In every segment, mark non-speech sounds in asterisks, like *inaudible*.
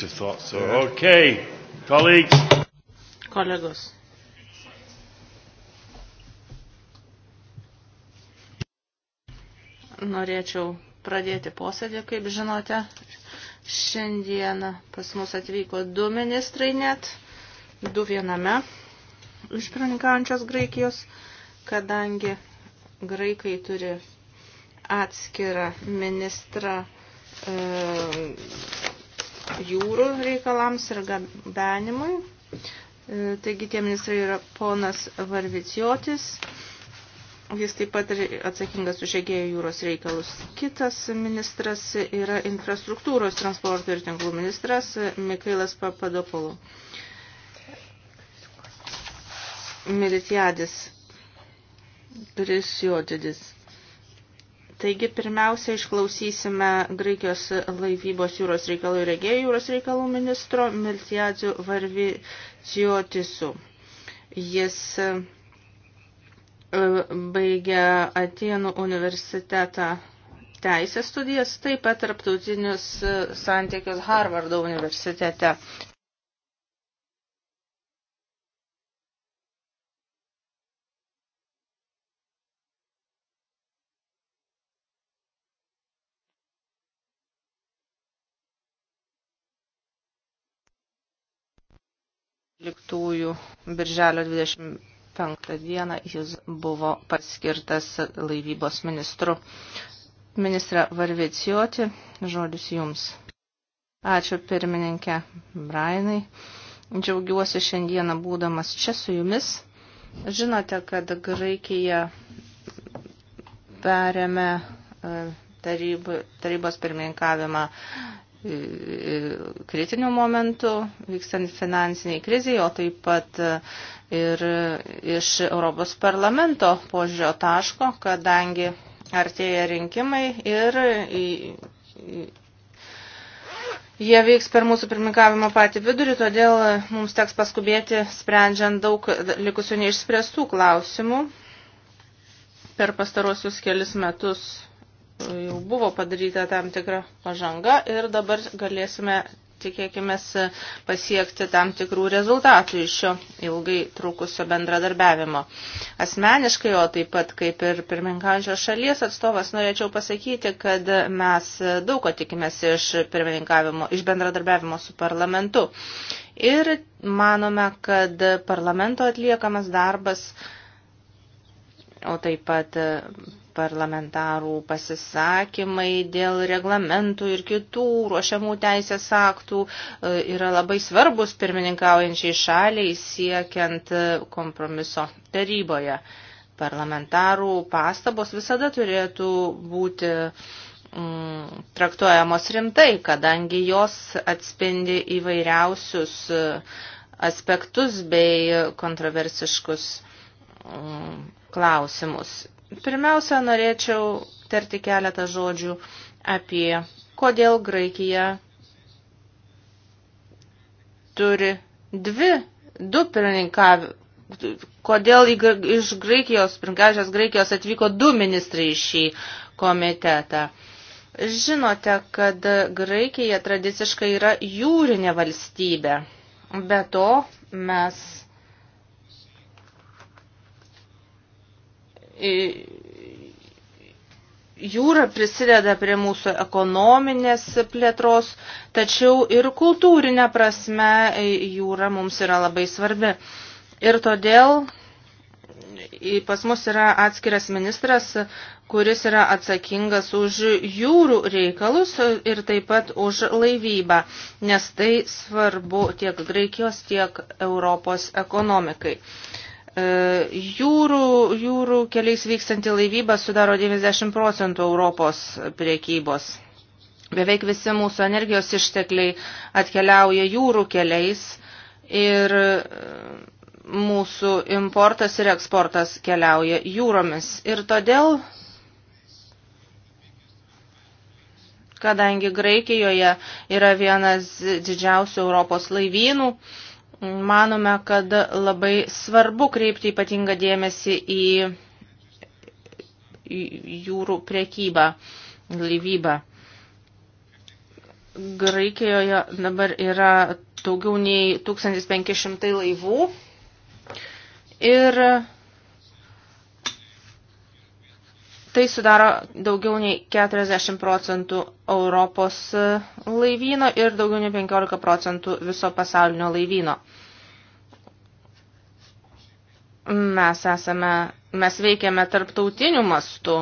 would have thought so. Okay, colleagues. Kolegos. Norėčiau pradėti posėdį, kaip žinote. Šiandieną pas mus atvyko du ministrai net, du viename iš pranikaujančios Graikijos, kadangi Graikai turi atskirą ministrą e, jūrų reikalams ir gabenimui. E, taigi tie ministrai yra ponas Varviciotis. Jis taip pat atsakingas už Egėjo jūros reikalus. Kitas ministras yra infrastruktūros transporto ir tinklų ministras Mikailas Papadopolų. Militiadis Prisjotidis. Taigi pirmiausia išklausysime Graikijos laivybos jūros reikalų ir regėjų jūros reikalų ministro Miltiadžių Varvičiotisų. Jis e, baigė Atenų universitetą teisės studijas, taip pat tarptautinius e, santykius Harvardo universitete. birželio 25 dieną jis buvo paskirtas laivybos ministru. Ministra Varvicijuoti, žodis jums. Ačiū pirmininkė Brainai. Džiaugiuosi šiandieną būdamas čia su jumis. Žinote, kad Graikija perėmė e, tarybų, tarybos pirmininkavimą E, e, kritiniu momentu, vykstant finansiniai kriziai, o taip pat e, ir iš Europos parlamento požiūrio taško, kadangi artėja rinkimai ir Jie vyks per mūsų pirmininkavimo patį vidurį, todėl mums teks paskubėti, sprendžiant daug likusių neišspręstų klausimų. Per pastarosius kelis metus jau buvo padaryta tam tikra pažanga ir dabar galėsime, tikėkime, pasiekti tam tikrų rezultatų iš šio ilgai trukusio bendradarbiavimo. Asmeniškai, o taip pat kaip ir pirmininkančios šalies atstovas, norėčiau pasakyti, kad mes daug ko tikimės iš, iš bendradarbiavimo su parlamentu. Ir manome, kad parlamento atliekamas darbas o taip pat e, parlamentarų pasisakymai dėl reglamentų ir kitų ruošiamų teisės aktų e, yra labai svarbus pirmininkaujančiai šaliai siekiant e, kompromiso taryboje. Parlamentarų pastabos visada turėtų būti mm, traktuojamos rimtai, kadangi jos atspindi įvairiausius aspektus bei kontroversiškus mm, klausimus. Pirmiausia, norėčiau tarti keletą žodžių apie kodėl Graikija turi dvi, du pirmininkavimą. Kodėl iš Graikijos, pirmininkavimės Graikijos atvyko du ministrai į šį komitetą. Žinote, kad Graikija tradiciškai yra jūrinė valstybė. Be to mes jūra prisideda prie mūsų ekonominės plėtros, tačiau ir kultūrinė prasme e, jūra mums yra labai svarbi. Ir todėl pas mus yra atskiras ministras, kuris yra atsakingas už jūrų reikalus ir taip pat už laivybą, nes tai svarbu tiek Graikijos, tiek Europos ekonomikai. E, jūrų, jūrų keliais vykstanti laivyba sudaro 90 procentų Europos priekybos. Beveik visi mūsų energijos ištekliai atkeliauja jūrų keliais ir e, mūsų importas ir eksportas keliauja jūromis. Ir todėl, kadangi Graikijoje yra vienas didžiausių Europos laivynų, Manome, kad labai svarbu kreipti ypatingą dėmesį į jūrų priekybą, laivybą. Graikijoje dabar yra daugiau nei 1500 laivų ir tai sudaro daugiau nei 40 procentų Europos e, laivyno ir daugiau nei 15 procentų viso pasaulinio laivyno. Mes esame, mes veikiame tarptautiniu mastu,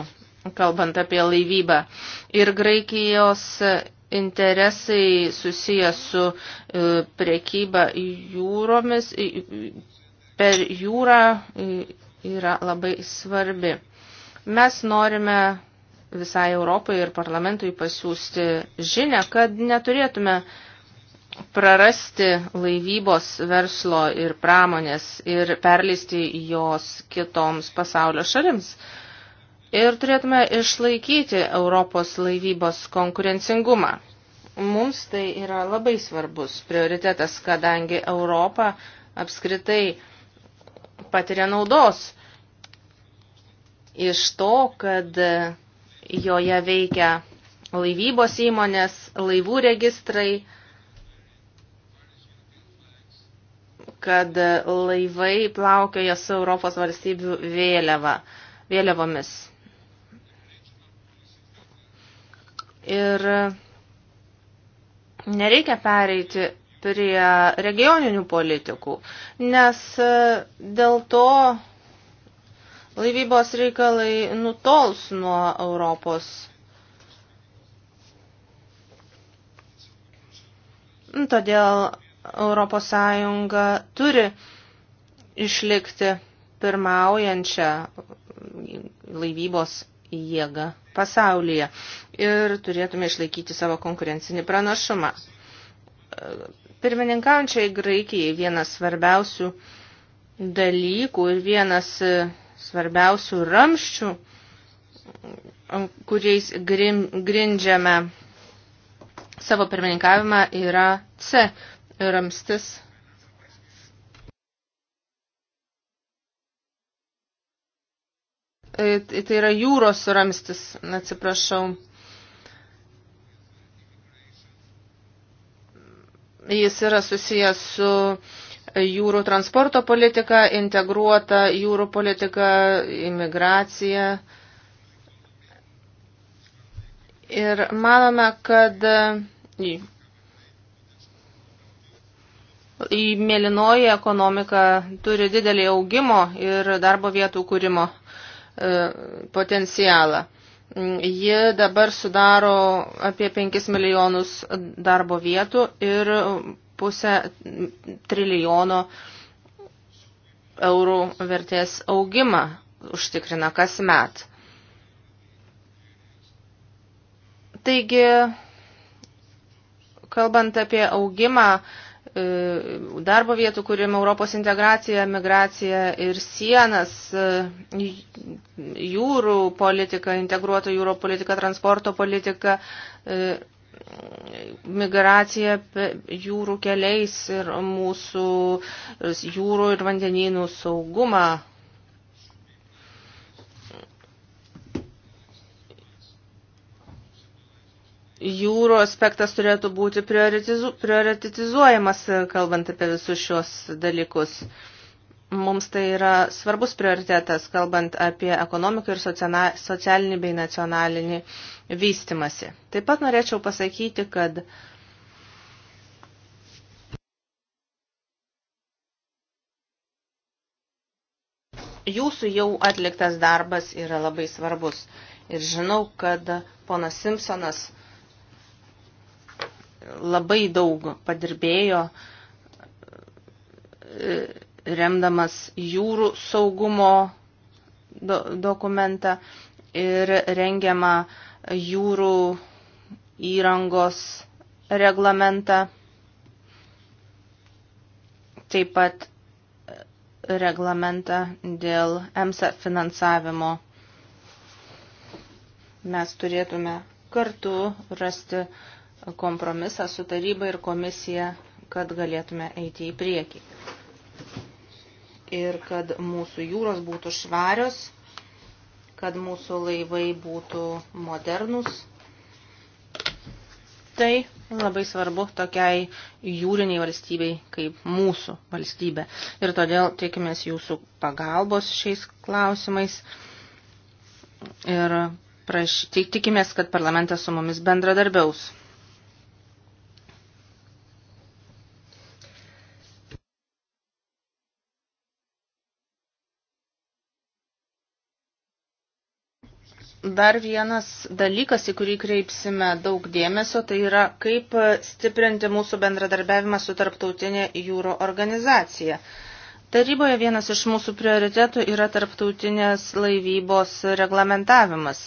kalbant apie laivybą. Ir Graikijos interesai susijęs su e, prekyba jūromis e, per jūrą yra labai svarbi. Mes norime visai Europai ir parlamentui pasiūsti žinę, kad neturėtume prarasti laivybos verslo ir pramonės ir perleisti jos kitoms pasaulio šalims. Ir turėtume išlaikyti Europos laivybos konkurencingumą. Mums tai yra labai svarbus prioritetas, kadangi Europa apskritai patiria naudos iš to, kad joje veikia laivybos įmonės, laivų registrai, kad laivai plaukioja su Europos valstybių vėliava, vėliavomis. Ir nereikia pereiti prie regioninių politikų, nes dėl to laivybos reikalai nutols nuo Europos. Todėl Europos Sąjunga turi išlikti pirmaujančią laivybos jėgą pasaulyje ir turėtume išlaikyti savo konkurencinį pranašumą. Pirmininkaujančiai Graikijai vienas svarbiausių dalykų ir vienas svarbiausių ramščių, um, kuriais grindžiame savo pirmininkavimą, yra C ramstis. E, tai yra jūros ramstis, atsiprašau. Jis yra susijęs su jūrų transporto politika, integruota jūrų politika, imigracija. Ir manome, kad į mėlynoji ekonomika turi didelį augimo ir darbo vietų kūrimo e, potencialą. Ji dabar sudaro apie 5 milijonus darbo vietų ir pusę trilijono eurų vertės augimą užtikrina kasmet. Taigi, kalbant apie augimą, e, darbo vietų kūrim Europos integraciją, migraciją ir sienas, e, jūrų politiką, integruoto jūro politiką, transporto politiką, e, migracija jūrų keliais ir mūsų jūrų ir vandenynų saugumą. Jūro aspektas turėtų būti prioritizu, prioritizuojamas, kalbant apie visus šios dalykus. Uh, Mums tai yra svarbus prioritetas, kalbant apie ekonomiką ir socialinį bei nacionalinį vystimasi. Taip pat norėčiau pasakyti, kad jūsų jau atliktas darbas yra labai svarbus. Ir žinau, kad ponas Simpsonas labai daug padirbėjo remdamas jūrų saugumo do dokumentą ir rengiamą jūrų įrangos reglamentą. Taip pat reglamentą dėl EMSA finansavimo. Mes turėtume kartu rasti kompromisą su taryba ir komisija, kad galėtume eiti į priekį ir kad mūsų jūros būtų švarios, kad mūsų laivai būtų modernus. Tai labai svarbu tokiai jūriniai valstybei kaip mūsų valstybė. Ir todėl tikimės jūsų pagalbos šiais klausimais. Ir praš, tikimės, kad parlamentas su mumis bendradarbiaus. Dar vienas dalykas, į kurį kreipsime daug dėmesio, tai yra kaip stiprinti mūsų bendradarbiavimą su tarptautinė jūro organizacija. Taryboje vienas iš mūsų prioritetų yra tarptautinės laivybos reglamentavimas.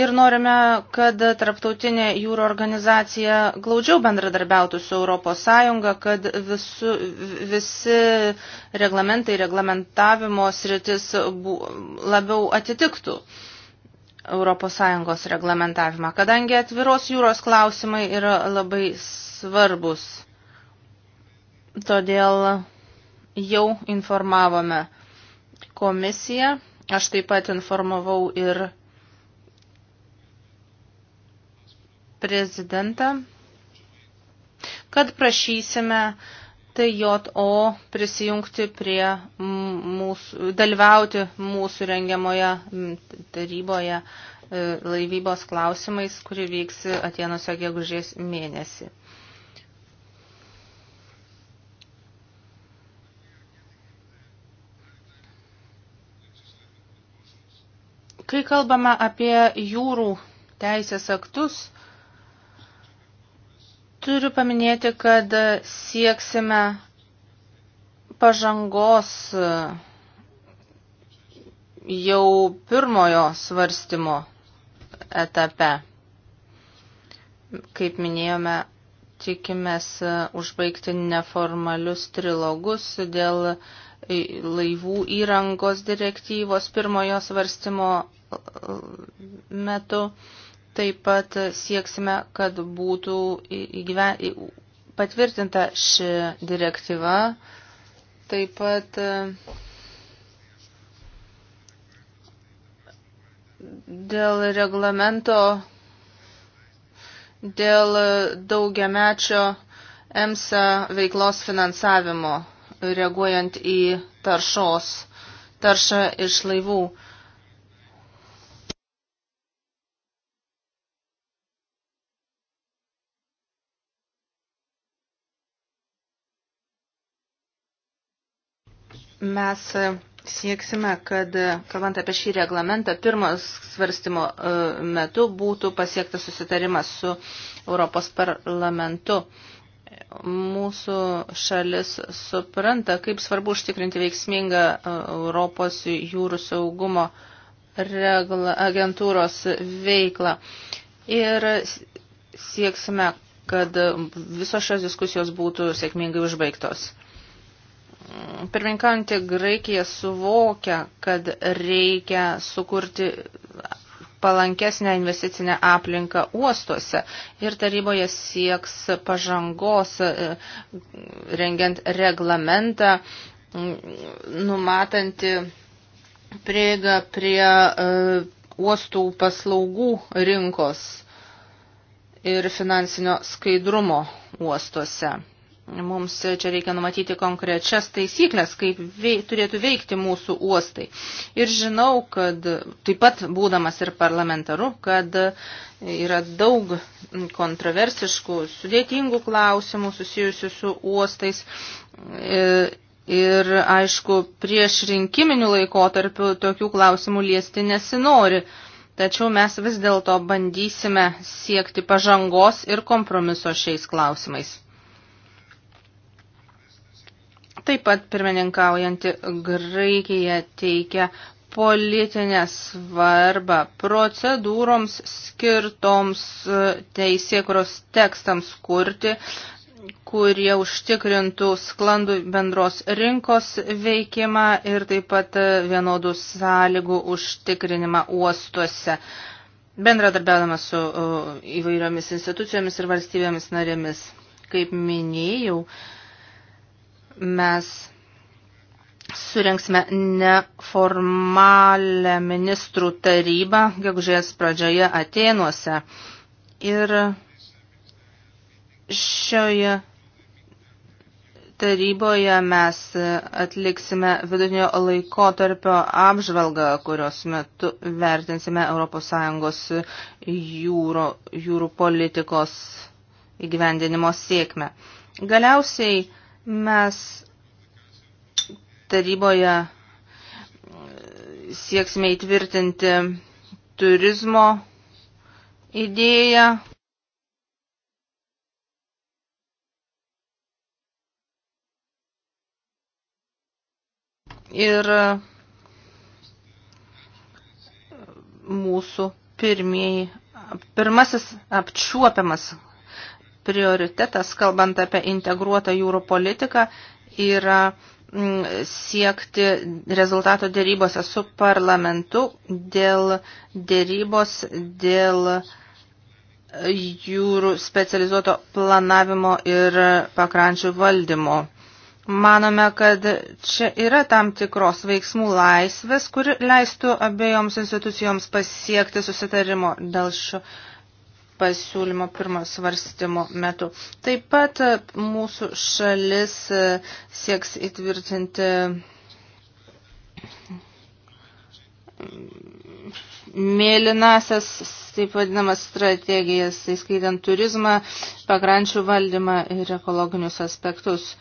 Ir norime, kad tarptautinė jūro organizacija glaudžiau bendradarbiautų su ES, kad visu, visi reglamentai, reglamentavimo sritis labiau atitiktų. Uh, ES reglamentavimą, kadangi atviros jūros klausimai yra labai svarbus. Todėl jau informavome komisiją, aš taip pat informavau ir prezidentą, kad prašysime uh, TJO tai prisijungti prie mūsų, dalyvauti mūsų rengiamoje taryboje e, laivybos klausimais, kuri vyks Atenose gegužės mėnesį. Kai kalbame apie jūrų teisės aktus, Turiu paminėti, kad sieksime pažangos jau pirmojo svarstymo etape. Kaip minėjome, tikimės užbaigti neformalius trilogus dėl laivų įrangos direktyvos pirmojo svarstymo metu. Taip pat sieksime, kad būtų įgyven... patvirtinta ši direktyva. Taip pat e, dėl reglamento, dėl daugiamečio EMSA veiklos finansavimo, reaguojant į taršos, taršą iš laivų. Mes sieksime, kad, kalbant apie šį reglamentą, pirmos svarstymo e, metu būtų pasiektas susitarimas su Europos parlamentu. Mūsų šalis supranta, kaip svarbu užtikrinti veiksmingą e, Europos jūrų saugumo regla, agentūros veiklą. Ir sieksime, kad visos šios diskusijos būtų sėkmingai užbaigtos. Pirminkantį Graikiją suvokia, kad reikia sukurti palankesnę investicinę aplinką uostuose ir taryboje sieks pažangos e, rengiant reglamentą mm, numatanti prieigą prie e, uostų paslaugų rinkos ir finansinio skaidrumo uostuose. Mums čia reikia numatyti konkrečias taisyklės, kaip vei, turėtų veikti mūsų uostai. Ir žinau, kad taip pat būdamas ir parlamentaru, kad yra daug kontroversiškų, sudėtingų klausimų susijusių su uostais. E, ir aišku, prieš rinkiminių laikotarpių tokių klausimų liesti nesinori. Tačiau mes vis dėlto bandysime siekti pažangos ir kompromiso šiais klausimais. Taip pat pirmininkaujanti Graikija teikia politinę svarbą procedūroms skirtoms e, teisėkros tekstams kurti, kurie užtikrintų sklandų bendros rinkos veikimą ir taip pat e, vienodų sąlygų užtikrinimą uostuose, bendradarbiavimas su e, įvairiomis institucijomis ir valstybėmis narėmis. Kaip minėjau, uh, mes surinksime neformalę ministrų tarybą gegužės pradžioje Atenuose. Ir šioje taryboje mes atliksime vidutinio laikotarpio apžvalgą, kurios metu vertinsime ES jūro, jūrų politikos įgyvendinimo sėkmę. Galiausiai Mes taryboje sieksime įtvirtinti turizmo idėją. Ir mūsų pirmieji, pirmasis apčiuopiamas prioritetas, kalbant apie integruotą jūrų politiką, yra mm, siekti rezultato dėrybose su parlamentu dėl dėrybos dėl jūrų specializuoto planavimo ir pakrančių valdymo. Manome, kad čia yra tam tikros veiksmų laisvės, kuri leistų abiejoms institucijoms pasiekti susitarimo dėl šio pasiūlymo pirmo svarstymo metu. Taip pat e, mūsų šalis e, sieks įtvirtinti mm, mėlynasias, taip vadinamas, strategijas, įskaitant turizmą, pakrančių valdymą ir ekologinius aspektus.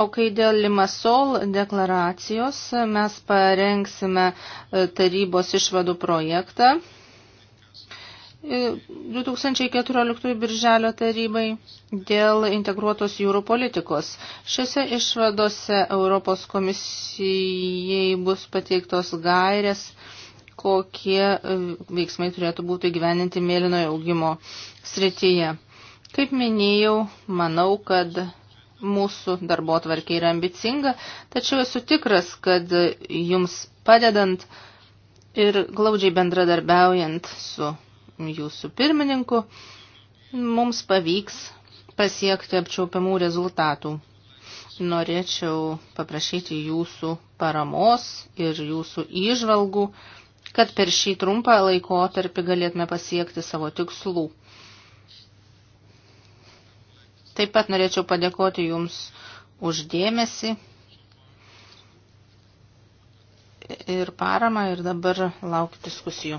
O kai dėl Limasol deklaracijos mes parengsime e, tarybos išvadų projektą 2014 birželio tarybai dėl integruotos jūrų politikos. Šiose išvadose Europos komisijai bus pateiktos gairės, kokie e, veiksmai turėtų būti gyveninti mėlynojo augimo srityje. Kaip minėjau, manau, kad mūsų darbo tvarkė yra ambicinga, tačiau esu tikras, kad jums padedant ir glaudžiai bendradarbiaujant su jūsų pirmininku, mums pavyks pasiekti apčiaupiamų rezultatų. Norėčiau paprašyti jūsų paramos ir jūsų įžvalgų, kad per šį trumpą laikotarpį galėtume pasiekti savo tikslų. Taip pat norėčiau padėkoti Jums uždėmesi ir paramą ir dabar laukiu diskusijų.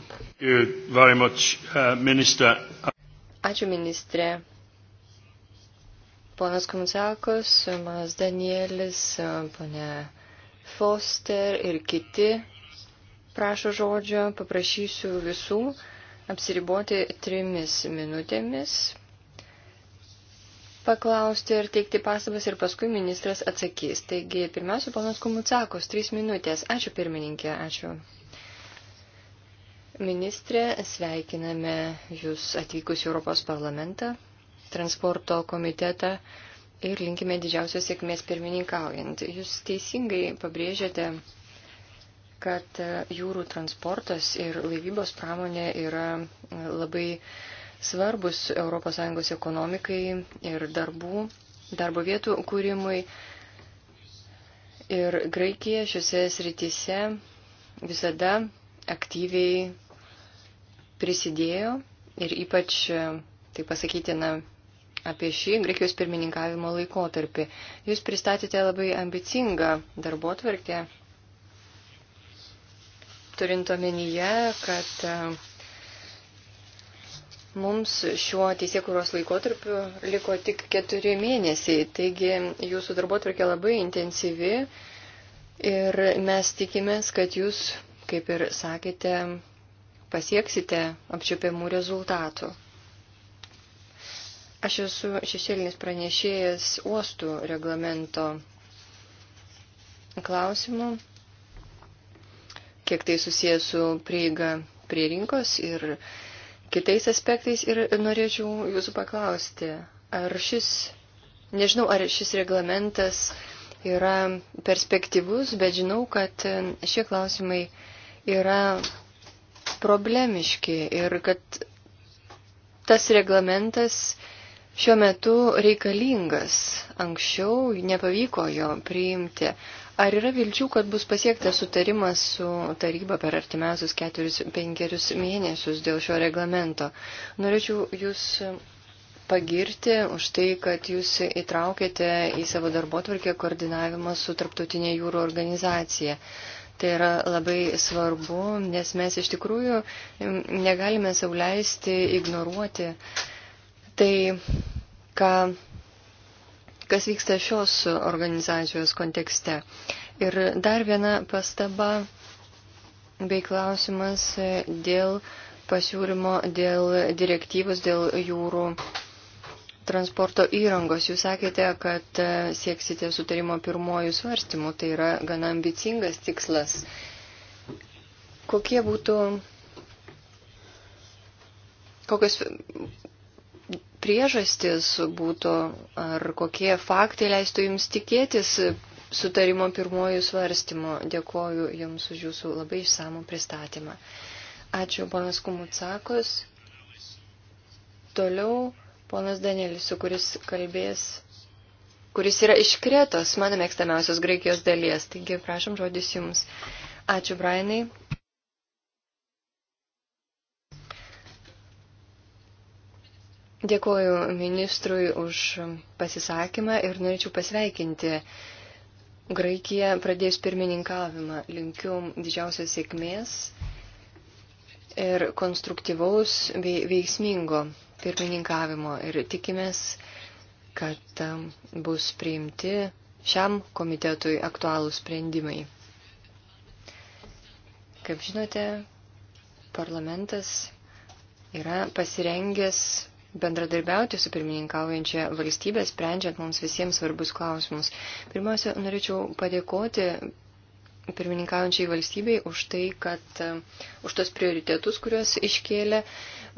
Much, uh, minister. Ačiū ministrė. Ponas Kumsakos, Mas Danielis, ponė Foster ir kiti prašo žodžio. Paprašysiu visų apsiriboti trimis minutėmis paklausti ir teikti pastabas ir paskui ministras atsakys. Taigi, pirmiausia, ponas Kumutsakos, trys minutės. Ačiū pirmininkė, ačiū. Ministrė, sveikiname Jūs atvykus į Europos parlamentą, transporto komitetą ir linkime didžiausios sėkmės pirmininkaujant. Jūs teisingai pabrėžėte, kad jūrų transportas ir laivybos pramonė yra labai svarbus ES ekonomikai ir darbų, darbo vietų kūrimui. Ir Graikija šiuose srityse visada aktyviai prisidėjo ir ypač, tai pasakytina, apie šį Graikijos pirmininkavimo laikotarpį. Jūs pristatėte labai ambicingą darbotvarkę, turint omenyje, kad Mums šiuo teisėkuros laikotarpiu liko tik keturi mėnesiai, taigi jūsų darbo tvarkė labai intensyvi ir mes tikimės, kad jūs, kaip ir sakėte, pasieksite apčiopiamų rezultatų. Aš esu šešėlinis pranešėjas uostų reglamento klausimų, kiek tai susijęs su prieiga prie rinkos ir kitais aspektais ir norėčiau jūsų paklausti, ar šis, nežinau, ar šis reglamentas yra perspektyvus, bet žinau, kad šie klausimai yra problemiški ir kad tas reglamentas šiuo metu reikalingas. Anksčiau nepavyko jo priimti. Ar yra vilčių, kad bus pasiektas sutarimas su taryba per artimiausius keturis, penkerius mėnesius dėl šio reglamento? Norėčiau Jūs pagirti už tai, kad Jūs įtraukėte į savo darbo tvarkę koordinavimą su Tarptautinė jūro organizacija. Tai yra labai svarbu, nes mes iš tikrųjų negalime sauliaisti ignoruoti tai, ką kas vyksta šios organizacijos kontekste. Ir dar viena pastaba bei klausimas dėl pasiūlymo, dėl direktyvos, dėl jūrų transporto įrangos. Jūs sakėte, kad sieksite sutarimo pirmojų svarstymų. Tai yra gana ambicingas tikslas. Kokie būtų. Kokios priežastis būtų, ar kokie faktai leistų jums tikėtis sutarimo pirmojų svarstymų. Dėkoju Jums už Jūsų labai išsamų pristatymą. Ačiū, ponas Kumutsakos. Toliau ponas Danielis, kuris kalbės, kuris yra iš Kretos, mano mėgstamiausios Graikijos dalies. Taigi, prašom, žodis Jums. Ačiū, Brainai. Dėkuoju ministrui už pasisakymą ir norėčiau pasveikinti Graikiją pradėjus pirmininkavimą. Linkiu didžiausios sėkmės ir konstruktyvaus bei veiksmingo pirmininkavimo ir tikimės, kad um, bus priimti šiam komitetui aktualūs sprendimai. Kaip žinote, parlamentas yra pasirengęs bendradarbiauti su pirmininkaujančia valstybė, sprendžiant mums visiems svarbus klausimus. Pirmiausia, norėčiau padėkoti pirmininkaujančiai valstybei už tai, kad eh, už tos prioritetus, kuriuos iškėlė,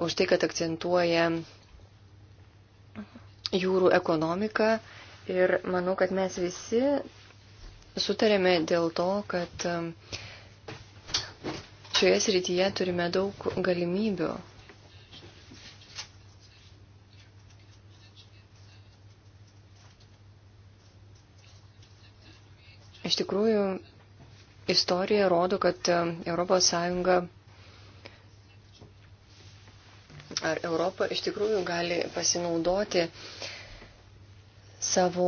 už tai, kad akcentuoja jūrų ekonomiką. Ir manau, kad mes visi sutarėme dėl to, kad eh, šioje srityje turime daug galimybių Iš tikrųjų, istorija rodo, kad ES ar Europa iš tikrųjų gali pasinaudoti savo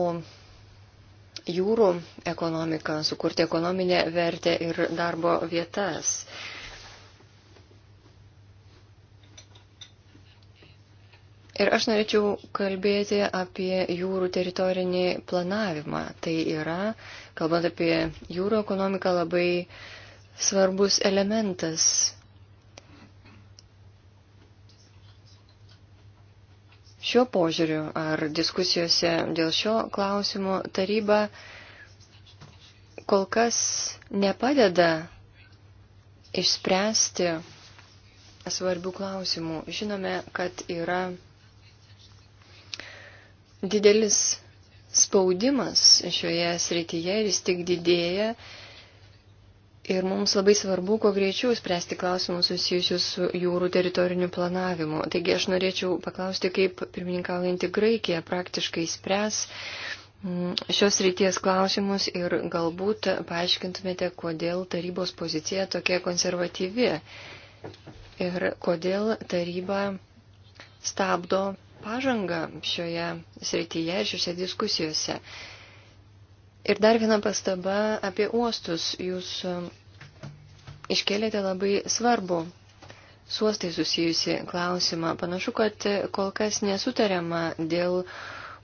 jūrų ekonomiką, sukurti ekonominę vertę ir darbo vietas. Ir aš norėčiau kalbėti apie jūrų teritorinį planavimą. Tai yra kalbant apie jūro ekonomiką, labai svarbus elementas. Šiuo požiūriu ar diskusijose dėl šio klausimo taryba kol kas nepadeda išspręsti svarbių klausimų. Žinome, kad yra didelis spaudimas šioje srityje ir jis tik didėja. Ir mums labai svarbu, kuo greičiau spręsti klausimus susijusius su jūrų teritoriniu planavimu. Taigi aš norėčiau paklausti, kaip pirmininkaujanti Graikija praktiškai spręs mm, šios ryties klausimus ir galbūt paaiškintumėte, kodėl tarybos pozicija tokia konservatyvi ir kodėl taryba stabdo pažangą šioje srityje, šiuose diskusijose. Ir dar viena pastaba apie uostus. Jūs um, iškėlėte labai svarbu su uostai susijusi klausimą. Panašu, kad e, kol kas nesutariama dėl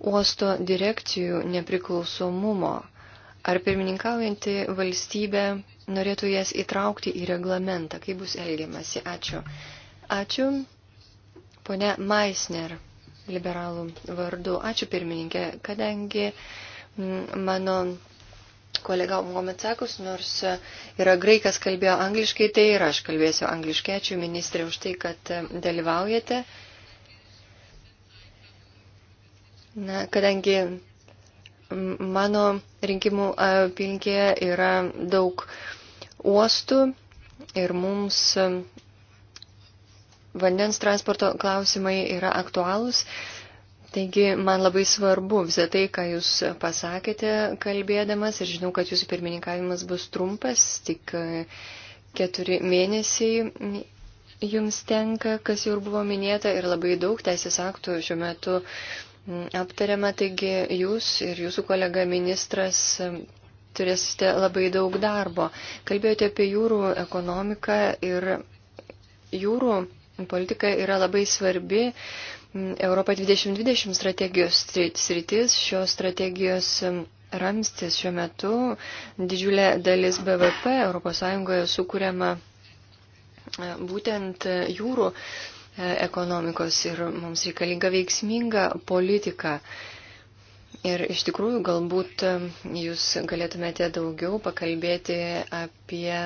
uosto direkcijų nepriklausomumo. Ar pirmininkaujanti valstybė norėtų jas įtraukti į reglamentą? Kaip bus elgiamasi? Ačiū. Ačiū. Pone Maisner liberalų vardu. Ačiū pirmininkė, kadangi mm, mano kolega Momitsakus, nors yra graikas, kalbėjo angliškai, tai ir aš kalbėsiu angliškai. Ačiū ministrė už tai, kad e, dalyvaujate. Na, kadangi mano rinkimų apylinkėje yra daug uostų ir mums vandens transporto klausimai yra aktualūs. Taigi man labai svarbu visą tai, ką Jūs pasakėte kalbėdamas ir žinau, kad Jūsų pirmininkavimas bus trumpas, tik e, keturi mėnesiai Jums tenka, kas jau ir buvo minėta, ir labai daug teisės aktų šiuo metu aptariama, taigi Jūs ir Jūsų kolega ministras e, turėsite labai daug darbo. Kalbėjote apie jūrų ekonomiką ir jūrų politika yra labai svarbi Europa 2020 strategijos sritis. Šios strategijos ramstis šiuo metu didžiulė dalis BVP ES sukūriama e, būtent e, jūrų e, ekonomikos ir mums reikalinga veiksminga politika. Ir iš tikrųjų galbūt jūs galėtumėte daugiau pakalbėti apie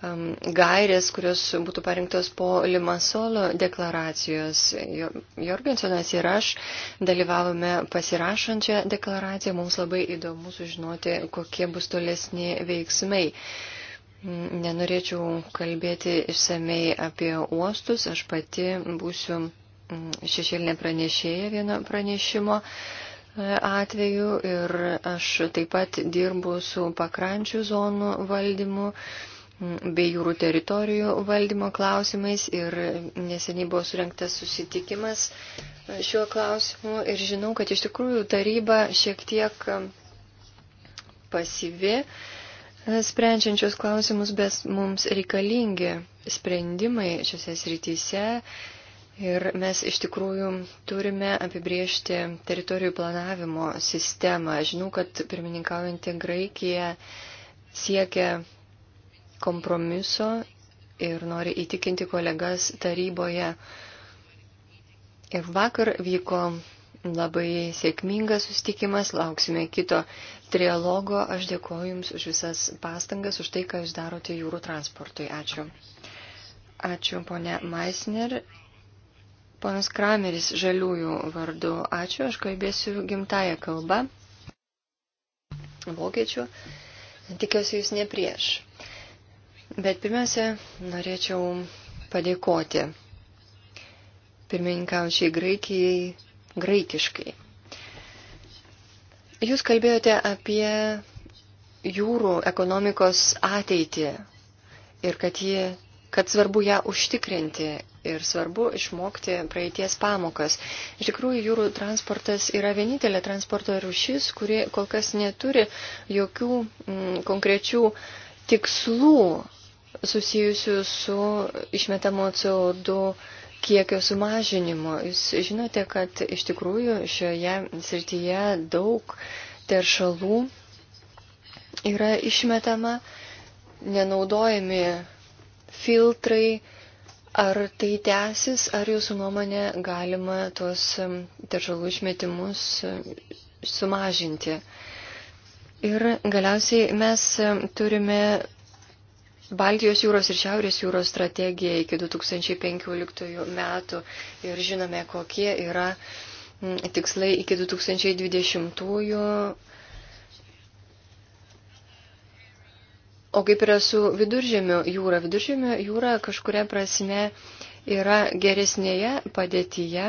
Um, gairės, kurios būtų parinktos po Limasolo deklaracijos. Jorgensonas ir aš dalyvavome pasirašančią deklaraciją. Mums labai įdomu sužinoti, kokie bus tolesni veiksmai. Nenorėčiau kalbėti išsamei apie uostus. Aš pati būsiu mm, šešėlinė pranešėja vieno pranešimo e, atveju ir aš taip pat dirbu su pakrančių zonų valdymu bei jūrų teritorijų valdymo klausimais ir neseniai buvo surinktas susitikimas e, šiuo klausimu ir žinau, kad iš tikrųjų taryba šiek tiek e, pasyvi e, sprendžiančios klausimus, bet mums reikalingi sprendimai šiuose srityse ir mes iš tikrųjų turime apibriežti teritorijų planavimo sistemą. Žinau, kad pirmininkaujantį Graikiją siekia kompromiso ir nori įtikinti kolegas taryboje. Ir vakar vyko labai sėkmingas sustikimas, lauksime kito trialogo. Aš dėkoju Jums už visas pastangas, už tai, ką Jūs darote jūrų transportui. Ačiū. Ačiū, ponė Maisner. Ponas Krameris, žaliųjų vardu. Ačiū, aš kalbėsiu gimtają kalbą. Vokiečių. Tikiuosi, Jūs ne prieš. Bet pirmiausia, norėčiau padėkoti pirmininkaučiai Graikijai graikiškai. Jūs kalbėjote apie jūrų ekonomikos ateitį ir kad, ji, kad svarbu ją užtikrinti ir svarbu išmokti praeities pamokas. Iš tikrųjų, jūrų transportas yra vienintelė transporto rušis, kuri kol kas neturi jokių m, mm, konkrečių tikslų susijusių su išmetamo CO2 kiekio sumažinimu. Jūs žinote, kad iš tikrųjų šioje srityje daug teršalų yra išmetama, nenaudojami filtrai. Ar tai tęsis, ar jūsų nuomonė galima tuos teršalų išmetimus sumažinti? Ir galiausiai mes turime Baltijos jūros ir Šiaurės jūros strategija iki 2015 metų ir žinome, kokie yra tikslai iki 2020. O kaip yra su viduržėmio jūra? Viduržėmio jūra kažkuria prasme yra geresnėje padėtyje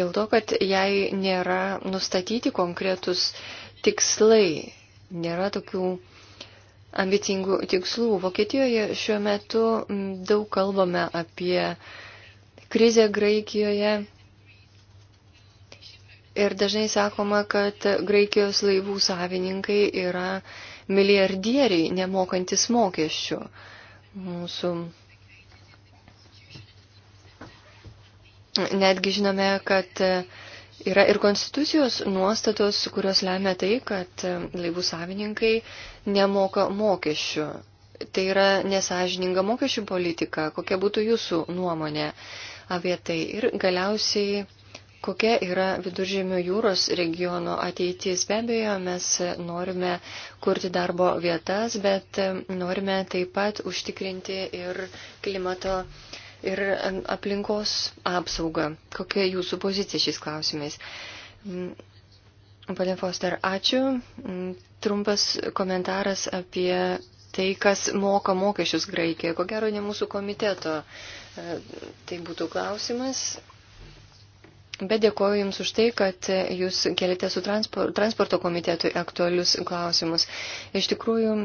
dėl to, kad jai nėra nustatyti konkretus tikslai, nėra tokių ambicingų tikslų. Vokietijoje šiuo metu daug kalbame apie krizę Graikijoje. Ir dažnai sakoma, kad Graikijos laivų savininkai yra milijardieriai, nemokantis mokesčių. Mūsų netgi žinome, kad Yra ir konstitucijos nuostatos, kurios lemia tai, kad e, laivų savininkai nemoka mokesčių. Tai yra nesažininga mokesčių politika. Kokia būtų jūsų nuomonė apie tai? Ir galiausiai, kokia yra viduržėmio jūros regiono ateitis? Be abejo, mes norime kurti darbo vietas, bet e, norime taip pat užtikrinti ir klimato ir aplinkos apsaugą. Kokia jūsų pozicija šiais klausimais? Mm. Pane Foster, ačiū. Mm, trumpas komentaras apie tai, kas moka mokesčius Graikijoje. Ko gero, ne mūsų komiteto. E, tai būtų klausimas. Bet dėkoju Jums už tai, kad Jūs kelite su transporto komitetui aktualius klausimus. Iš tikrųjų,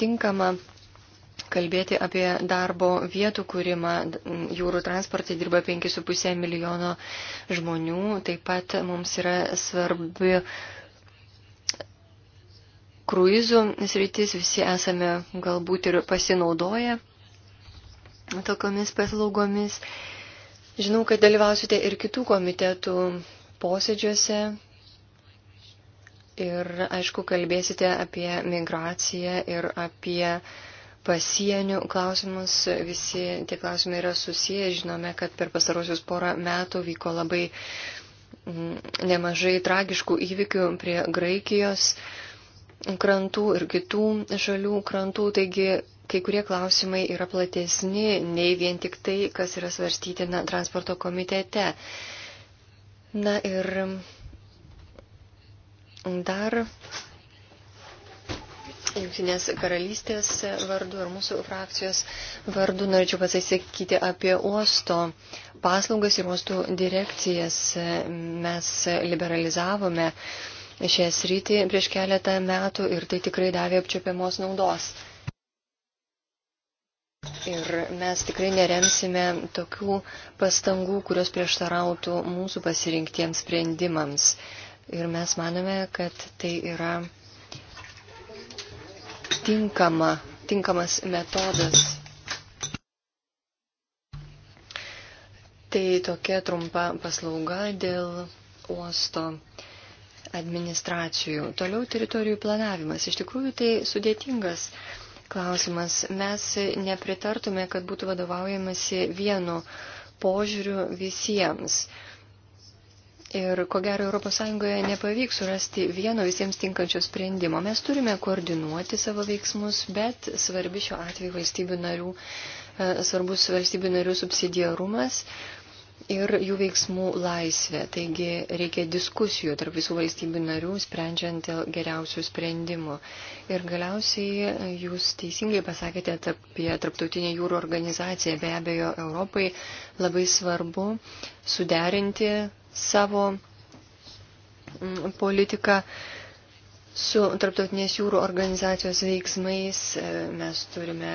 tinkama kalbėti apie darbo vietų kūrimą. Jūrų transportai dirba 5,5 milijono žmonių. Taip pat mums yra svarbi kruizų sritis. Visi esame galbūt ir pasinaudoję tokiomis paslaugomis. Žinau, kad dalyvausite ir kitų komitetų posėdžiuose. Ir, aišku, kalbėsite apie migraciją ir apie uh, pasienių klausimus. Visi tie klausimai yra susiję. Žinome, kad per pastarosius porą metų vyko labai mm, nemažai tragiškų įvykių prie Graikijos krantų ir kitų šalių krantų. Taigi kai kurie klausimai yra platesni nei vien tik tai, kas yra svarstytina transporto komitete. Na ir dar Junktinės karalystės vardu ar mūsų frakcijos vardu norėčiau pasisakyti apie uosto paslaugas ir uostų direkcijas. Mes liberalizavome šią sritį prieš keletą metų ir tai tikrai davė apčiopiamos naudos. Ir mes tikrai neremsime tokių pastangų, kurios prieštarautų mūsų pasirinktiems sprendimams. Ir mes manome, kad tai yra tinkama, tinkamas metodas. Tai tokia trumpa paslauga dėl uosto administracijų. Toliau teritorijų planavimas. Iš tikrųjų tai sudėtingas klausimas. Mes nepritartume, kad būtų vadovaujamasi vienu požiūriu visiems. Uh, Ir ko gero ES nepavyks surasti vieno visiems tinkančio sprendimo. Mes turime koordinuoti savo veiksmus, bet svarbi šiuo atveju valstybių narių, e, svarbus valstybių narių subsidiarumas ir jų veiksmų laisvė. Taigi reikia diskusijų tarp visų valstybių narių, sprendžiant dėl geriausių sprendimų. Ir galiausiai e, jūs teisingai pasakėte apie Tarptautinę jūrų organizaciją. Be abejo, Europai labai svarbu suderinti savo mm, politiką su Tarptautinės jūrų organizacijos veiksmais. E, mes turime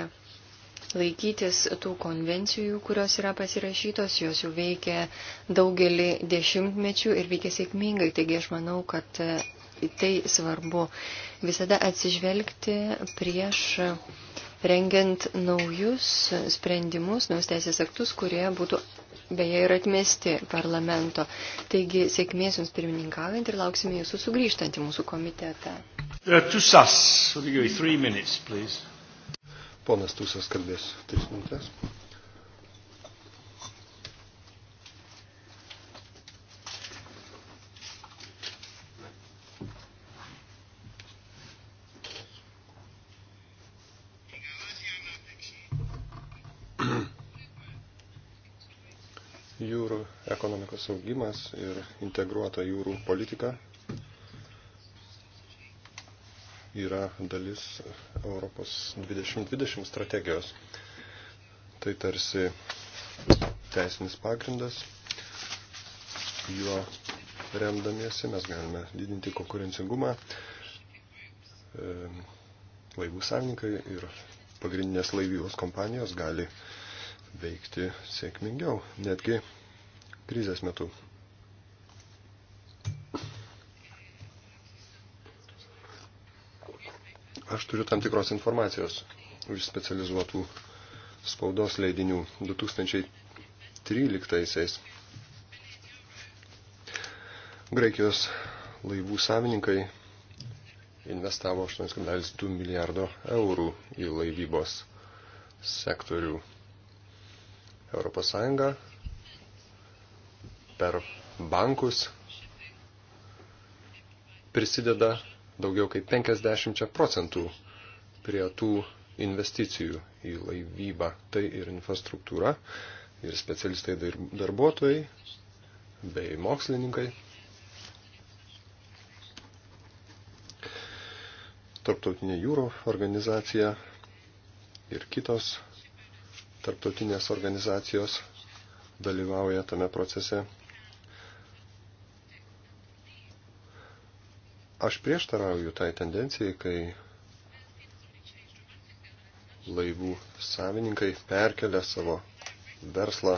laikytis tų konvencijų, kurios yra pasirašytos, jos jau veikia daugelį dešimtmečių ir veikia sėkmingai. Taigi aš manau, kad e, tai svarbu visada atsižvelgti prieš rengiant naujus sprendimus, naujus teisės aktus, kurie būtų beje ir atmesti parlamento. Taigi sėkmės Jums pirmininkaujant ir lauksime Jūsų sugrįžtant į mūsų komitetą. Uh, Tusas, minutes, Ponas Tusas kalbės tris minutės. Jūrų ekonomikos augimas ir integruota jūrų politika yra dalis Europos 2020 strategijos. Tai tarsi teisinis pagrindas, juo remdamiesi mes galime didinti konkurencingumą. E, laivų savininkai ir pagrindinės laivybos kompanijos gali veikti sėkmingiau. Netgi krizės metu. Aš turiu tam tikros informacijos iš specializuotų spaudos leidinių 2013-aisiais. Graikijos laivų savininkai investavo 8,2 milijardo eurų į laivybos sektorių. Europos Sąjunga per bankus prisideda daugiau kaip 50 procentų prie tų investicijų į laivybą. Tai ir infrastruktūra, ir specialistai darbuotojai, bei mokslininkai. Tarptautinė jūro organizacija ir kitos tarptautinės organizacijos dalyvauja tame procese Aš prieštarauju tai tendencijai, kai laivų savininkai perkelia savo verslą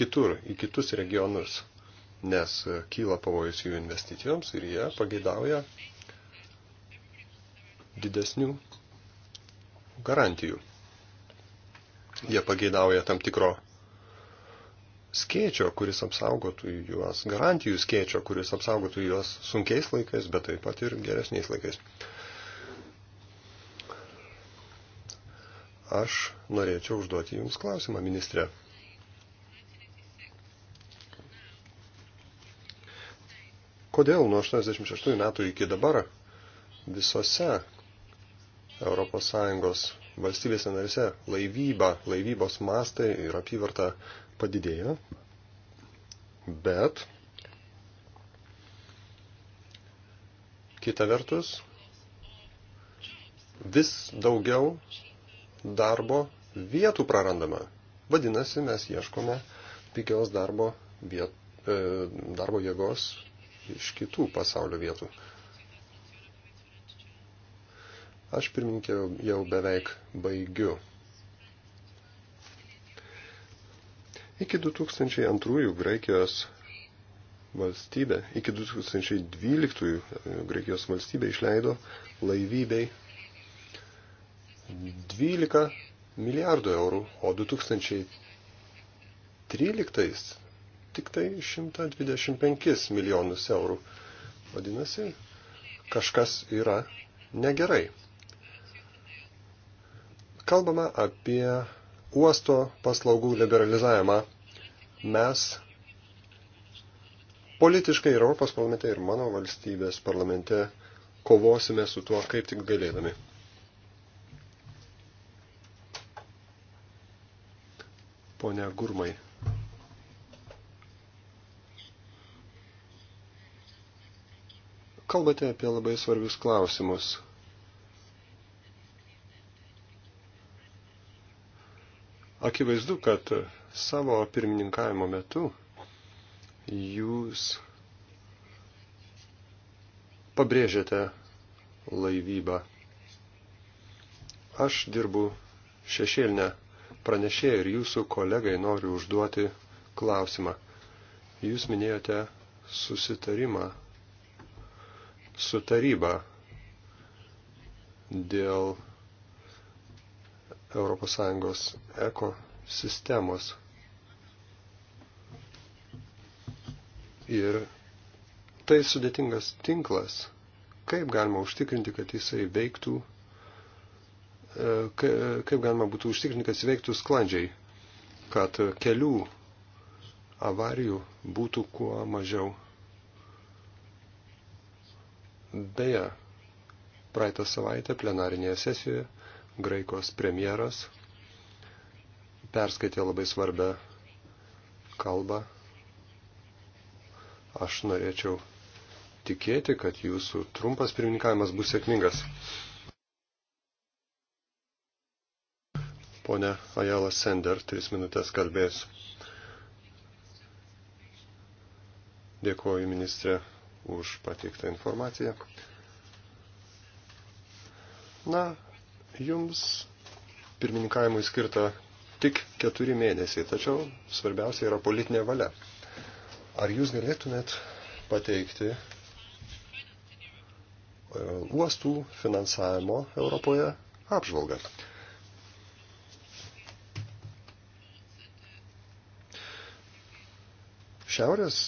kitur, į kitus regionus, nes kyla pavojus jų investicijoms ir jie pageidauja didesnių garantijų. Jie pageidauja tam tikro skėčio, kuris apsaugotų juos, garantijų skėčio, kuris apsaugotų juos sunkiais laikais, bet taip pat ir geresniais laikais. Aš norėčiau užduoti Jums klausimą, ministrė. Kodėl nuo 86 metų iki dabar visose ES valstybėse narise laivyba, laivybos mastai ir apyvarta padidėjo, bet kita vertus vis daugiau darbo vietų prarandama. Vadinasi, mes ieškome pigios darbo, viet, e, darbo jėgos iš kitų pasaulio vietų. Aš pirminkė jau beveik baigiu. Iki 2002 Graikijos valstybė, iki 2012 e, Graikijos valstybė išleido laivybei 12 milijardų eurų, o 2013 tik tai 125 milijonus eurų. Vadinasi, kažkas yra negerai. Kalbama apie uosto paslaugų liberalizavimą, mes politiškai ir Europos parlamente ir mano valstybės parlamente kovosime su tuo, kaip tik galėdami. Pone Gurmai. Kalbate apie labai svarbius klausimus. Akivaizdu, kad savo pirmininkavimo metu jūs pabrėžėte laivybą. Aš dirbu šešėlinę pranešėją ir jūsų kolegai noriu užduoti klausimą. Jūs minėjote susitarimą su taryba dėl ES ekosistemos. Ir tai sudėtingas tinklas, kaip galima užtikrinti, kad jisai veiktų, e, kaip galima būtų užtikrinti, kad jis veiktų sklandžiai, kad kelių avarijų būtų kuo mažiau. Beje, praeitą savaitę plenarinėje sesijoje Graikos premjeras perskaitė labai svarbę kalbą. Aš norėčiau tikėti, kad jūsų trumpas pirmininkavimas bus sėkmingas. Pone Ajala Sender, tris minutės kalbės. Dėkuoju ministrė už pateiktą informaciją. Na, Jums pirmininkavimui skirta tik keturi mėnesiai, tačiau svarbiausia yra politinė valia. Ar jūs galėtumėt pateikti e, uostų finansavimo Europoje apžvalgą? Šiaurės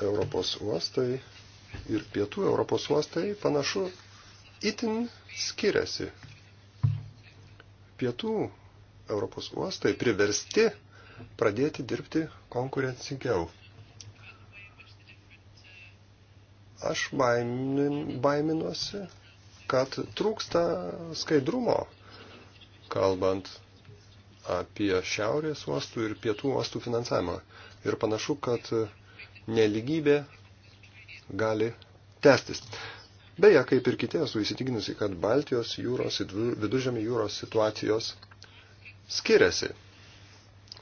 Europos uostai ir pietų Europos uostai panašu itin skiriasi pietų Europos uostai priversti pradėti dirbti konkurencingiau. Aš baimin, baiminuosi, kad trūksta skaidrumo, kalbant apie šiaurės uostų ir pietų uostų finansavimą. Ir panašu, kad neligybė gali tęstis. Beje, kaip ir kiti, esu įsitikinusi, kad Baltijos jūros ir viduržėmio jūros situacijos skiriasi.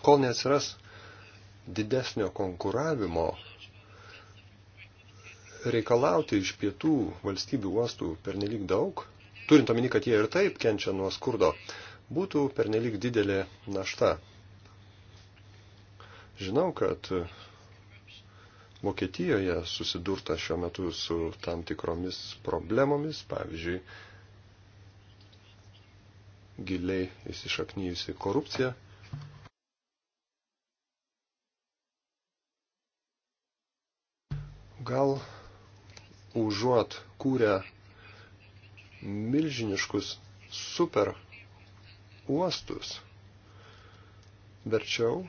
Kol neatsiras didesnio konkuravimo, reikalauti iš pietų valstybių uostų pernelyg daug, turint omeny, kad jie ir taip kenčia nuo skurdo, būtų pernelyg didelė našta. Žinau, kad Vokietijoje susidurta šiuo metu su tam tikromis problemomis, pavyzdžiui, giliai įsišaknyjusi korupcija. Gal užuot kūrę milžiniškus super uostus, verčiau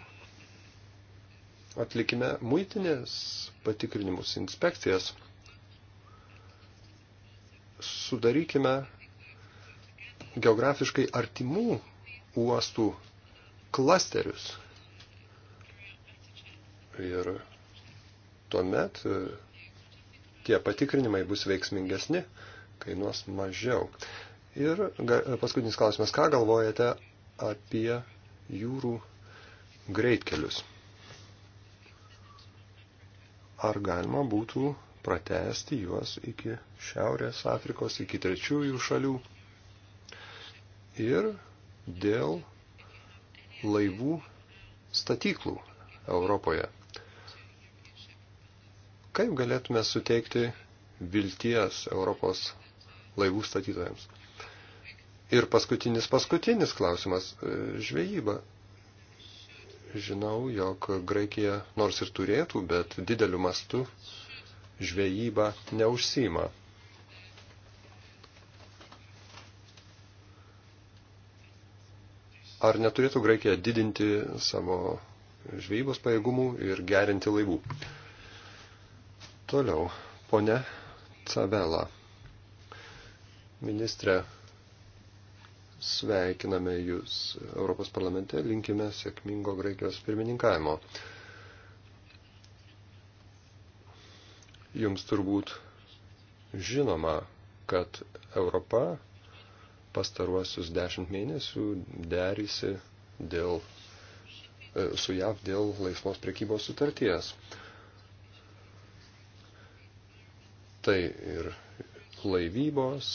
atlikime muitinės patikrinimus, inspekcijas. Sudarykime geografiškai artimų uostų klasterius. Ir tuomet e, tie patikrinimai bus veiksmingesni, kainuos mažiau. Ir paskutinis klausimas, ką galvojate apie jūrų greitkelius? ar galima būtų pratesti juos iki Šiaurės Afrikos, iki trečiųjų šalių. Ir dėl laivų statyklų Europoje. Kaip galėtume suteikti vilties Europos laivų statytojams? Ir paskutinis, paskutinis klausimas e, - žvejyba žinau, jog Graikija nors ir turėtų, bet dideliu mastu žvejybą neužsima. Ar neturėtų Graikija didinti savo žvejybos pajėgumų ir gerinti laivų? Toliau, ponia Cavela. Ministrė sveikiname Jūs Europos parlamente, linkime sėkmingo Graikijos pirmininkavimo. Jums turbūt žinoma, kad Europa pastaruosius dešimt mėnesių derysi dėl, e, su JAV dėl laisvos prekybos sutarties. Tai ir laivybos,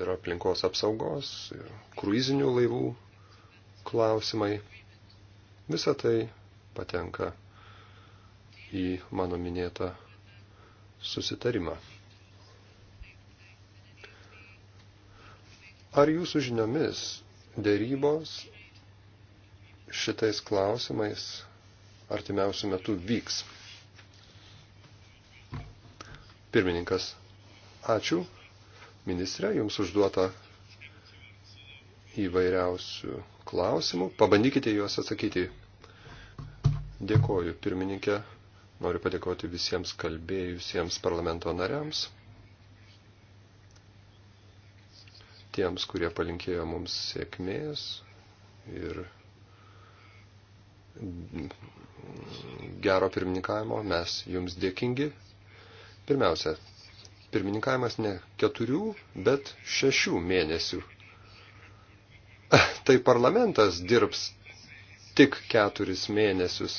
ir aplinkos apsaugos, ir kruizinių laivų klausimai. Visa tai patenka į mano minėtą susitarimą. Ar jūsų žiniomis dėrybos šitais klausimais artimiausių metų vyks? Pirmininkas, ačiū ministre, jums užduota įvairiausių klausimų. Pabandykite juos atsakyti. Dėkoju, pirmininkė. Noriu padėkoti visiems kalbėjusiems parlamento nariams, tiems, kurie palinkėjo mums sėkmės ir gero pirmininkavimo. Mes jums dėkingi. Pirmiausia, pirmininkavimas ne keturių, bet šešių mėnesių. Tai parlamentas dirbs tik keturis mėnesius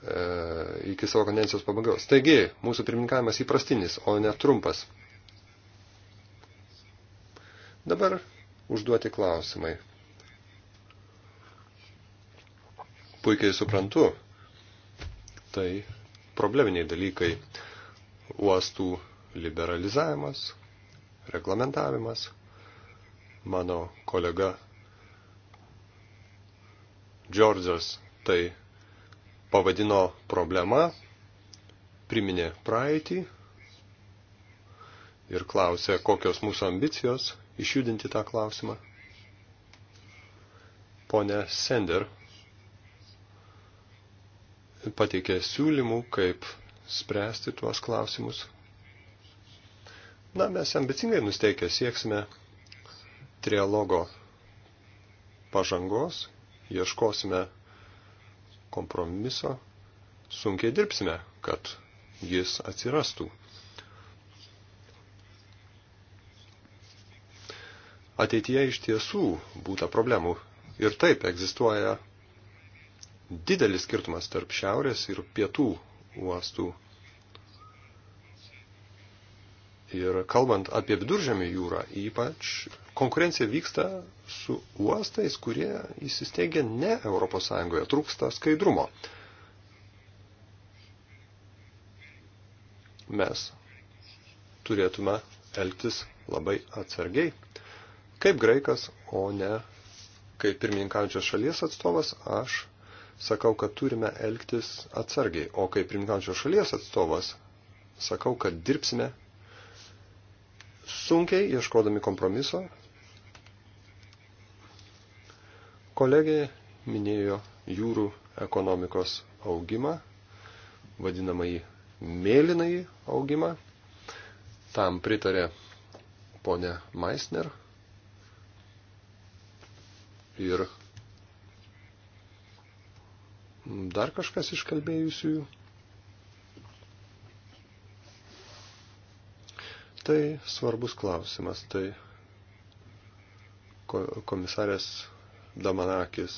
e, iki savo kadencijos pabaigos. Taigi, mūsų pirmininkavimas įprastinis, o ne trumpas. Dabar užduoti klausimai. Puikiai suprantu, tai probleminiai dalykai uostų liberalizavimas, reglamentavimas. Mano kolega Džordžas tai pavadino problema, priminė praeitį ir klausė, kokios mūsų ambicijos išjudinti tą klausimą. Pone Sender pateikė siūlymų, kaip spręsti tuos klausimus. Na, mes ambicingai nusteikę sieksime trialogo pažangos, ieškosime kompromiso, sunkiai dirbsime, kad jis atsirastų. Ateityje iš tiesų būta problemų ir taip egzistuoja didelis skirtumas tarp šiaurės ir pietų uostų. Ir kalbant apie viduržėmį jūrą, ypač konkurencija vyksta su uostais, kurie įsisteigia ne Europos Sąjungoje, trūksta skaidrumo. Mes turėtume elgtis labai atsargiai, kaip graikas, o ne kaip pirmininkaujančios šalies atstovas, aš sakau, kad turime elgtis atsargiai, o kaip primkančios šalies atstovas, sakau, kad dirbsime sunkiai, ieškodami kompromiso. Kolegė minėjo jūrų ekonomikos augimą, vadinamąjį mėlynąjį augimą. Tam pritarė ponė Meissner ir Dar kažkas iš kalbėjusiųjų? Tai svarbus klausimas. Tai komisarės Damanakis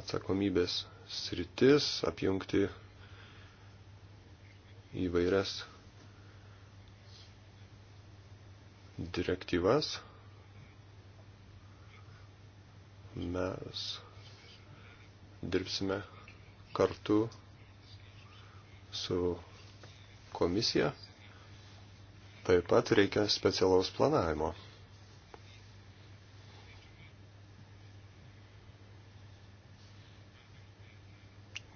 atsakomybės sritis apjungti įvairias direktyvas. Mes dirbsime kartu su komisija. Taip pat reikia specialaus planavimo.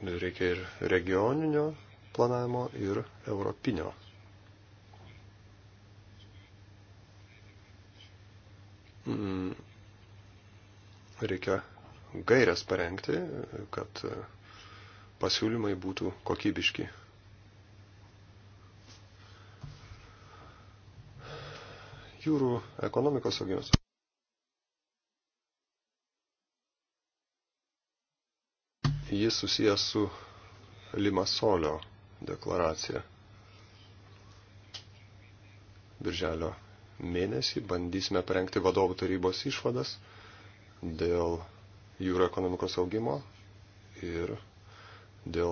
Reikia ir regioninio planavimo, ir europinio. Mm. Reikia gairias parengti, kad pasiūlymai būtų kokybiški. Jūrų ekonomikos augimas. Jis susijęs su Limasolio deklaracija. Birželio mėnesį bandysime parengti vadovų tarybos išvadas dėl jūro ekonomikos augimo ir dėl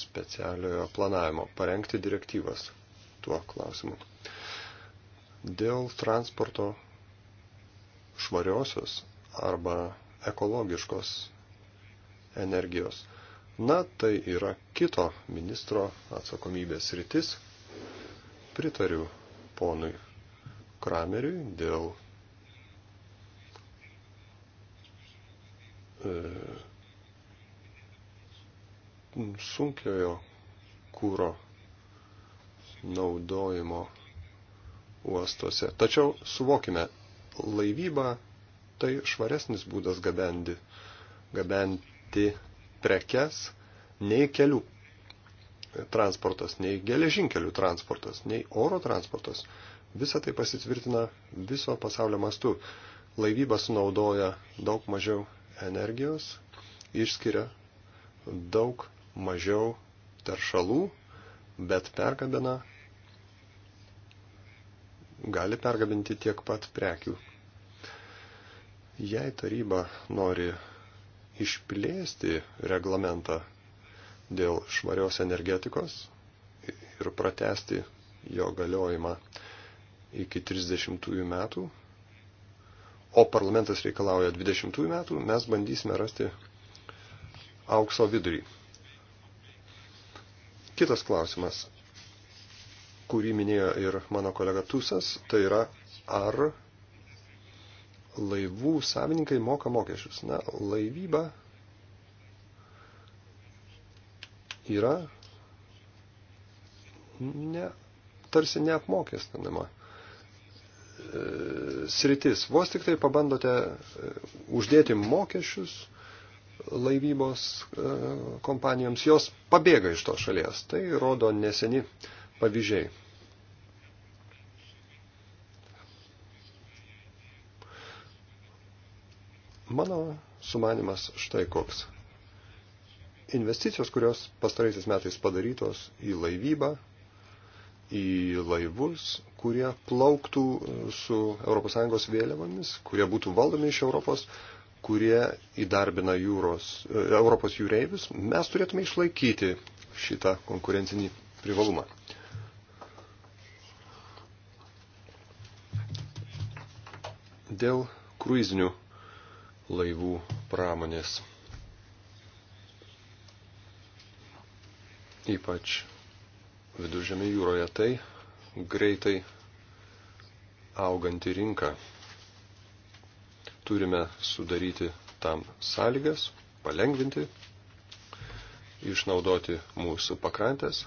specialiojo planavimo parengti direktyvas tuo klausimu. Dėl transporto švariosios arba ekologiškos energijos. Na, tai yra kito ministro atsakomybės rytis. Pritariu ponui Krameriui dėl E, sunkiojo kūro naudojimo uostuose. Tačiau suvokime, laivyba tai švaresnis būdas gabenti, gabenti prekes nei kelių transportas, nei geležinkelių transportas, nei oro transportas. Visa tai pasitvirtina viso pasaulio mastu. Laivyba sunaudoja daug mažiau energijos išskiria daug mažiau teršalų, bet pergabina, gali pergabinti tiek pat prekių. Jei taryba nori išplėsti reglamentą dėl švarios energetikos ir pratesti jo galiojimą iki 30 metų, o parlamentas reikalauja 20 metų, mes bandysime rasti aukso vidurį. Kitas klausimas, kurį minėjo ir mano kolega Tusas, tai yra, ar laivų savininkai moka mokesčius. Na, laivyba yra ne, tarsi neapmokestinama sritis. Vos tik tai pabandote e, uždėti mokesčius laivybos e, kompanijoms, jos pabėga iš to šalies. Tai rodo neseni pavyzdžiai. Mano sumanimas štai koks. Investicijos, kurios pastaraisiais metais padarytos į laivybą, į laivus, kurie plauktų su ES vėliavomis, kurie būtų valdomi iš Europos, kurie įdarbina jūros, e, Europos jūreivius, mes turėtume išlaikyti šitą konkurencinį privalumą. Dėl kruizinių laivų pramonės. Ypač viduržėmė jūroje tai greitai auganti rinka. Turime sudaryti tam sąlygas, palengvinti, išnaudoti mūsų pakrantės,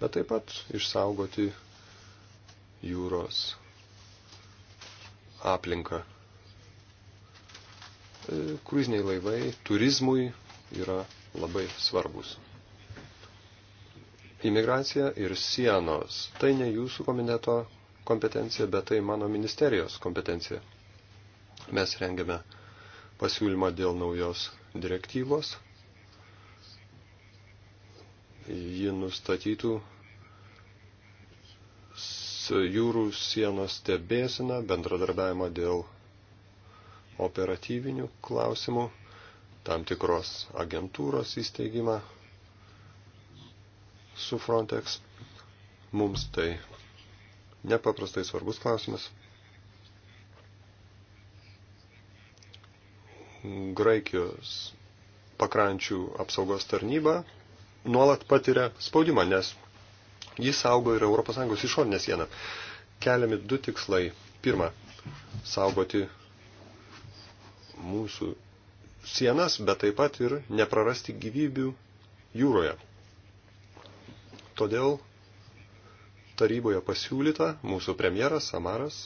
bet taip pat išsaugoti jūros aplinką. E, kruiziniai laivai turizmui yra labai svarbus. Imigracija ir sienos. Tai ne jūsų komiteto kompetencija, bet tai mano ministerijos kompetencija. Mes rengiame pasiūlymą dėl naujos direktyvos. Ji nustatytų jūrų sienos stebėsina, bendradarbiavimą dėl operatyvinių klausimų, tam tikros agentūros įsteigimą su Frontex. Mums tai nepaprastai svarbus klausimas. Graikijos pakrančių apsaugos tarnyba nuolat patiria spaudimą, nes jis saugo ir ES išorinę sieną. Keliami du tikslai. Pirma, saugoti mūsų sienas, bet taip pat ir neprarasti gyvybių jūroje. Todėl taryboje pasiūlyta, mūsų premjeras Samaras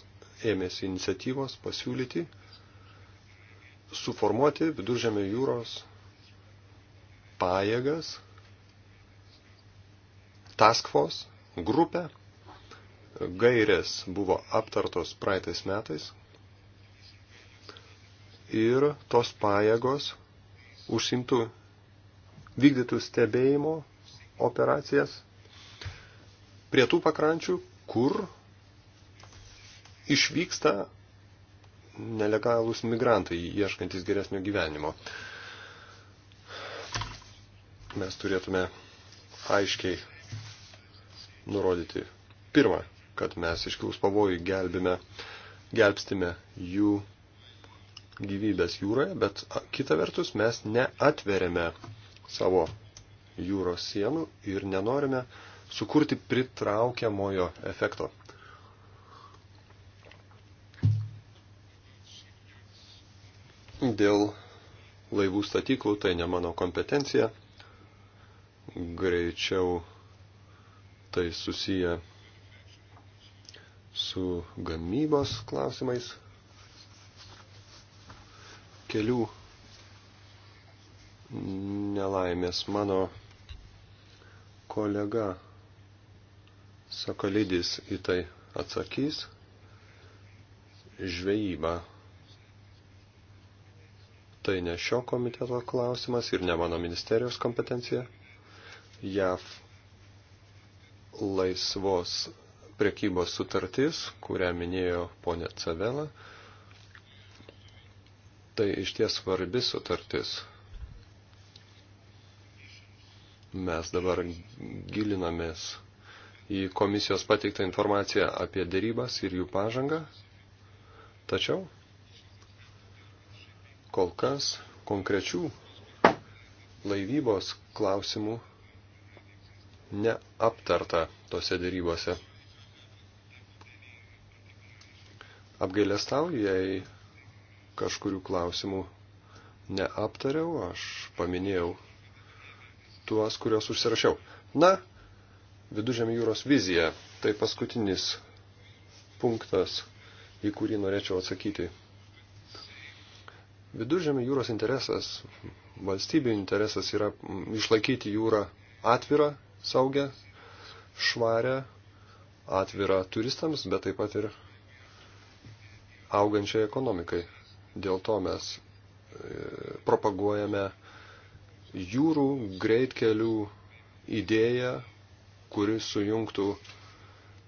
ėmėsi iniciatyvos pasiūlyti suformuoti viduržėmio jūros pajėgas, task force, grupę. Gairės buvo aptartos praeitais metais ir tos pajėgos užsimtų vykdytų stebėjimo operacijas prie tų pakrančių, kur išvyksta nelegalūs migrantai ieškantis geresnio gyvenimo. Mes turėtume aiškiai nurodyti pirmą, kad mes iškilus pavojų gelbime, gelbstime jų gyvybės jūroje, bet kita vertus mes neatveriame savo jūros sienų ir nenorime uh, sukurti pritraukiamojo efekto. Dėl laivų statyklų tai ne mano kompetencija, greičiau tai susiję su gamybos klausimais, kelių nelaimės mano kolega Sakalidis į tai atsakys. Žvejyba. Tai ne šio komiteto klausimas ir ne mano ministerijos kompetencija. JAV laisvos priekybos sutartis, kurią minėjo ponė Cavela, tai iš ties svarbi sutartis. Mes dabar gilinamės į komisijos pateiktą informaciją apie dėrybas ir jų pažangą. Tačiau kol kas konkrečių laivybos klausimų neaptarta tose dėrybose. Apgailestau, jei kažkurių klausimų neaptariau, aš paminėjau tuos, kuriuos užsirašiau. Na, Vidužėmio jūros vizija. Tai paskutinis punktas, į kurį norėčiau atsakyti. Viduržėmio jūros interesas, valstybių interesas yra išlaikyti jūrą atvirą, saugę, švarę, atvirą turistams, bet taip pat ir augančiai ekonomikai. Dėl to mes e, propaguojame jūrų greitkelių idėją, kuris sujungtų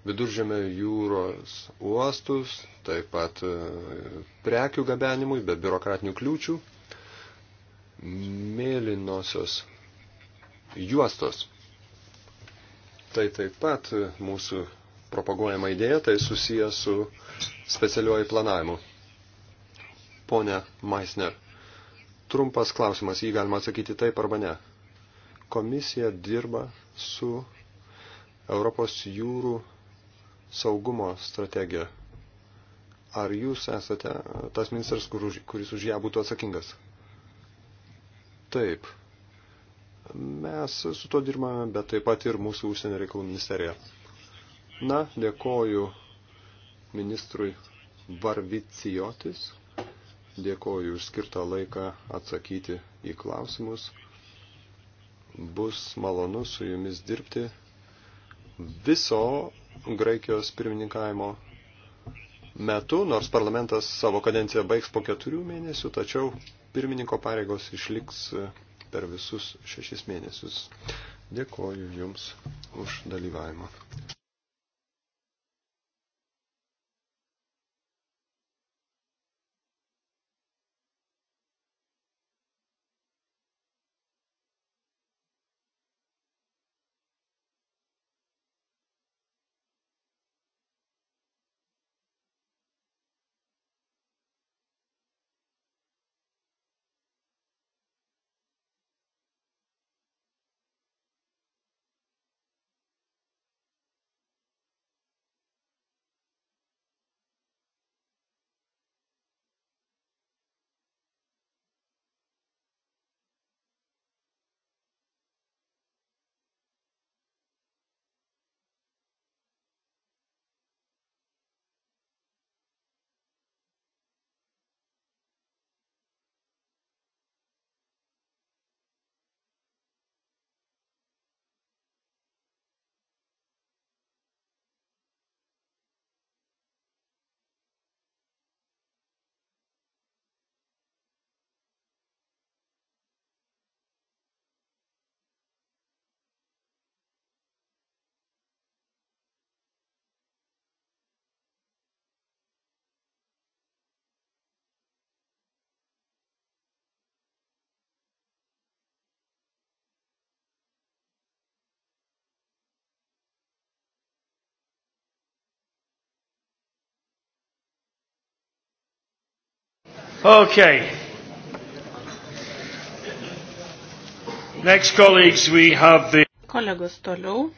viduržėme jūros uostus, taip pat e, prekių gabenimui be biurokratinių kliūčių, mėlynosios juostos. Tai taip pat e, mūsų propaguojama idėja, tai susijęs su specialiuoju planavimu. Pone Maisner, trumpas klausimas, jį galima atsakyti taip arba ne. Komisija dirba su Europos jūrų saugumo strategiją. Ar jūs esate tas ministras, kur už, kuris už ją būtų atsakingas? Taip. Mes su to dirbame, bet taip pat ir mūsų užsienio reikalų ministerija. Na, dėkoju ministrui Varvicijotis. Dėkoju už skirtą laiką atsakyti į klausimus. Bus malonu su jumis dirbti viso Graikijos pirmininkavimo metu, nors parlamentas savo kadenciją baigs po keturių mėnesių, tačiau pirmininko pareigos išliks per visus šešis mėnesius. Dėkoju Jums už dalyvavimą. Okay. Next colleagues, we have the Kolegos toliau.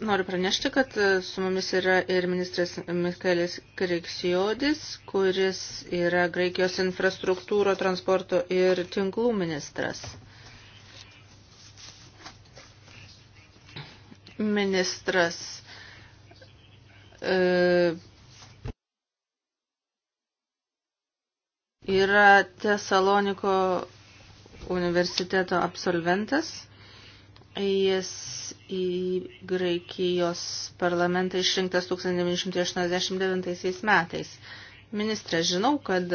Noriu pranešti, kad e, su mumis yra ir ministras Mikaelis Kriksijodis, kuris yra Graikijos infrastruktūro, transporto ir tinklų ministras. ministras e, yra Tesaloniko universiteto absolventas. Jis į Graikijos parlamentą išrinktas 1989 metais. Ministrė, žinau, kad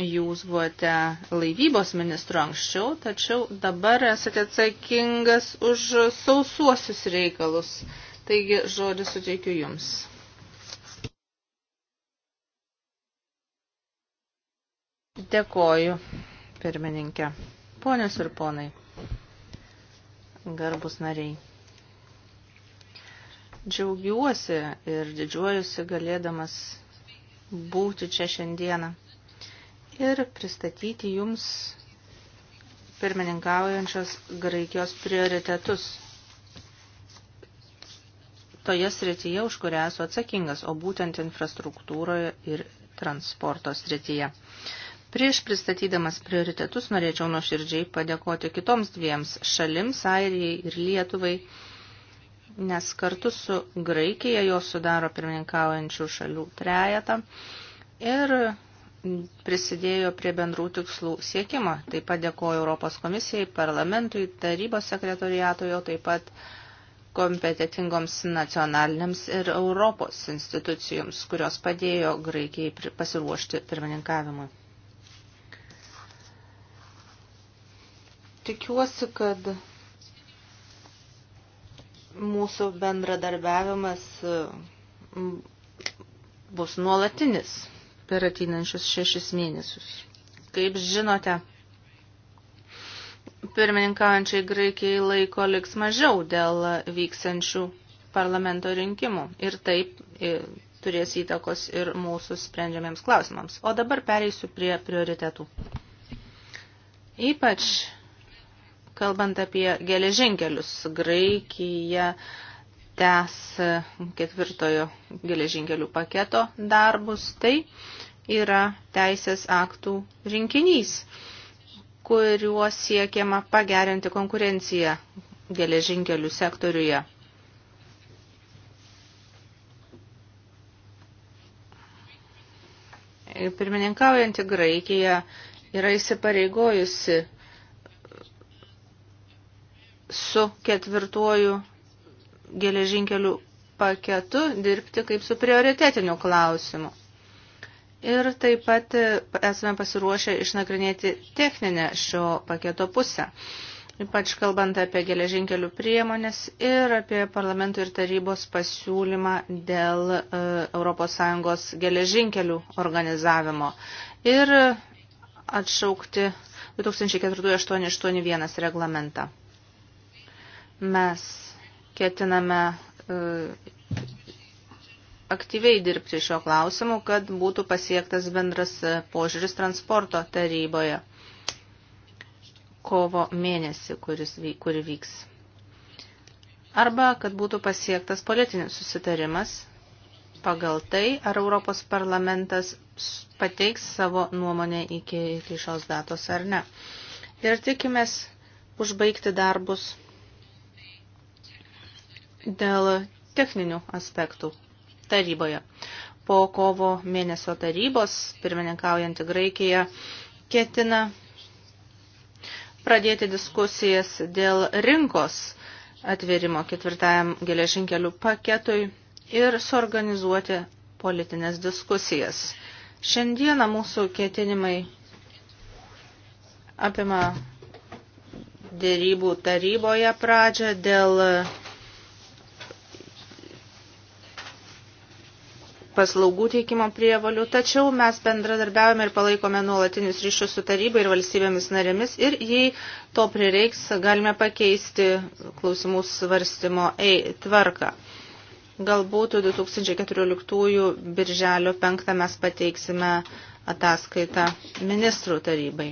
Jūs buvote laivybos ministru anksčiau, tačiau dabar esate atsakingas už sausuosius reikalus. Taigi žodį suteikiu Jums. Dėkoju, pirmininkė. Ponios ir ponai, garbus nariai. Džiaugiuosi ir didžiuojusi galėdamas būti čia šiandieną ir pristatyti jums pirmininkaujančios Graikijos prioritetus toje srityje, už kurią esu atsakingas, o būtent infrastruktūroje ir transporto srityje. Prieš pristatydamas prioritetus norėčiau nuoširdžiai padėkoti kitoms dviems šalims, Airijai ir Lietuvai, nes kartu su Graikija jos sudaro pirmininkaujančių šalių trejatą ir prisidėjo prie bendrų tikslų siekimo. Taip pat dėkoju Europos komisijai, parlamentui, tarybos sekretoriatojo, taip pat kompetitingoms nacionaliniams ir Europos institucijoms, kurios padėjo Graikijai pasiruošti pirmininkavimui. Tikiuosi, kad mūsų bendradarbiavimas bus nuolatinis per ateinančius šešis mėnesius. Kaip žinote, pirmininkaujančiai Graikijai laiko liks mažiau dėl vyksiančių parlamento rinkimų ir taip ir e, turės įtakos ir mūsų sprendžiamiems klausimams. O dabar pereisiu prie prioritetų. Ypač kalbant apie geležinkelius, Graikija tęs ketvirtojo geležinkelių paketo darbus, tai yra teisės aktų rinkinys, kuriuo siekiama pagerinti konkurenciją geležinkelių sektoriuje. Pirmininkaujanti Graikija yra įsipareigojusi su ketvirtuoju geležinkelių paketu dirbti kaip su prioritetiniu klausimu. Ir taip pat esame pasiruošę išnagrinėti techninę šio paketo pusę, ypač kalbant apie geležinkelių priemonės ir apie parlamento ir tarybos pasiūlymą dėl ES geležinkelių organizavimo ir atšaukti 2004-881 reglamentą. Mes ketiname e, aktyviai dirbti šio klausimu, kad būtų pasiektas bendras e, požiūris transporto taryboje kovo mėnesį, kuris, kuri vyks. Arba kad būtų pasiektas politinis susitarimas pagal tai, ar Europos parlamentas pateiks savo nuomonę iki, iki šios datos ar ne. Ir tikimės užbaigti darbus dėl techninių aspektų taryboje. Po kovo mėnesio tarybos pirmininkaujantį Graikiją ketina pradėti diskusijas dėl rinkos atvėrimo ketvirtajam geležinkelių paketui ir suorganizuoti politinės diskusijas. Šiandieną mūsų ketinimai apima dėrybų taryboje pradžią dėl paslaugų teikimo prievalių, tačiau mes bendradarbiavame ir palaikome nuolatinius ryšius su taryba ir valstybėmis narėmis ir jei to prireiks, galime pakeisti klausimų svarstymo ei, tvarką. Galbūt 2014 birželio 5 mes pateiksime ataskaitą ministrų tarybai.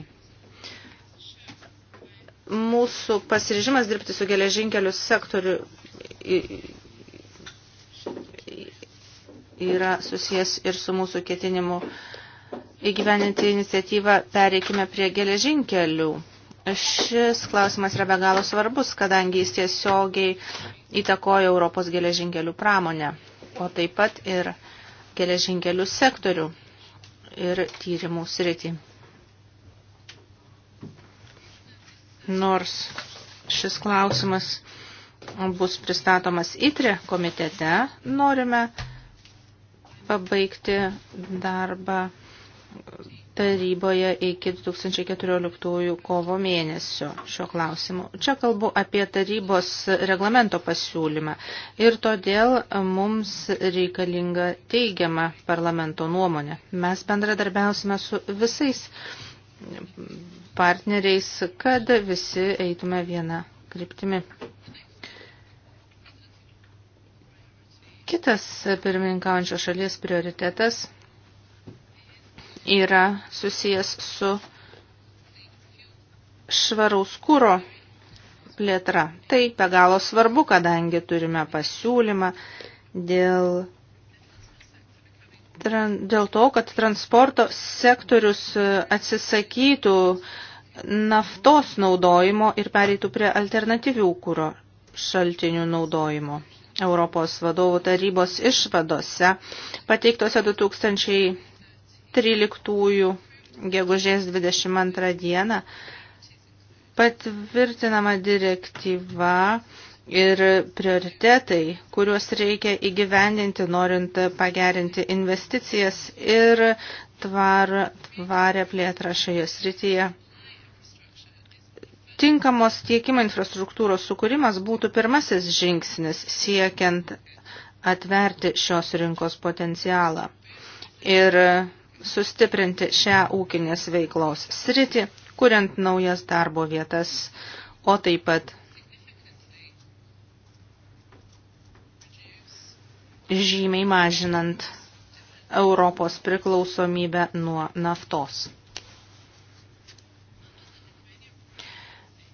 Mūsų pasirižimas dirbti su geležinkelių sektoriu yra susijęs ir su mūsų ketinimu įgyveninti iniciatyvą Pereikime prie geležinkelių. Šis klausimas yra be galo svarbus, kadangi jis tiesiogiai įtakoja Europos geležinkelių pramonę, o taip pat ir geležinkelių sektorių ir tyrimų sritį. Nors šis klausimas bus pristatomas ITRE komitete, norime pabaigti darbą taryboje iki 2014 kovo mėnesio šio klausimu. Čia kalbu apie tarybos reglamento pasiūlymą ir todėl mums reikalinga teigiama parlamento nuomonė. Mes bendradarbiausime su visais partneriais, kad visi eitume vieną kryptimį. Kitas pirmininkaujančio šalies prioritetas yra susijęs su švaraus kūro plėtra. Tai be galo svarbu, kadangi turime pasiūlymą dėl, dėl to, kad transporto sektorius atsisakytų naftos naudojimo ir pereitų prie alternatyvių kūro šaltinių naudojimo. Europos vadovų tarybos išvadose pateiktose 2013 gegužės 22 dieną patvirtinama direktyva ir prioritetai, kuriuos reikia įgyvendinti, norint pagerinti investicijas ir tvar, tvarę plėtrą šioje srityje. Tinkamos tiekimo infrastruktūros sukūrimas būtų pirmasis žingsnis siekiant atverti šios rinkos potencialą ir sustiprinti šią ūkinės veiklos sritį, kuriant naujas darbo vietas, o taip pat žymiai mažinant Europos priklausomybę nuo naftos.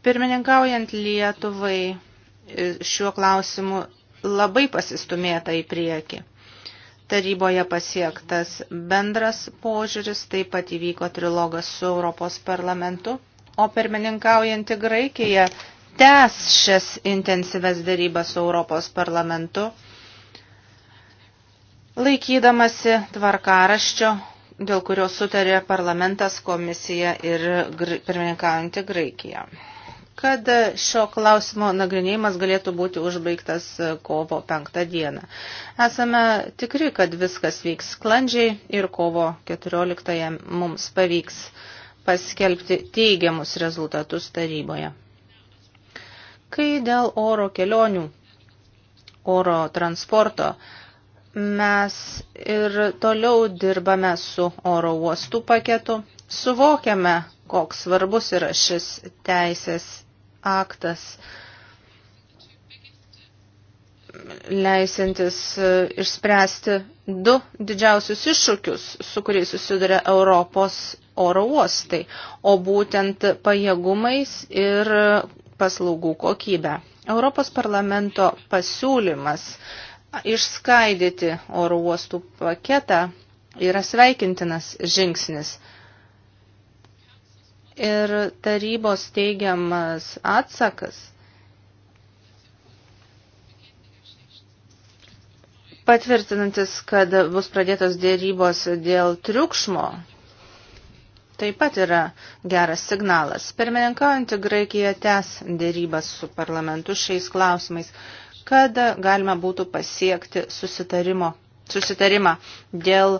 Pirmininkaujant Lietuvai e, šiuo klausimu labai pasistumėta į priekį. Taryboje pasiektas bendras požiūris, taip pat įvyko trilogas su Europos parlamentu, o pirmininkaujanti Graikija tęs šias intensyves darybas su Europos parlamentu, laikydamasi tvarkaraščio, dėl kurio sutarė parlamentas, komisija ir pirmininkaujanti Graikija kad šio klausimo nagrinėjimas galėtų būti užbaigtas e, kovo penktą dieną. Esame tikri, kad viskas vyks sklandžiai ir kovo 14 mums pavyks paskelbti teigiamus rezultatus taryboje. Kai dėl oro kelionių, oro transporto, mes ir toliau dirbame su oro uostų paketu, suvokiame, koks svarbus yra šis teisės aktas, leisintis e, išspręsti du didžiausius iššūkius, su kuriais susiduria Europos oro uostai, o būtent pajėgumais ir paslaugų kokybę. Europos parlamento pasiūlymas išskaidyti oro uostų paketą yra sveikintinas žingsnis ir tarybos teigiamas atsakas patvirtinantis, kad bus pradėtos dėrybos dėl triukšmo, taip pat yra geras signalas. Pirmininkaujantį Graikiją tęs dėrybas su parlamentu šiais klausimais, kad galima būtų pasiekti susitarimo, susitarimą dėl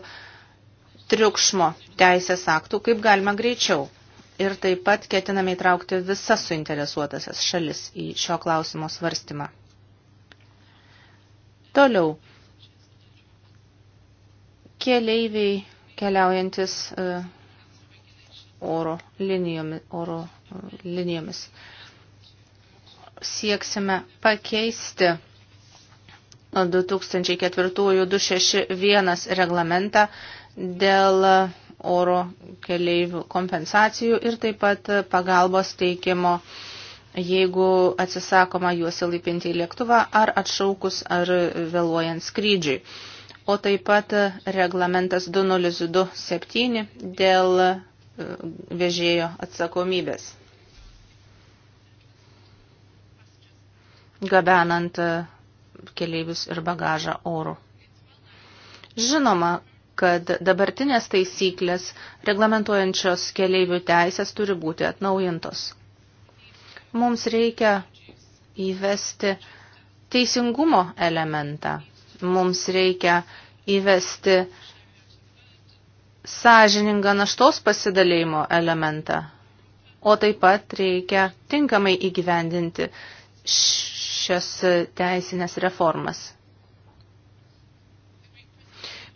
triukšmo teisės aktų, kaip galima greičiau ir taip pat ketiname įtraukti visas suinteresuotasias šalis į šio klausimo svarstymą. Toliau. Keleiviai keliaujantis e, oro linijomis, oro e, linijomis. Sieksime pakeisti 2004-261 e, reglamentą dėl oro keleivių kompensacijų ir taip pat pagalbos teikimo, jeigu atsisakoma juos įlaipinti į lėktuvą ar atšaukus ar vėluojant skrydžiui. O taip pat reglamentas 2027 dėl e, vežėjo atsakomybės. Gabenant e, keleivius ir bagažą oru. Žinoma, kad dabartinės taisyklės reglamentuojančios keleivių teisės turi būti atnaujintos. Mums reikia įvesti teisingumo elementą. Mums reikia įvesti sąžiningą naštos pasidalėjimo elementą. O taip pat reikia tinkamai įgyvendinti šias teisinės reformas.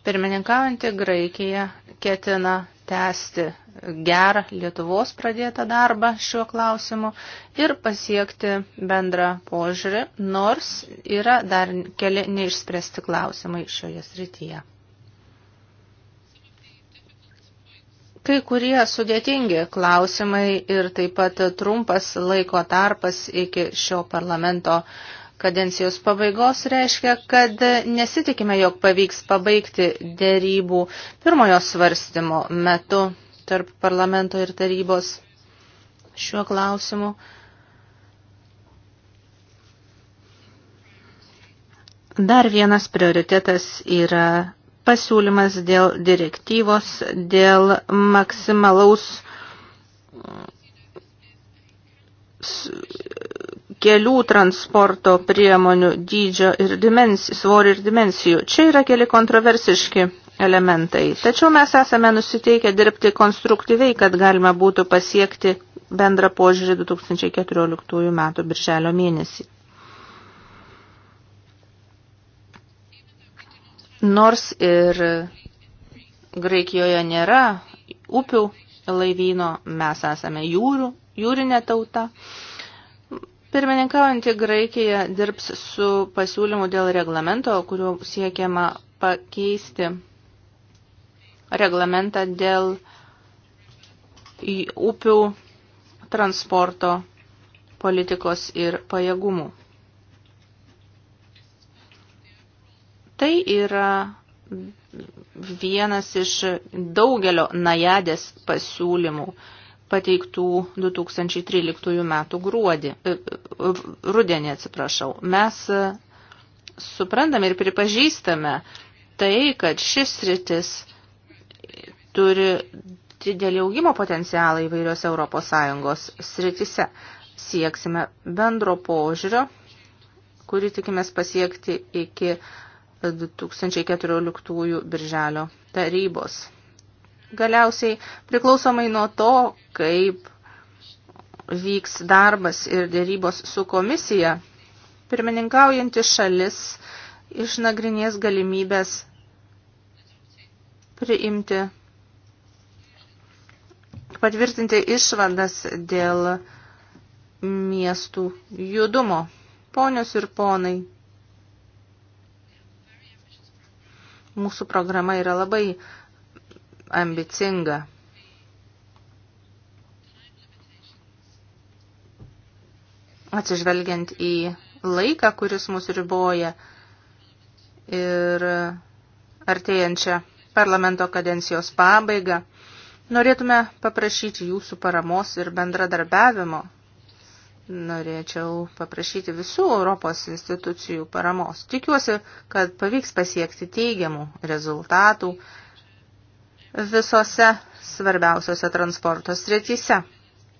Pirmininkaujantį Graikiją ketina tęsti gerą Lietuvos pradėtą darbą šiuo klausimu ir pasiekti bendrą požiūrį, nors yra dar keli neišspręsti klausimai šioje srityje. Kai kurie sudėtingi klausimai ir taip pat trumpas laiko tarpas iki šio parlamento uh, kadencijos pabaigos reiškia, kad nesitikime, jog pavyks pabaigti dėrybų pirmojo svarstymo metu tarp parlamento ir tarybos šiuo klausimu. Dar vienas prioritetas yra pasiūlymas dėl direktyvos, dėl maksimalaus kelių transporto priemonių dydžio ir dimensijų, svorį ir dimensijų. Čia yra keli kontroversiški elementai. Tačiau mes esame nusiteikę dirbti konstruktyviai, kad galima būtų pasiekti bendrą požiūrį 2014 metų birželio mėnesį. Nors ir Graikijoje nėra upių laivyno, mes esame jūrų, jūrinė tauta. Pirmininkaujantį Graikiją dirbs su pasiūlymu dėl reglamento, kuriuo siekiama pakeisti reglamentą dėl upių transporto politikos ir pajėgumų. Tai yra vienas iš daugelio najadės pasiūlymų, pateiktų 2013 metų gruodį, e, e, rudenį atsiprašau. Mes e, suprantame ir pripažįstame tai, kad šis rytis turi didelį augimo potencialą įvairios ES sritise. Sieksime bendro požiūrio, kurį tikimės pasiekti iki 2014 birželio tarybos galiausiai priklausomai nuo to, kaip vyks darbas ir dėrybos su komisija, pirmininkaujantis šalis išnagrinės galimybės priimti, patvirtinti išvadas dėl miestų judumo. Ponios ir ponai, mūsų programa yra labai ambicinga. Atsižvelgiant į laiką, kuris mus riboja ir artėjančią parlamento kadencijos pabaigą, norėtume paprašyti jūsų paramos ir bendradarbiavimo. Norėčiau paprašyti visų Europos institucijų paramos. Tikiuosi, kad pavyks pasiekti teigiamų rezultatų visose svarbiausiose transporto srityse.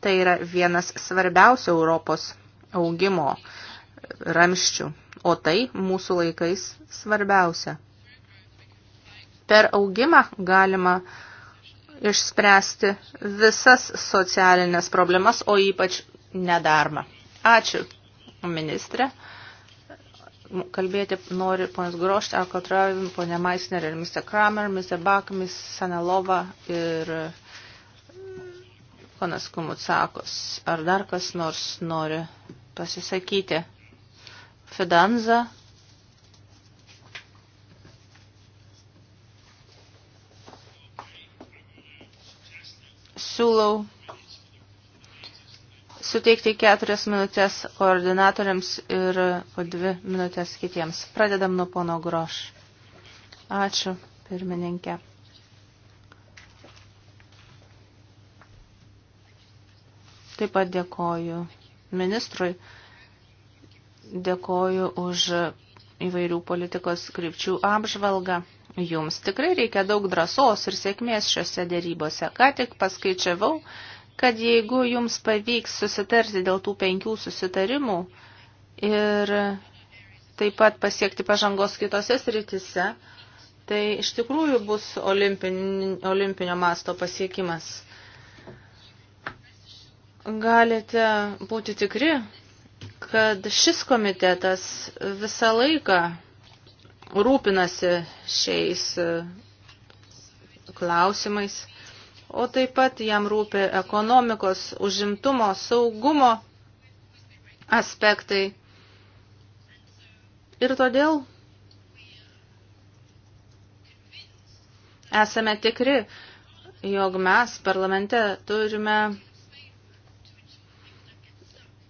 Tai yra vienas svarbiausių Europos augimo ramščių, o tai mūsų laikais svarbiausia. Per augimą galima išspręsti visas socialinės problemas, o ypač nedarbą. Ačiū, ministrė kalbėti nori ponas Grošt, Alkotravim, ponė Maisner ir Mr. Kramer, Mr. Bak, Mr. Sanalova ir e, ponas Kumutsakos. Ar dar kas nors nori pasisakyti? Fidanza. Siūlau suteikti keturias minutės koordinatoriams ir po dvi minutės kitiems. Pradedam nuo pono Groš. Ačiū, pirmininkė. Taip pat dėkoju ministrui, dėkoju už įvairių politikos krypčių apžvalgą. Jums tikrai reikia daug drąsos ir sėkmės šiuose dėrybose. Ką tik paskaičiavau, kad jeigu jums pavyks susitarti dėl tų penkių susitarimų ir taip pat pasiekti pažangos kitose sritise, tai iš tikrųjų bus olimpin, olimpinio masto pasiekimas. Galite būti tikri, kad šis komitetas visą laiką rūpinasi šiais klausimais o taip pat jam rūpi ekonomikos, užimtumo, saugumo aspektai. Ir todėl esame tikri, jog mes parlamente turime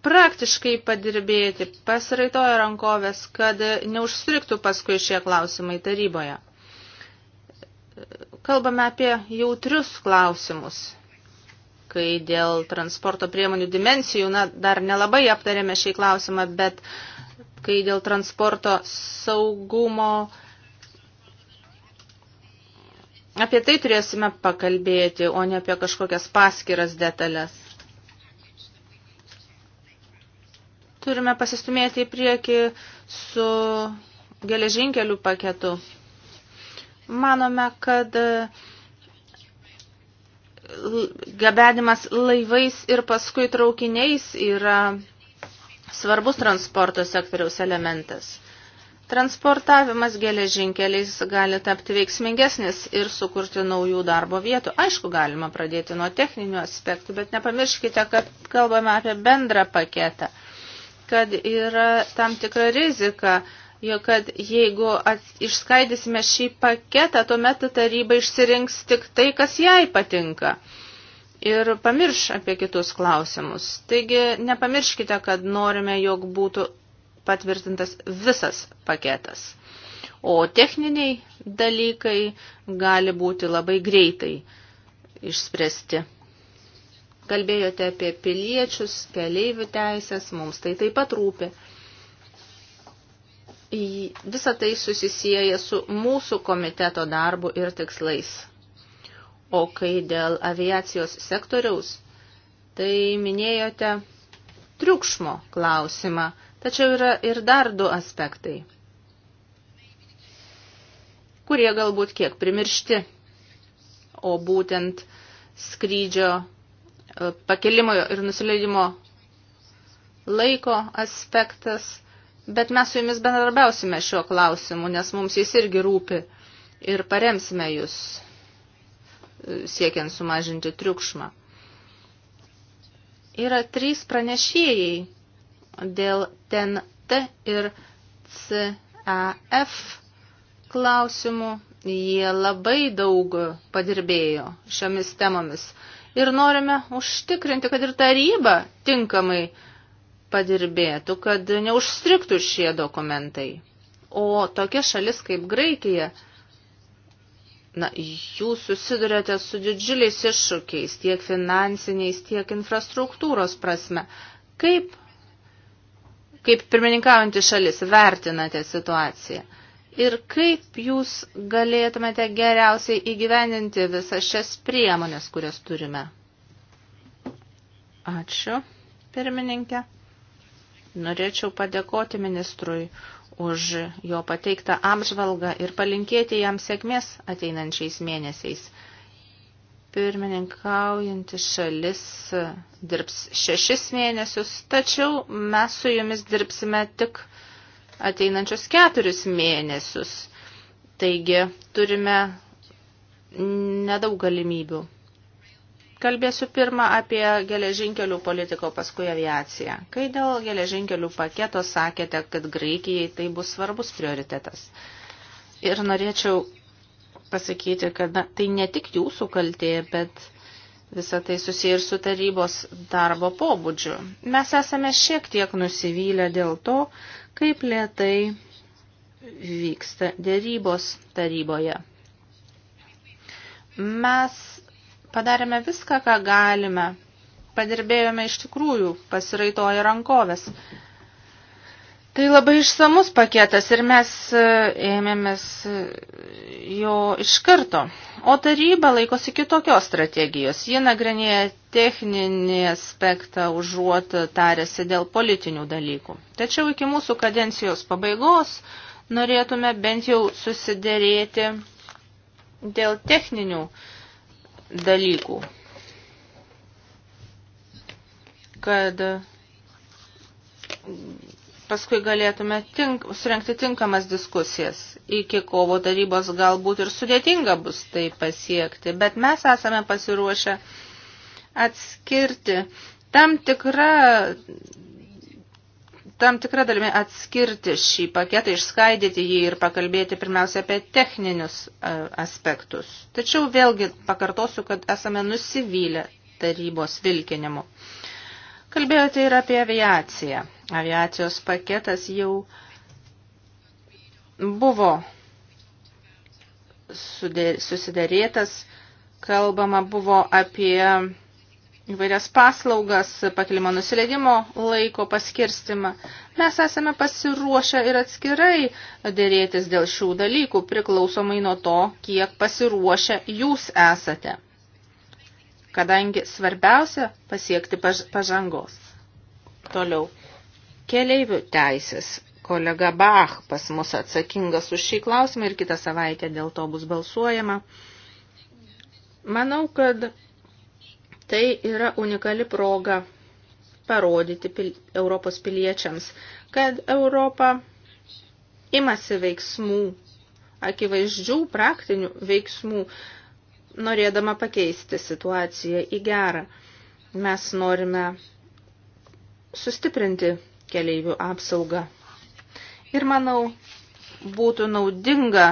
praktiškai padirbėti, pasiraitoja rankovės, kad neužstriktų paskui šie klausimai taryboje. Kalbame apie jautrius klausimus, kai dėl transporto priemonių dimensijų, na, dar nelabai aptarėme šį klausimą, bet kai dėl transporto saugumo apie tai turėsime pakalbėti, o ne apie kažkokias paskiras detalės. Turime pasistumėti į priekį su geležinkelių paketu. Manome, kad e, gabenimas laivais ir paskui traukiniais yra svarbus transporto sektoriaus elementas. Transportavimas geležinkeliais gali tapti veiksmingesnis ir sukurti naujų darbo vietų. Aišku, galima pradėti nuo techninių aspektų, bet nepamirškite, kad kalbame apie bendrą paketą, kad yra tam tikra rizika, jo kad jeigu išskaidysime šį paketą, tuomet taryba išsirinks tik tai, kas jai patinka. Ir pamirš apie kitus klausimus. Taigi nepamirškite, kad norime, jog būtų patvirtintas visas paketas. O techniniai dalykai gali būti labai greitai išspręsti. Kalbėjote apie piliečius, keleivių teisės, mums tai taip pat rūpi. Visą tai susisieja su mūsų komiteto darbu ir tikslais. O kai dėl aviacijos sektoriaus, tai minėjote triukšmo klausimą, tačiau yra ir dar du aspektai, kurie galbūt kiek primiršti, o būtent skrydžio e, pakelimo ir nusileidimo laiko aspektas – bet mes su jumis bendradarbiausime šiuo klausimu, nes mums jis irgi rūpi ir paremsime jūs e, siekiant sumažinti triukšmą. Yra trys pranešėjai dėl TNT ir CAF klausimų. Jie labai daug padirbėjo šiomis temomis ir norime užtikrinti, kad ir taryba tinkamai uh, padirbėtų, kad neužstriktų šie dokumentai. O tokia šalis kaip Graikija, na, jūs susidurėte su didžiuliais iššūkiais, tiek finansiniais, tiek infrastruktūros prasme. Kaip, kaip pirmininkaujantis šalis vertinate situaciją? Ir kaip jūs galėtumėte geriausiai įgyveninti visas šias priemonės, kurias turime? Ačiū, pirmininkė. Norėčiau padėkoti ministrui už jo pateiktą apžvalgą ir palinkėti jam sėkmės ateinančiais mėnesiais. Pirmininkaujanti šalis dirbs šešis mėnesius, tačiau mes su jumis dirbsime tik ateinančius keturis mėnesius. Taigi turime nedaug galimybių. Kalbėsiu pirmą apie geležinkelių politiko, paskui aviaciją. Kai dėl geležinkelių paketo sakėte, kad Graikijai tai bus svarbus prioritetas. Ir norėčiau pasakyti, kad na, tai ne tik jūsų kaltė, bet visą tai susiję ir su tarybos darbo pobūdžiu. Mes esame šiek tiek nusivylę dėl to, kaip lietai vyksta dėrybos taryboje. Mes Padarėme viską, ką galime. Padirbėjome iš tikrųjų, pasiraitoja rankovės. Tai labai išsamus paketas ir mes e, ėmėmės e, jo iš karto. O taryba laikosi kitokios strategijos. Ji nagrinėja techninį aspektą užuot tarėsi dėl politinių dalykų. Tačiau iki mūsų kadencijos pabaigos norėtume bent jau susiderėti dėl techninių dalykų dalykų. Kad paskui galėtume tink, surenkti tinkamas diskusijas. Iki kovo tarybos galbūt ir sudėtinga bus tai pasiekti, bet mes esame pasiruošę atskirti tam tikrą tam tikrą dalimi atskirti šį paketą, išskaidyti jį ir pakalbėti pirmiausia apie techninius e, aspektus. Tačiau vėlgi pakartosiu, kad esame nusivylę tarybos vilkinimu. Kalbėjote ir apie aviaciją. Aviacijos paketas jau buvo susidarėtas, kalbama buvo apie įvairias paslaugas, pakilimo nusileidimo laiko paskirstimą. Mes esame pasiruošę ir atskirai dėrėtis dėl šių dalykų, priklausomai nuo to, kiek pasiruošę jūs esate. Kadangi svarbiausia pasiekti pažangos. Toliau. Keleivių teisės. Kolega Bach pas mus atsakingas už šį klausimą ir kitą savaitę dėl to bus balsuojama. Manau, kad Tai yra unikali proga parodyti pil Europos piliečiams, kad Europa imasi veiksmų, akivaizdžių praktinių veiksmų, norėdama pakeisti situaciją į gerą. Mes norime sustiprinti keleivių apsaugą. Ir manau, būtų naudinga,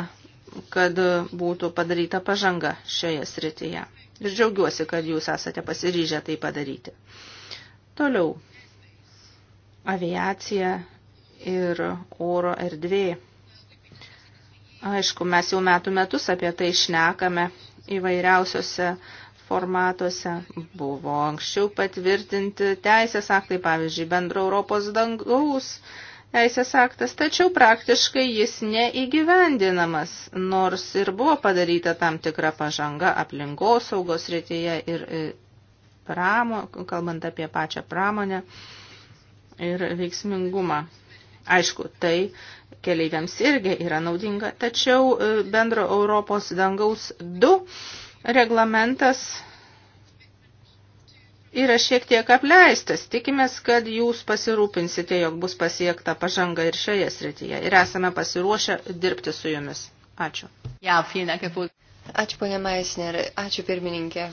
kad būtų padaryta pažanga šioje srityje. Ir džiaugiuosi, kad jūs esate pasiryžę tai padaryti. Toliau. Aviacija ir oro erdvė. Aišku, mes jau metų metus apie tai šnekame įvairiausiose formatuose. Buvo anksčiau patvirtinti teisės aktai, pavyzdžiui, bendro Europos dangaus teisės aktas, tačiau praktiškai jis neįgyvendinamas, nors ir buvo padaryta tam tikra pažanga aplinkosaugos rytyje ir e, pramo, kalbant apie pačią pramonę ir veiksmingumą. Aišku, tai keleiviams irgi yra naudinga, tačiau e, bendro Europos dangaus 2 reglamentas yra šiek tiek apleistas. Tikimės, kad jūs pasirūpinsite, jog bus pasiekta pažanga ir šioje srityje. Ir esame pasiruošę dirbti su jumis. Ačiū. Ačiū, ponė Maisner. Ačiū, pirmininkė.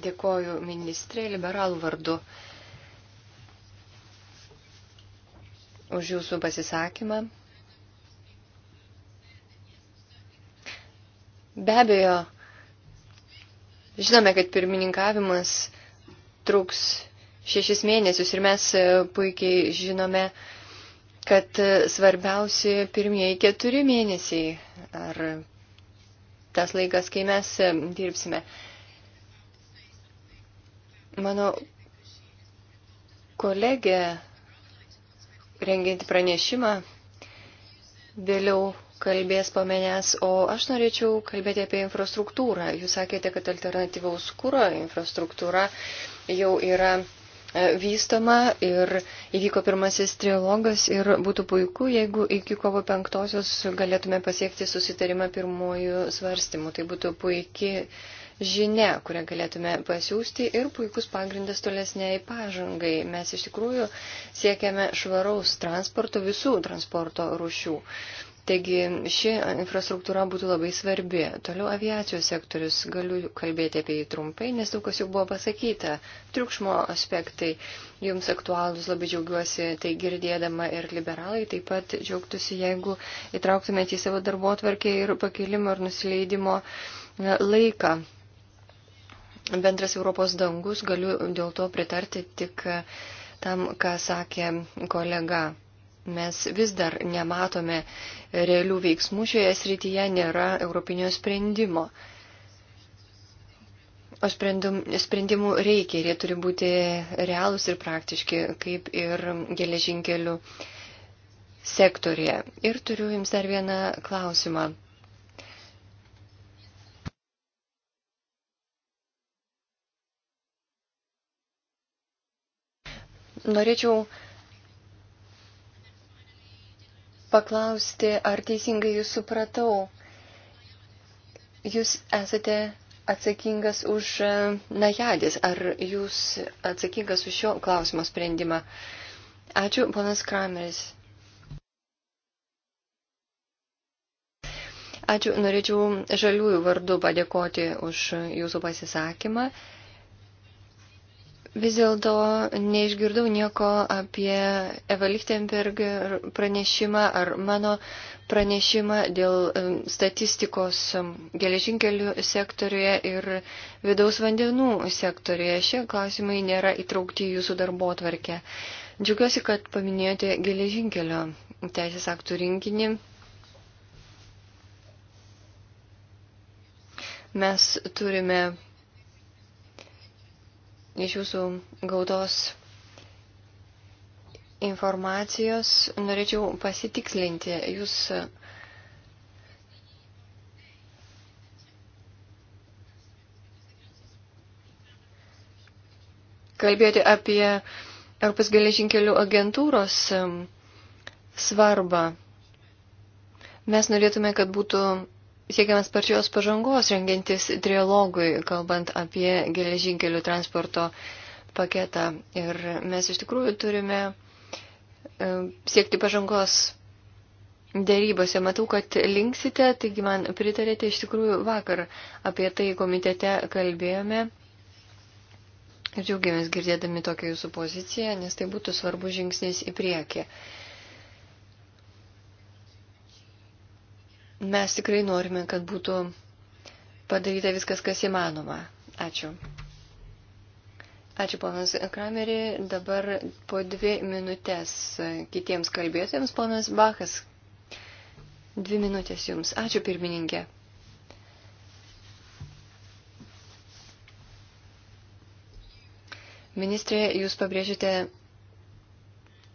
Dėkoju ministrė liberalų vardu už jūsų pasisakymą. Be abejo, žinome, kad pirmininkavimas truks šešis mėnesius ir mes e, puikiai žinome, kad e, svarbiausi pirmieji keturi mėnesiai ar tas laikas, kai mes e, dirbsime. Mano kolegė, renginti pranešimą, vėliau kalbės po manęs, o aš norėčiau kalbėti apie infrastruktūrą. Jūs sakėte, kad alternatyvaus kūro infrastruktūra jau yra e, vystoma ir įvyko pirmasis trilogas ir būtų puiku, jeigu iki kovo penktosios galėtume pasiekti susitarimą pirmojų svarstymų. Tai būtų puikiai žinia, kurią galėtume pasiūsti ir puikus pagrindas tolesniai pažangai. Mes iš tikrųjų siekiame švaraus transporto visų transporto rušių. Taigi ši infrastruktūra būtų labai svarbi. Toliau aviacijos sektorius, galiu kalbėti apie jį trumpai, nes daug kas jau buvo pasakyta. Triukšmo aspektai jums aktualūs, labai džiaugiuosi tai girdėdama ir liberalai taip pat džiaugtųsi, jeigu įtrauktumėte į savo darbo atvarkę ir pakilimo ir nusileidimo e, laiką bendras Europos dangus, galiu dėl to pritarti tik e, tam, ką sakė kolega. Mes vis dar nematome realių veiksmų šioje srityje, nėra europinio sprendimo. O sprendum, sprendimų reikia ir jie turi būti realūs ir praktiški, kaip ir geležinkelių sektorėje. Ir turiu jums dar vieną klausimą. Norėčiau paklausti, ar teisingai jūs supratau. Jūs esate atsakingas už e, Najadis, ar jūs atsakingas už šio klausimo sprendimą? Ačiū, ponas Krameris. Ačiū, norėčiau žaliųjų vardu padėkoti už jūsų pasisakymą. Vis dėlto neišgirdau nieko apie Eva Lichtenberg pranešimą ar mano pranešimą dėl statistikos geležinkelių sektoriuje ir vidaus vandenų sektoriuje. Šie klausimai nėra įtraukti į jūsų darbo tvarkę. Džiugiuosi, kad paminėjote geležinkelio teisės aktų rinkinį. Mes turime iš jūsų gautos informacijos norėčiau pasitikslinti. Jūs kalbėjote apie Europos geležinkelių agentūros um, svarbą. Mes norėtume, kad būtų siekiamas sparčios pažangos rengiantis trialogui, kalbant apie geležinkelių transporto paketą. Ir mes iš tikrųjų turime e, siekti pažangos dėrybose. Matau, kad linksite, taigi man pritarėte iš tikrųjų vakar apie tai komitete kalbėjome. Ir džiaugiamės girdėdami tokią jūsų poziciją, nes tai būtų svarbu žingsnis į priekį. Uh, Mes tikrai norime, kad būtų padaryta viskas, kas įmanoma. Ačiū. Ačiū, ponas Kramerį. Dabar po dvi minutės kitiems kalbėtojams, ponas Bachas. Dvi minutės jums. Ačiū, pirmininkė. Ministrė, jūs pabrėžite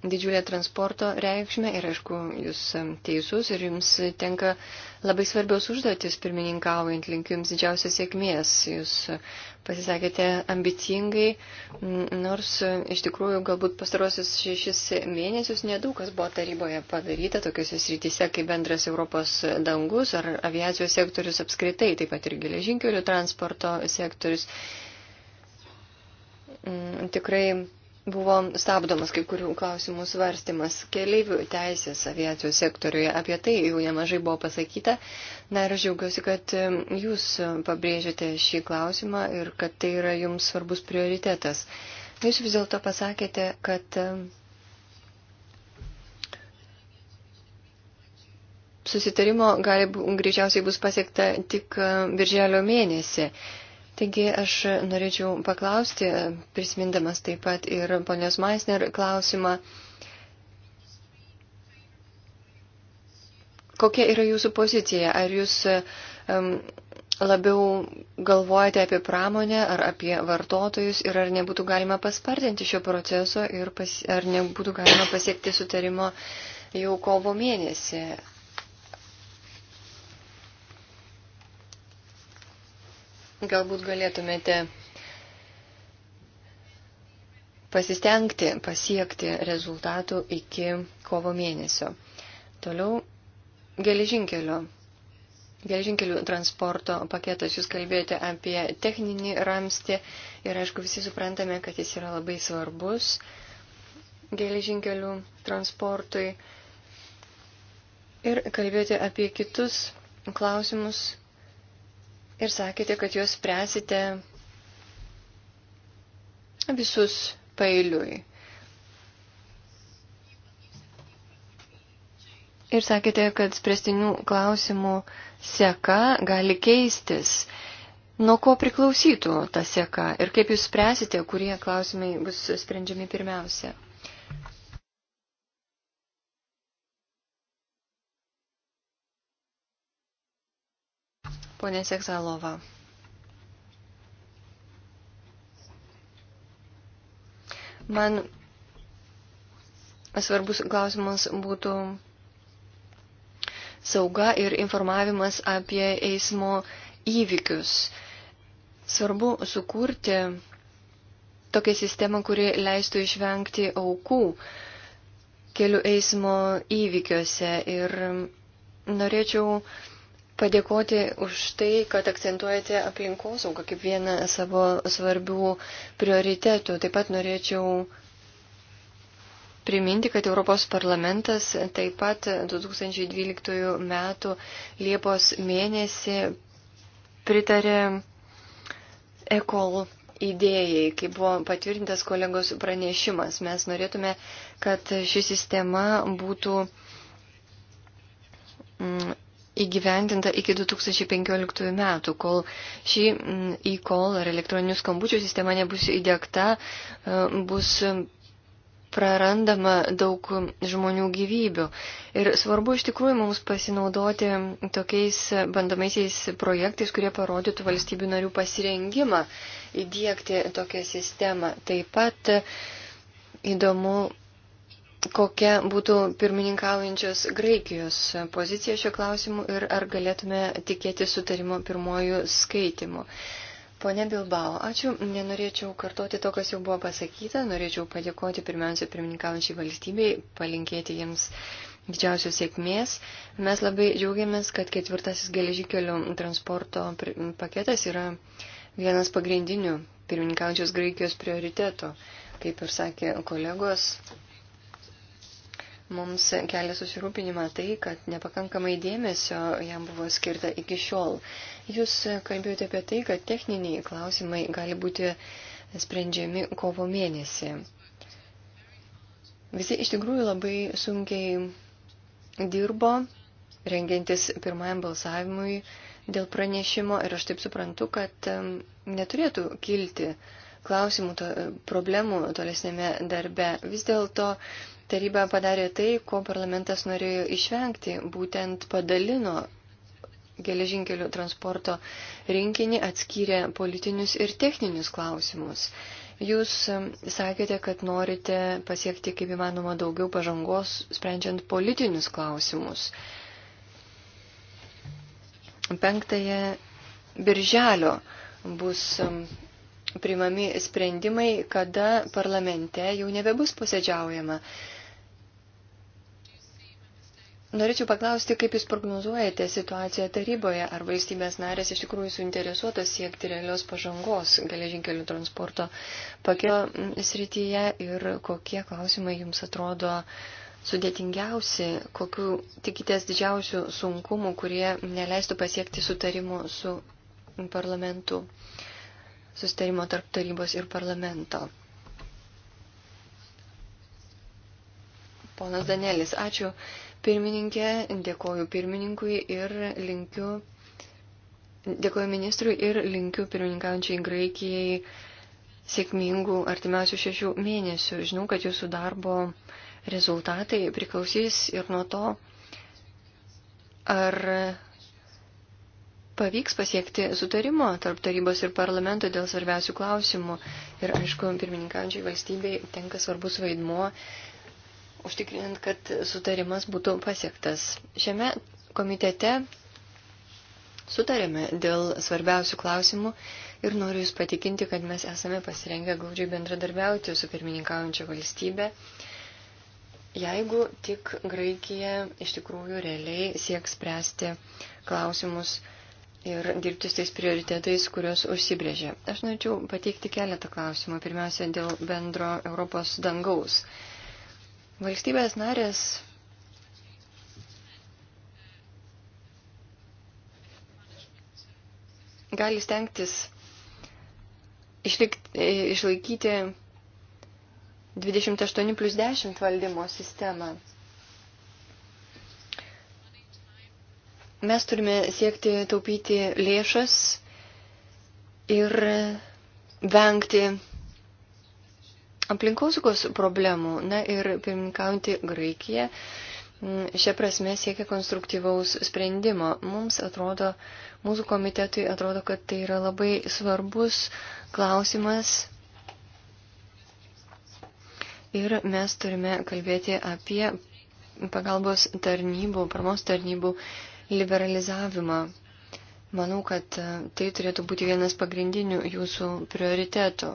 didžiulę transporto reikšmę ir, aišku, jūs teisus ir jums tenka labai svarbios užduotis pirmininkaujant, linkiu jums didžiausios sėkmės. Jūs pasisakėte ambicingai, nors iš tikrųjų galbūt pastarosius šešis mėnesius nedaug kas buvo taryboje padaryta tokiuose srityse kaip bendras Europos dangus ar aviacijos sektorius apskritai, taip pat ir geležinkelių transporto sektorius. Tikrai buvo stabdomas kai kurių klausimų svarstymas keleivių teisės aviacijos sektoriuje. Apie tai jau nemažai buvo pasakyta. Na ir aš džiaugiuosi, kad jūs pabrėžėte šį klausimą ir kad tai yra jums svarbus prioritetas. Jūs vis dėlto pasakėte, kad susitarimo gali, greičiausiai bus pasiekta tik birželio mėnesį. Taigi aš norėčiau paklausti, prisimindamas taip pat ir ponios Maisner klausimą, kokia yra jūsų pozicija? Ar jūs um, labiau galvojate apie pramonę ar apie vartotojus ir ar nebūtų galima paspartinti šio proceso ir pas, ar nebūtų galima pasiekti sutarimo jau kovo mėnesį? Galbūt galėtumėte pasistengti pasiekti rezultatų iki kovo mėnesio. Toliau geležinkelio. Geležinkelių transporto paketas, jūs kalbėjote apie techninį ramstį ir aišku visi suprantame, kad jis yra labai svarbus geležinkelių transportui. Ir kalbėjote apie kitus klausimus, ir sakėte, kad jūs spręsite visus pailiui. Ir sakėte, kad spręstinių klausimų seka gali keistis. Nuo ko priklausytų ta seka ir kaip jūs spręsite, kurie klausimai bus sprendžiami pirmiausia? Pone Seksalova. Man svarbus klausimas būtų sauga ir informavimas apie eismo įvykius. Svarbu sukurti tokią sistemą, kuri leistų išvengti aukų kelių eismo įvykiuose. Ir norėčiau padėkoti už tai, kad akcentuojate aplinkosaugą kaip vieną savo svarbių prioritetų. Taip pat norėčiau priminti, kad Europos parlamentas taip pat 2012 m. Liepos mėnesį pritarė ECOL idėjai, kai buvo patvirtintas kolegos pranešimas. Mes norėtume, kad ši sistema būtų mm, įgyvendinta iki 2015 metų, kol šį e-call mm, ar elektroninių skambučių sistema nebus įdėkta, e, bus prarandama daug žmonių gyvybių. Ir svarbu iš tikrųjų mums pasinaudoti tokiais bandomaisiais projektais, kurie parodytų valstybių narių pasirengimą įdėkti tokią sistemą. Taip pat įdomu kokia būtų pirmininkaujančios Graikijos pozicija šio klausimu ir ar galėtume tikėti sutarimo pirmojų skaitimų. Pone Bilbao, ačiū. Nenorėčiau kartoti to, kas jau buvo pasakyta. Norėčiau padėkoti pirmiausia pirmininkaujančiai valstybei, palinkėti jiems didžiausios sėkmės. Mes labai džiaugiamės, kad ketvirtasis geležikelių transporto paketas yra vienas pagrindinių pirmininkaujančios Graikijos prioritetų. Kaip ir sakė kolegos, Mums kelia susirūpinimą tai, kad nepakankamai dėmesio jam buvo skirta iki šiol. Jūs kalbėjote apie tai, kad techniniai klausimai gali būti sprendžiami kovo mėnesį. Visi iš tikrųjų labai sunkiai dirbo, rengiantis pirmajam balsavimui dėl pranešimo ir aš taip suprantu, kad neturėtų kilti klausimų, to, problemų tolesnėme darbe. Vis dėlto Taryba padarė tai, ko parlamentas norėjo išvengti, būtent padalino geležinkelių transporto rinkinį, atskyrė politinius ir techninius klausimus. Jūs um, sakėte, kad norite pasiekti kaip įmanoma daugiau pažangos, sprendžiant politinius klausimus. Penktąją birželio bus um, priimami sprendimai, kada parlamente jau nebebus posėdžiaujama. Norėčiau paklausti, kaip Jūs prognozuojate situaciją taryboje, ar valstybės narės iš tikrųjų suinteresuotos siekti realios pažangos geležinkelių transporto paketo mm, srityje ir kokie klausimai Jums atrodo sudėtingiausi, kokiu tikitės didžiausių sunkumų, kurie neleistų pasiekti sutarimų su parlamentu, sustarimo tarp tarybos ir parlamento. Ponas Danelis, ačiū pirmininkė, dėkoju pirmininkui ir linkiu, dėkoju ministrui ir linkiu pirmininkaujančiai Graikijai sėkmingų artimiausių šešių mėnesių. Žinau, kad jūsų darbo rezultatai priklausys ir nuo to, ar pavyks pasiekti sutarimo tarp tarybos ir parlamento dėl svarbiausių klausimų. Ir aišku, pirmininkaujančiai valstybei tenka svarbus vaidmuo užtikrinant, kad sutarimas būtų pasiektas. Šiame komitete sutarėme dėl svarbiausių klausimų ir noriu Jūs patikinti, kad mes esame pasirengę glaudžiai bendradarbiauti su pirmininkaujančia valstybė, jeigu tik Graikija iš tikrųjų realiai sieks spręsti klausimus ir dirbti su tais prioritetais, kuriuos užsibrėžė. Aš norėčiau pateikti keletą klausimų. Pirmiausia, dėl bendro Europos dangaus. Valstybės narės gali stengtis išlikti, e, išlaikyti 28 plus 10 valdymo sistemą. Mes turime siekti taupyti lėšas ir vengti aplinkosaugos problemų. Na ir pirmininkaujantį Graikiją mm, šią prasme siekia konstruktyvaus sprendimo. Mums atrodo, mūsų komitetui atrodo, kad tai yra labai svarbus klausimas. Ir mes turime kalbėti apie pagalbos tarnybų, paramos tarnybų liberalizavimą. Manau, kad e, tai turėtų būti vienas pagrindinių jūsų prioritetų.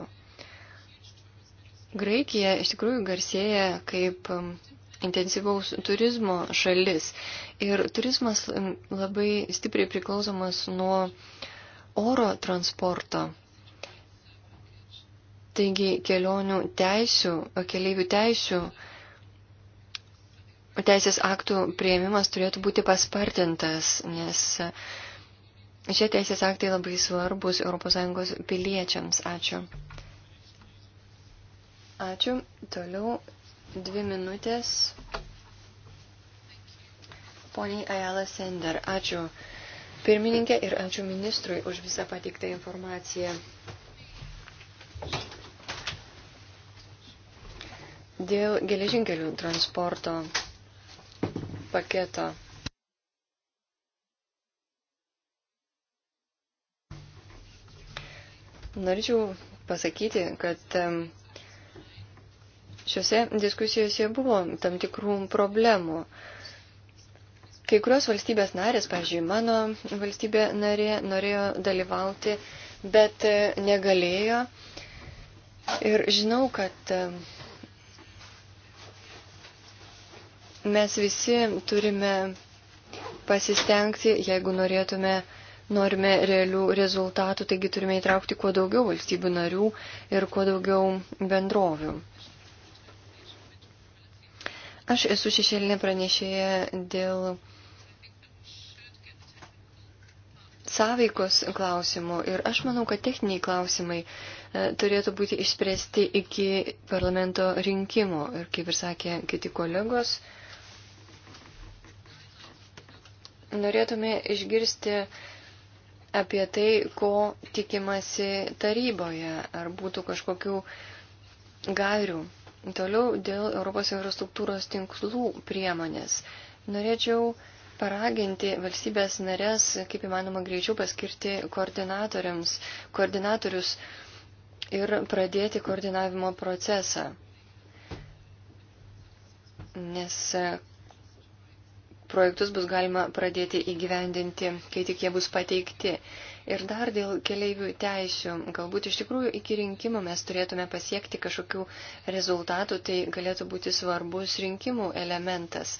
Graikija iš tikrųjų garsėja kaip um, intensyvaus turizmo šalis. Ir turizmas um, labai stipriai priklausomas nuo oro transporto. Taigi kelionių teisių, keliaivių teisių, teisės aktų prieimimas turėtų būti paspartintas, nes uh, šie teisės aktai labai svarbus ES piliečiams. Ačiū. Ačiū. Toliau dvi minutės. Poniai Ajala Sender, ačiū pirmininkė ir ačiū ministrui už visą patiktą informaciją. Dėl geležinkelių transporto paketo Norėčiau pasakyti, kad Šiuose diskusijose buvo tam tikrų problemų. Kai kurios valstybės narės, pavyzdžiui, mano valstybė narė norėjo dalyvauti, bet e, negalėjo. Ir žinau, kad e, mes visi turime pasistengti, jeigu norėtume, norime realių rezultatų, taigi turime įtraukti kuo daugiau valstybių narių ir kuo daugiau bendrovių. Aš esu šešėlinė pranešėja dėl sąveikos klausimų ir aš manau, kad techniniai klausimai e, turėtų būti išspręsti iki parlamento rinkimų. Ir kaip ir sakė kiti kolegos, norėtume išgirsti apie tai, ko tikimasi taryboje, ar būtų kažkokių gairių Toliau dėl Europos infrastruktūros tinklų priemonės. Norėčiau paraginti valstybės narės, kaip įmanoma greičiau, paskirti koordinatoriams, koordinatorius ir pradėti koordinavimo procesą. Nes e, projektus bus galima pradėti įgyvendinti, kai tik jie bus pateikti. Ir dar dėl keleivių teisių. Galbūt iš tikrųjų iki rinkimų mes turėtume pasiekti kažkokių rezultatų, tai galėtų būti svarbus rinkimų elementas.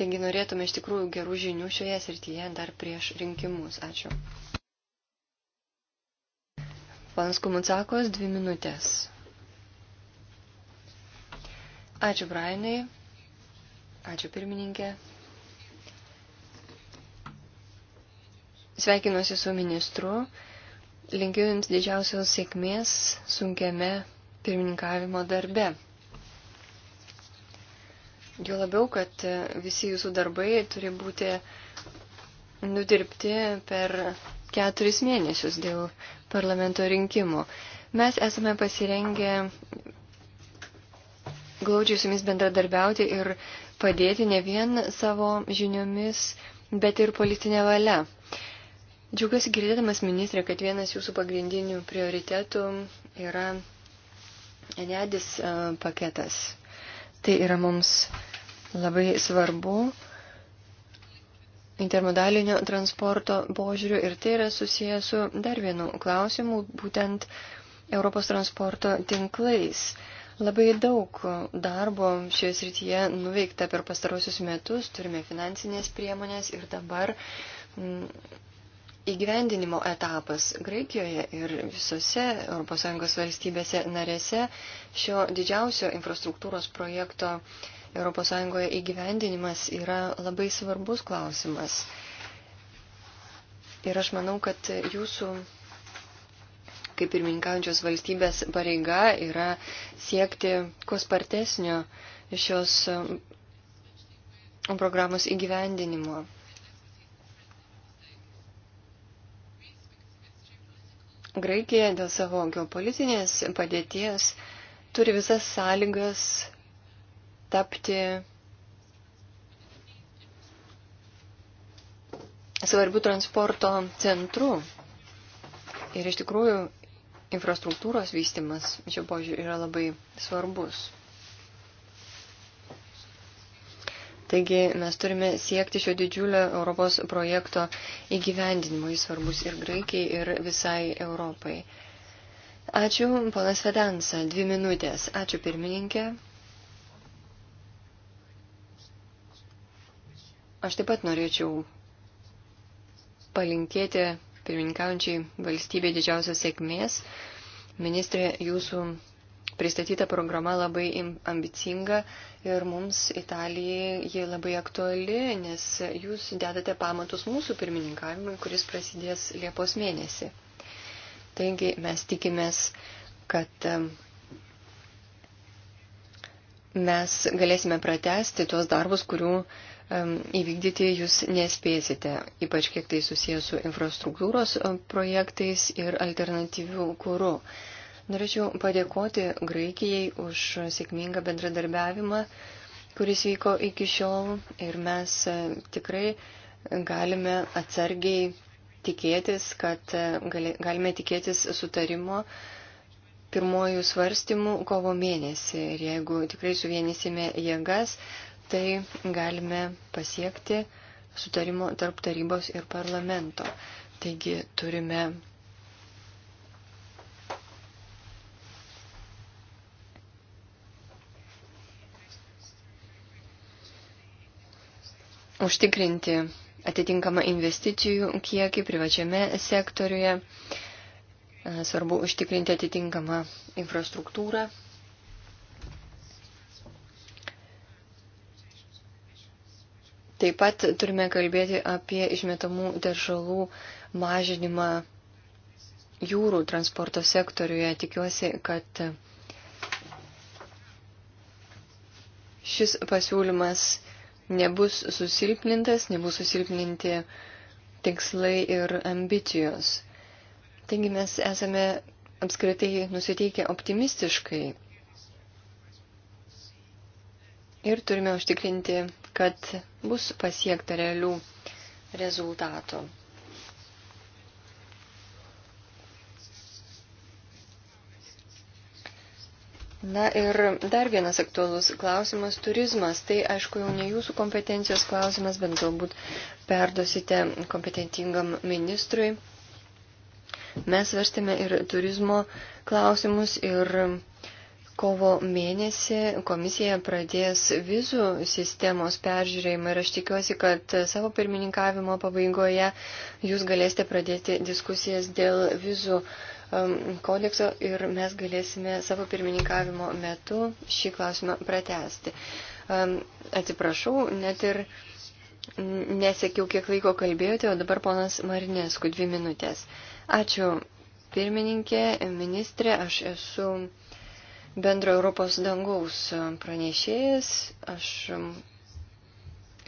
Taigi norėtume iš tikrųjų gerų žinių šioje srityje dar prieš rinkimus. Ačiū. Panas Kumutsakos, dvi minutės. Ačiū, Brainai. Ačiū, pirmininkė. Sveikinuosi su ministru, linkiu Jums didžiausios sėkmės sunkiame pirmininkavimo darbe. Jo labiau, kad visi Jūsų darbai turi būti nudirbti per keturis mėnesius dėl parlamento rinkimų. Mes esame pasirengę glaudžiai su jumis bendradarbiauti ir padėti ne vien savo žiniomis, bet ir politinė valia. Džiaugiuosi girdėdamas ministrė, kad vienas jūsų pagrindinių prioritetų yra Enedis e, paketas. Tai yra mums labai svarbu intermodalinio transporto požiūriu ir tai yra susijęs su dar vienu klausimu, būtent Europos transporto tinklais. Labai daug darbo šioje srityje nuveikta per pastarosius metus, turime finansinės priemonės ir dabar įgyvendinimo etapas Graikijoje ir visose ES valstybėse narėse šio didžiausio infrastruktūros projekto ES įgyvendinimas yra labai svarbus klausimas. Ir aš manau, kad jūsų kaip pirmininkaujančios valstybės pareiga yra siekti kuo spartesnio šios programos įgyvendinimo. Graikija dėl savo geopolitinės padėties turi visas sąlygas tapti svarbių transporto centrų. Ir iš tikrųjų infrastruktūros vystimas šio požiūrį yra labai svarbus. Taigi mes turime siekti šio didžiulio Europos projekto įgyvendinimo. Jis svarbus ir Graikijai, ir visai Europai. Ačiū, ponas Vedansa, dvi minutės. Ačiū, pirmininkė. Aš taip pat norėčiau palinkėti pirmininkaujančiai valstybė didžiausios sėkmės. Ministrė, jūsų pristatyta programa labai ambicinga ir mums Italijai ji labai aktuali, nes jūs dedate pamatus mūsų pirmininkavimui, kuris prasidės Liepos mėnesį. Taigi mes tikimės, kad mes galėsime pratesti tuos darbus, kurių įvykdyti jūs nespėsite, ypač kiek tai susijęs su infrastruktūros projektais ir alternatyvių kūrų. Norėčiau padėkoti Graikijai už sėkmingą bendradarbiavimą, kuris vyko iki šiol ir mes e, tikrai galime atsargiai tikėtis, kad e, galime tikėtis sutarimo pirmojų svarstymų kovo mėnesį. Ir jeigu tikrai suvienysime jėgas, tai galime pasiekti sutarimo tarp tarybos ir parlamento. Taigi turime užtikrinti atitinkamą investicijų kiekį privačiame sektoriuje. Svarbu užtikrinti atitinkamą infrastruktūrą. Taip pat turime kalbėti apie išmetamų teršalų mažinimą jūrų transporto sektoriuje. Tikiuosi, kad šis pasiūlymas nebus susilpnintas, nebus susilpninti tikslai ir ambicijos. Taigi mes esame apskritai nusiteikę optimistiškai ir turime užtikrinti, kad bus pasiekta realių rezultatų. Na ir dar vienas aktualus klausimas - turizmas. Tai, aišku, jau ne jūsų kompetencijos klausimas, bet galbūt perdosite kompetentingam ministrui. Mes svarstėme ir turizmo klausimus ir kovo mėnesį komisija pradės vizų sistemos peržiūrėjimą ir aš tikiuosi, kad savo pirmininkavimo pabaigoje jūs galėsite pradėti diskusijas dėl vizų sistemos Um, kodekso ir mes galėsime savo pirmininkavimo metu šį klausimą pratesti. Um, atsiprašau, net ir nesekiau, kiek laiko kalbėjote, o dabar ponas Marinesku, dvi minutės. Ačiū pirmininkė, ministrė, aš esu bendro Europos dangaus pranešėjas, aš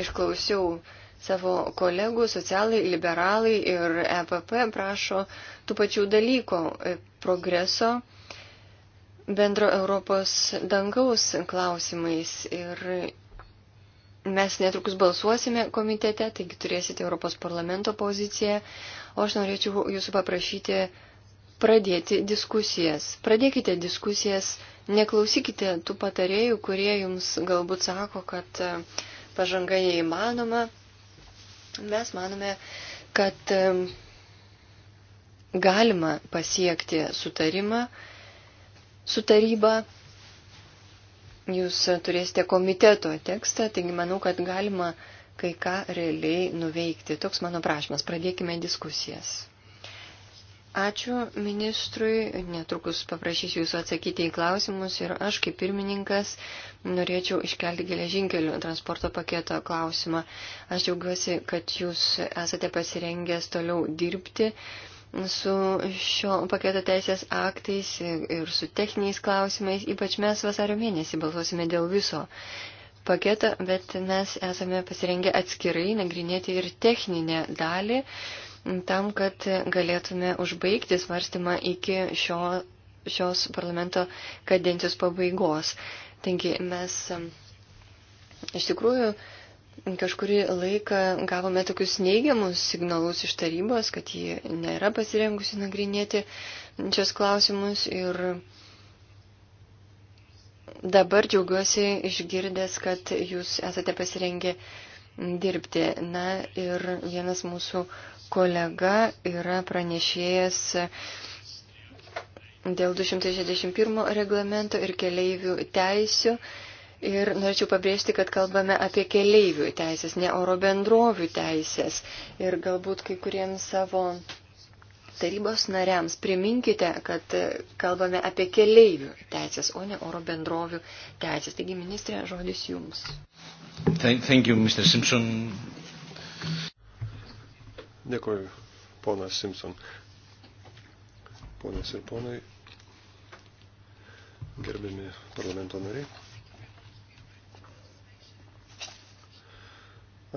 išklausiau savo kolegų, socialai, liberalai ir EPP prašo tų pačių dalykų e, - progreso bendro Europos dangaus klausimais. Ir mes netrukus balsuosime komitete, taigi turėsite Europos parlamento poziciją, o aš norėčiau jūsų paprašyti pradėti diskusijas. Pradėkite diskusijas, neklausykite tų patarėjų, kurie jums galbūt sako, kad e, pažanga neįmanoma, Mes manome, kad galima pasiekti sutarimą su taryba. Jūs turėsite komiteto tekstą, taigi manau, kad galima kai ką realiai nuveikti. Toks mano prašymas. Pradėkime diskusijas. Ačiū ministrui, netrukus paprašysiu jūsų atsakyti į klausimus ir aš kaip pirmininkas norėčiau iškelti geležinkelių transporto paketo klausimą. Aš džiaugiuosi, kad jūs esate pasirengęs toliau dirbti su šio paketo teisės aktais ir su techniniais klausimais, ypač mes vasario mėnesį balsuosime dėl viso paketą, bet mes esame pasirengę atskirai nagrinėti ir techninę dalį. Uh, tam, kad galėtume užbaigti svarstymą iki šio, šios parlamento kadencijos pabaigos. Taigi mes iš tikrųjų kažkurį laiką gavome tokius neigiamus signalus iš tarybos, kad ji nėra pasirengusi nagrinėti šios klausimus ir dabar džiaugiuosi išgirdęs, kad jūs esate pasirengę dirbti. Na ir vienas mūsų kolega yra pranešėjęs dėl 261 reglamento ir keleivių teisių. Ir norėčiau pabrėžti, kad kalbame apie keleivių teisės, ne oro bendrovių teisės. Ir galbūt kai kuriems savo tarybos nariams priminkite, kad kalbame apie keleivių teisės, o ne oro bendrovių teisės. Taigi, ministrė, žodis jums. Thank you, Mr. Simpson. Dėkuoju, ponas Simpson. Ponas ir ponai, gerbiami parlamento nariai.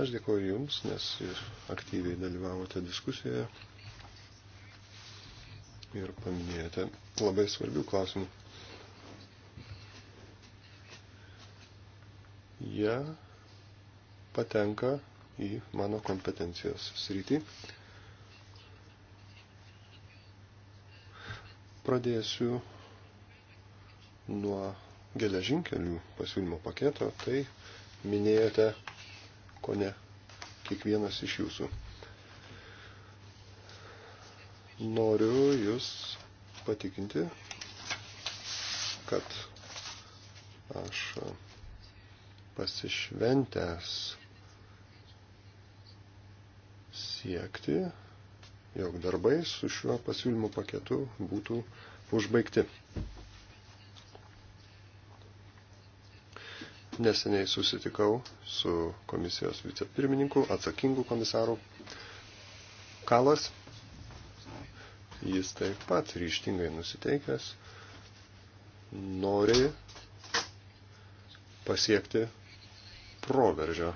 Aš dėkuoju Jums, nes jūs aktyviai dalyvavote diskusijoje ir paminėjote labai svarbių klausimų. Jie ja, patenka į mano kompetencijos sritį. Pradėsiu nuo geležinkelių pasiūlymo paketo, tai minėjote ko ne kiekvienas iš jūsų. Noriu jūs patikinti, kad aš pasišventęs siekti, jog darbai su šiuo pasiūlymų paketu būtų užbaigti. Neseniai susitikau su komisijos vicepirmininku, atsakingu komisaru Kalas. Jis taip pat ryštingai nusiteikęs nori pasiekti proveržio.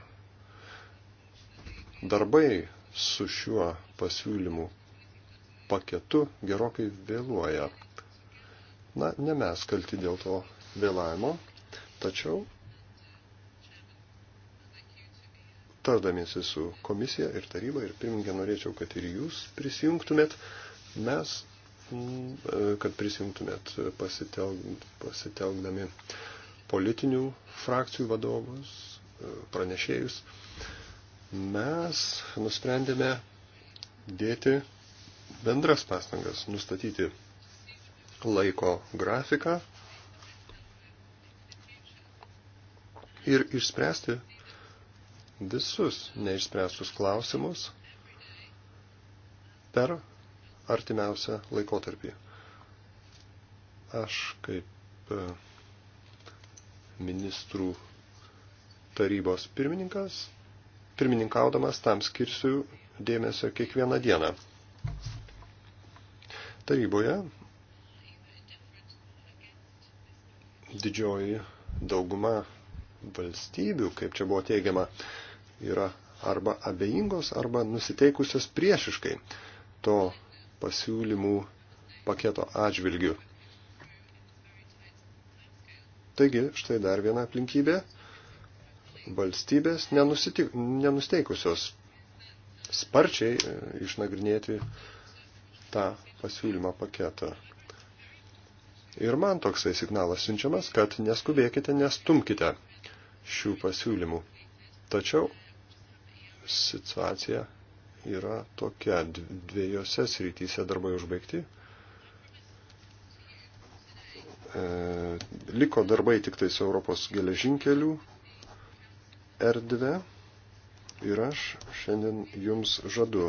Darbai su šiuo pasiūlymu paketu gerokai vėluoja. Na, ne mes kalti dėl to vėlavimo, tačiau tardamiesi su komisija ir taryba ir pirmininkė norėčiau, kad ir jūs prisijungtumėt, mes, mm, kad prisijungtumėt pasitelkdami politinių frakcijų vadovus, pranešėjus mes nusprendėme dėti bendras pastangas, nustatyti laiko grafiką ir išspręsti visus neišspręstus klausimus per artimiausią laikotarpį. Aš kaip e, ministrų tarybos pirmininkas pirmininkaudamas tam skirsiu dėmesio kiekvieną dieną. Taryboje didžioji dauguma valstybių, kaip čia buvo teigiama, yra arba abejingos, arba nusiteikusios priešiškai to pasiūlymų paketo atžvilgių. Taigi, štai dar viena aplinkybė valstybės nenusteikusios sparčiai e, išnagrinėti tą pasiūlymą paketą. Ir man toksai signalas siunčiamas, kad neskubėkite, nestumkite šių pasiūlymų. Tačiau situacija yra tokia. Dviejose srityse darbai užbaigti. E, liko darbai tik tais Europos geležinkelių erdvę ir aš šiandien jums žadu,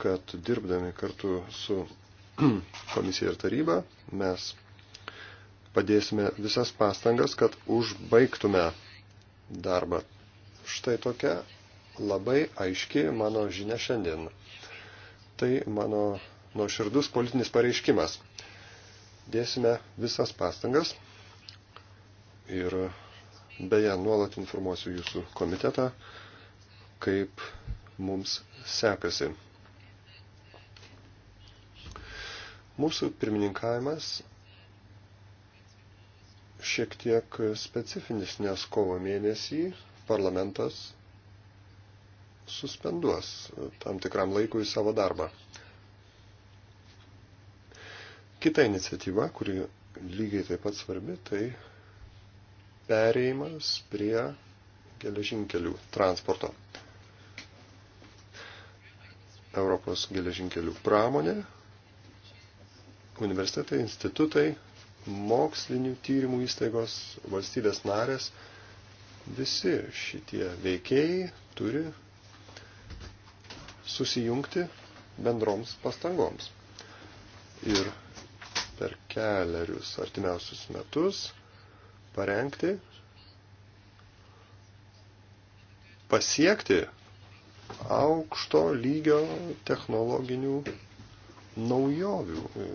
kad dirbdami kartu su *clears throat* komisija ir taryba mes padėsime visas pastangas, kad užbaigtume darbą. Štai tokia labai aiški mano žinia šiandien. Tai mano nuoširdus politinis pareiškimas. Dėsime visas pastangas ir Beje, nuolat informuosiu jūsų komitetą, kaip mums sekasi. Mūsų pirmininkavimas šiek tiek specifinis, nes kovo mėnesį parlamentas suspenduos tam tikram laikui savo darbą. Kita iniciatyva, kuri lygiai taip pat svarbi, tai pereimas prie geležinkelių transporto. Europos geležinkelių pramonė, universitetai, institutai, mokslinių tyrimų įstaigos, valstybės narės, visi šitie veikėjai turi susijungti bendroms pastangoms. Ir per keliarius artimiausius metus parengti, pasiekti aukšto lygio technologinių naujovių, e,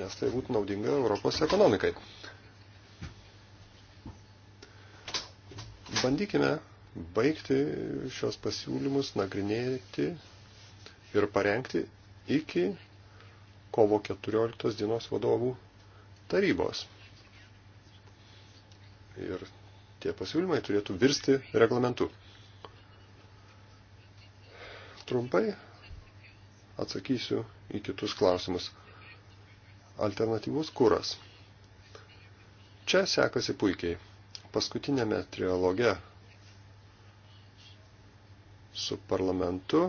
nes tai būtų naudinga Europos ekonomikai. Bandykime baigti šios pasiūlymus nagrinėti ir parengti iki kovo 14 dienos vadovų tarybos ir tie pasiūlymai turėtų virsti reglamentu. Trumpai atsakysiu į kitus klausimus. Alternatyvus kuras. Čia sekasi puikiai. Paskutinėme trialoge su parlamentu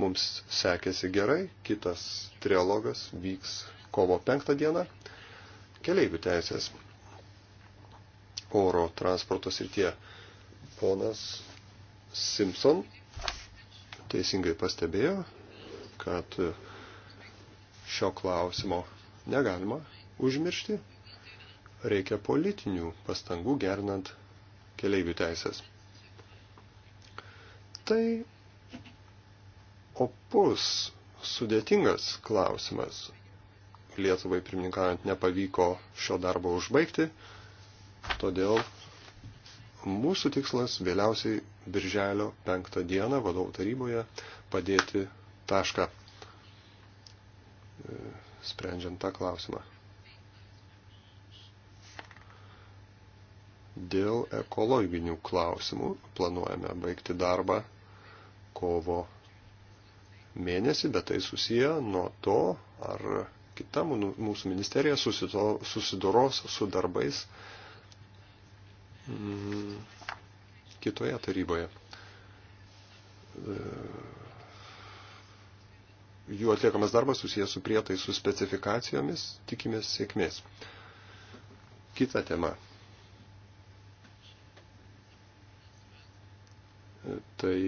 mums sekėsi gerai. Kitas trialogas vyks kovo penktą dieną. Keleivių teisės oro transporto srityje. Ponas Simpson teisingai pastebėjo, kad šio klausimo negalima užmiršti. Reikia politinių pastangų gernant keleivių teisės. Tai opus sudėtingas klausimas. Lietuvai pirmininkaujant nepavyko šio darbo užbaigti, Todėl mūsų tikslas vėliausiai birželio penktą dieną vadovų taryboje padėti tašką, e, sprendžiant tą klausimą. Dėl ekologinių klausimų planuojame baigti darbą kovo mėnesį, bet tai susiję nuo to, ar kita mūsų ministerija susidoros su darbais Mhm. kitoje taryboje. E, jų atliekamas darbas susijęs su prietai, su specifikacijomis, tikimės sėkmės. Kita tema. E, tai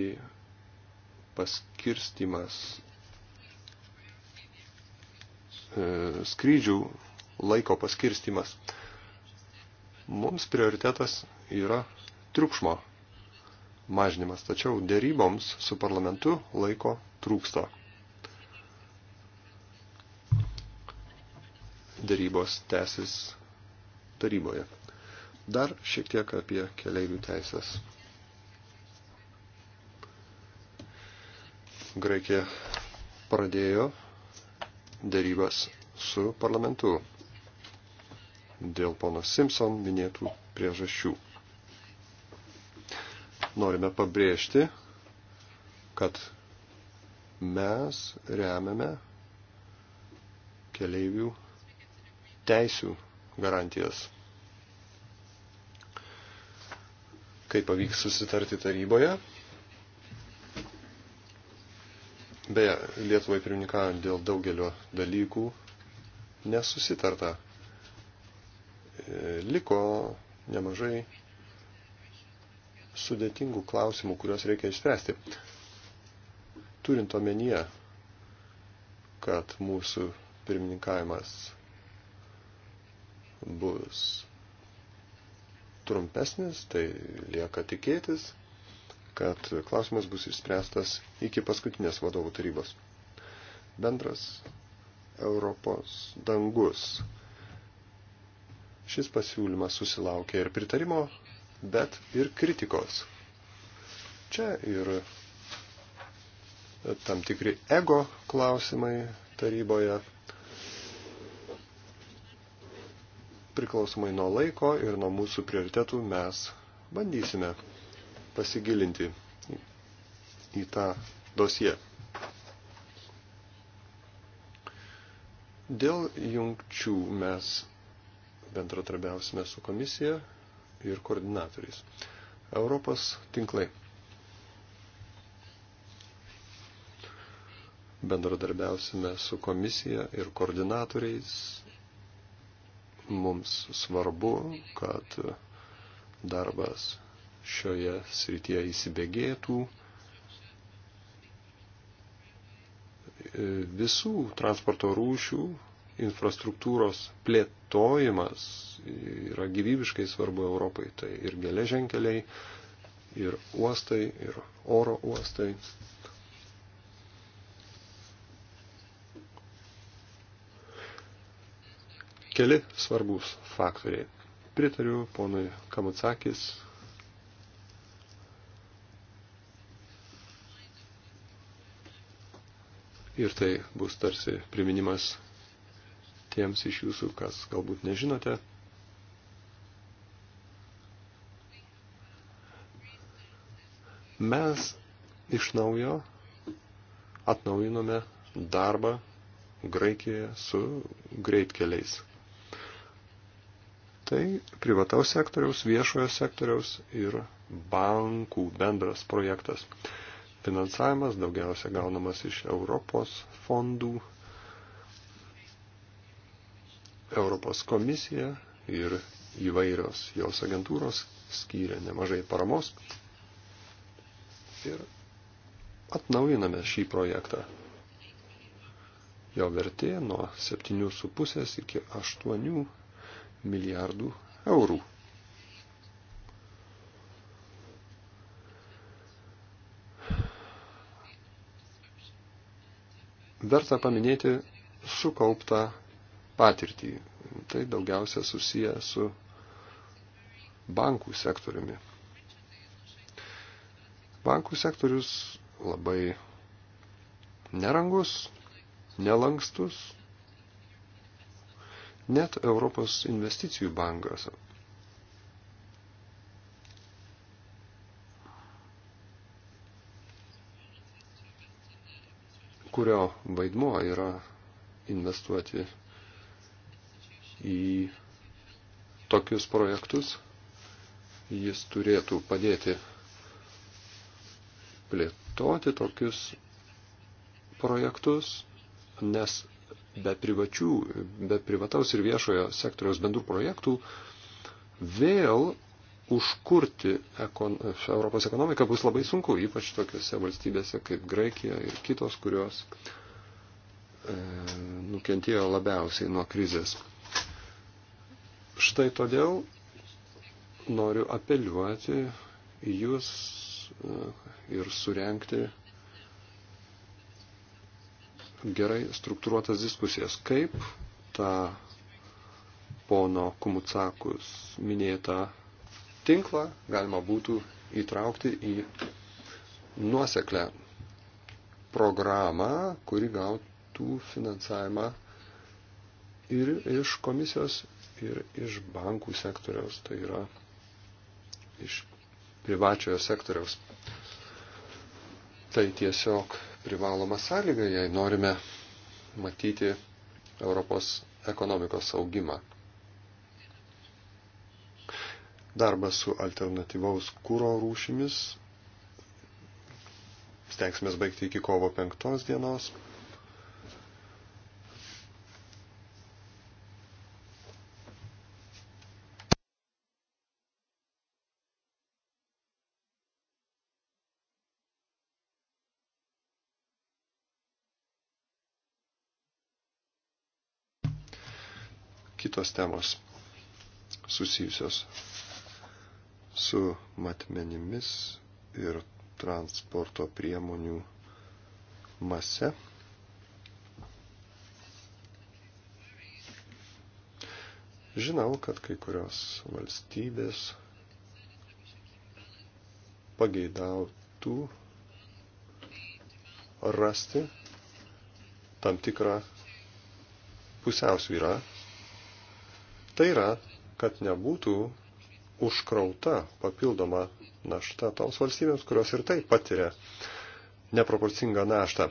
paskirstimas e, skrydžių laiko paskirstimas. Mums prioritetas yra triukšmo mažinimas, tačiau dėryboms su parlamentu laiko trūksta. Dėrybos tęsis taryboje. Dar šiek tiek apie keleivių teisės. Graikija pradėjo dėrybas su parlamentu dėl pono Simpson minėtų priežasčių. Norime pabrėžti, kad mes remiame keleivių teisių garantijas. Kaip pavyks susitarti taryboje? Beje, Lietuvai pirmininkaujant dėl daugelio dalykų nesusitarta liko nemažai sudėtingų klausimų, kuriuos reikia išspręsti. Turint omenyje, kad mūsų pirmininkavimas bus trumpesnis, tai lieka tikėtis, kad klausimas bus išspręstas iki paskutinės vadovų tarybos. Bendras Europos dangus Šis pasiūlymas susilaukė ir pritarimo, bet ir kritikos. Čia ir tam tikri ego klausimai taryboje. Priklausomai nuo laiko ir nuo mūsų prioritetų mes bandysime pasigilinti į tą dosiją. Dėl jungčių mes bendratarbiausime su komisija ir koordinatoriais. Europos tinklai. Bendradarbiausime su komisija ir koordinatoriais. Mums svarbu, kad darbas šioje srityje įsibėgėtų. Visų transporto rūšių infrastruktūros plėtojimas yra gyvybiškai svarbu Europai. Tai ir geležinkeliai, ir uostai, ir oro uostai. Keli svarbus faktoriai. Pritariu ponui Kamutsakis, ir tai bus tarsi priminimas tiems iš jūsų, kas galbūt nežinote. Mes iš naujo atnaujinome darbą Graikijoje su greitkeliais. Tai privataus sektoriaus, viešojo sektoriaus ir bankų bendras projektas. Finansavimas daugiausia gaunamas iš Europos fondų Europos komisija ir įvairios jos agentūros skyrė nemažai paramos ir atnaujiname šį projektą. Jo vertė nuo 7,5 iki 8 milijardų eurų. Verta paminėti sukauptą patirtį. Tai daugiausia susiję su bankų sektoriumi. Bankų sektorius labai nerangus, nelankstus. Net Europos investicijų bankas kurio vaidmuo yra investuoti į tokius projektus. Jis turėtų padėti plėtoti tokius projektus, nes be privačių, be privataus ir viešojo sektoriaus bendrų projektų vėl užkurti ekon, Europos ekonomiką bus labai sunku, ypač tokiuose valstybėse kaip Graikija ir kitos, kurios e, nukentėjo labiausiai nuo krizės. Štai todėl noriu apeliuoti į jūs e, ir surenkti gerai struktūruotas diskusijas, kaip tą pono Kumucakus minėtą tinklą galima būtų įtraukti į nuoseklę programą, kuri gautų finansavimą ir iš komisijos ir iš bankų sektoriaus, tai yra iš privačiojo sektoriaus. Tai tiesiog privaloma sąlyga, jei norime matyti Europos ekonomikos augimą. Darbas su alternatyvaus kūro rūšimis stengsime baigti iki kovo 5 dienos. kitos temos susijusios su matmenimis ir transporto priemonių mase. Žinau, kad kai kurios valstybės pageidautų rasti tam tikrą pusiausvyrą Tai yra, kad nebūtų užkrauta papildoma našta toms valstybėms, kurios ir tai patiria neproporcingą naštą.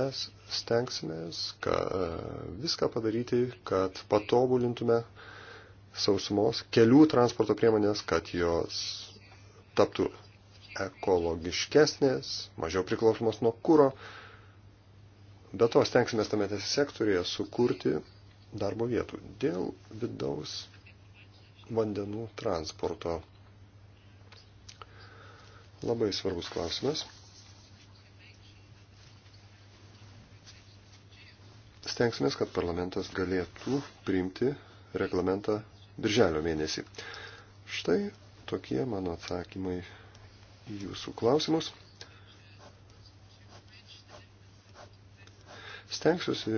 Mes stengsimės ka, viską padaryti, kad patobulintume sausumos kelių transporto priemonės, kad jos taptų ekologiškesnės, mažiau priklausomos nuo kūro, Be to, stengsime tame sektorėje sukurti darbo vietų dėl vidaus vandenų transporto. Labai svarbus klausimas. Stengsime, kad parlamentas galėtų priimti reglamentą birželio mėnesį. Štai tokie mano atsakymai į jūsų klausimus. Stengsiuosi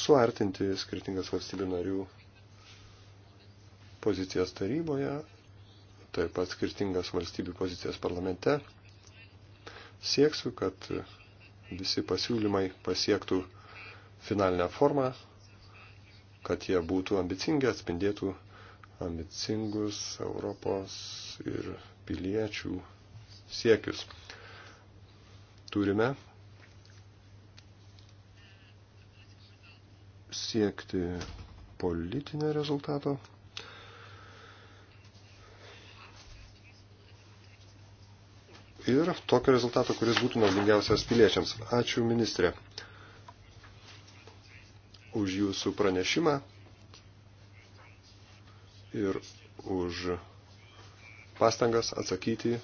suartinti skirtingas valstybių narių pozicijas taryboje, taip pat skirtingas valstybių pozicijas parlamente. Sieksiu, kad visi pasiūlymai pasiektų finalinę formą, kad jie būtų ambicingi, atspindėtų ambicingus Europos ir piliečių siekius. Turime siekti politinio rezultato. Ir tokio rezultato, kuris būtų naudingiausias piliečiams. Ačiū ministrė už jūsų pranešimą ir už pastangas atsakyti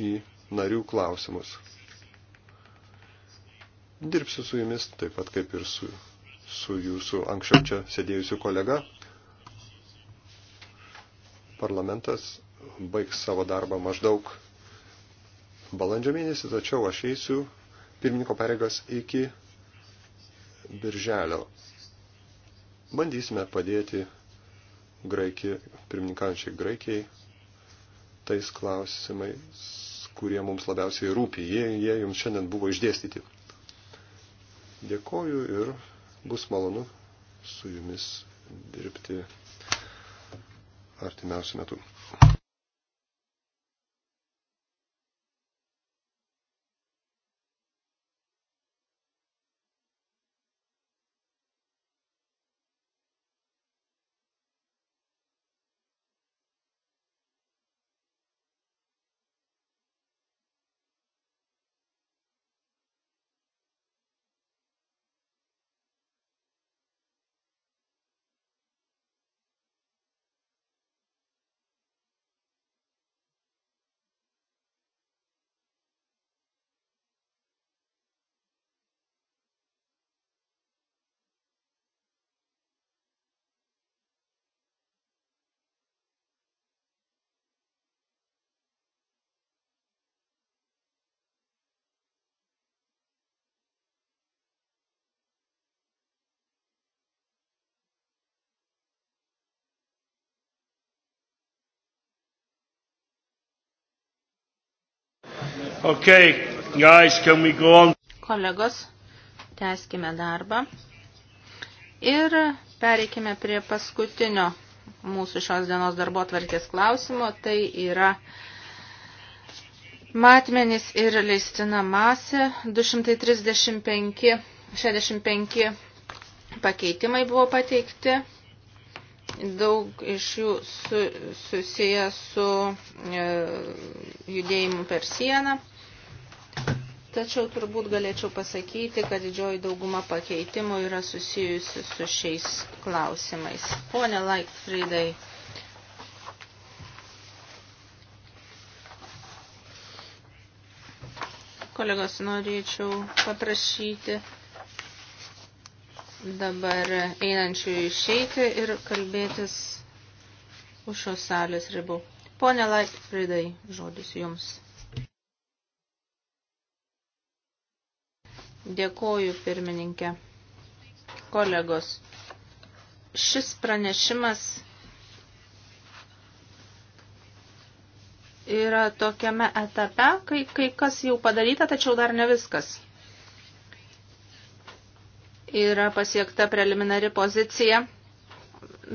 į narių klausimus. Dirbsiu su jumis taip pat kaip ir su su jūsų anksčiau čia sėdėjusiu kolega. Parlamentas baigs savo darbą maždaug balandžio mėnesį, tačiau aš eisiu pirmininko pareigas iki birželio. Bandysime padėti Graikijai, pirmininkančiai Graikijai tais klausimais, kurie mums labiausiai rūpi. Jie, jie jums šiandien buvo išdėstyti. Dėkoju ir Bus malonu su jumis dirbti artimiausiu metu. Okay, guys, can we go on? Kolegos, tęskime darbą. Ir pereikime prie paskutinio mūsų šios dienos darbo tvarkės klausimo. Tai yra matmenis ir leistina masė 235 65 pakeitimai buvo pateikti. Daug iš jų su, susiję su e, judėjimu per sieną. Tačiau turbūt galėčiau pasakyti, kad didžioji dauguma pakeitimų yra susijusi su šiais klausimais. Pone Laikfridai. Kolegos, norėčiau paprašyti dabar einančių išeiti ir kalbėtis už šios salės ribų. Pone Laikfridai, žodis jums. Dėkoju, pirmininkė. Kolegos, šis pranešimas yra tokiame etape, kai, kai kas jau padaryta, tačiau dar ne viskas. Yra pasiekta preliminari pozicija.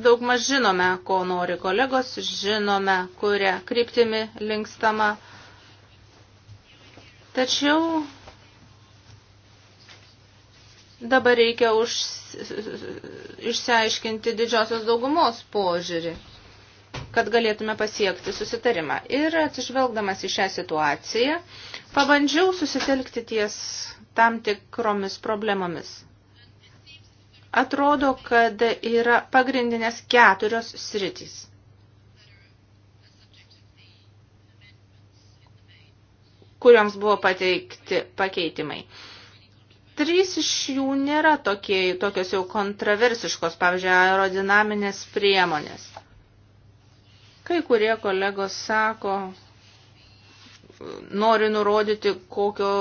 Daug maž žinome, ko nori kolegos, žinome, kuria kryptimi linkstama. Tačiau Dabar reikia už, išsiaiškinti didžiosios daugumos požiūrį, kad galėtume pasiekti susitarimą. Ir atsižvelgdamas į šią situaciją, pabandžiau susitelkti ties tam tikromis problemomis. Atrodo, kad yra pagrindinės keturios sritys. kurioms buvo pateikti pakeitimai. Trys iš jų nėra tokie, tokios jau kontraversiškos, pavyzdžiui, aerodinaminės priemonės. Kai kurie kolegos sako, nori nurodyti, kokio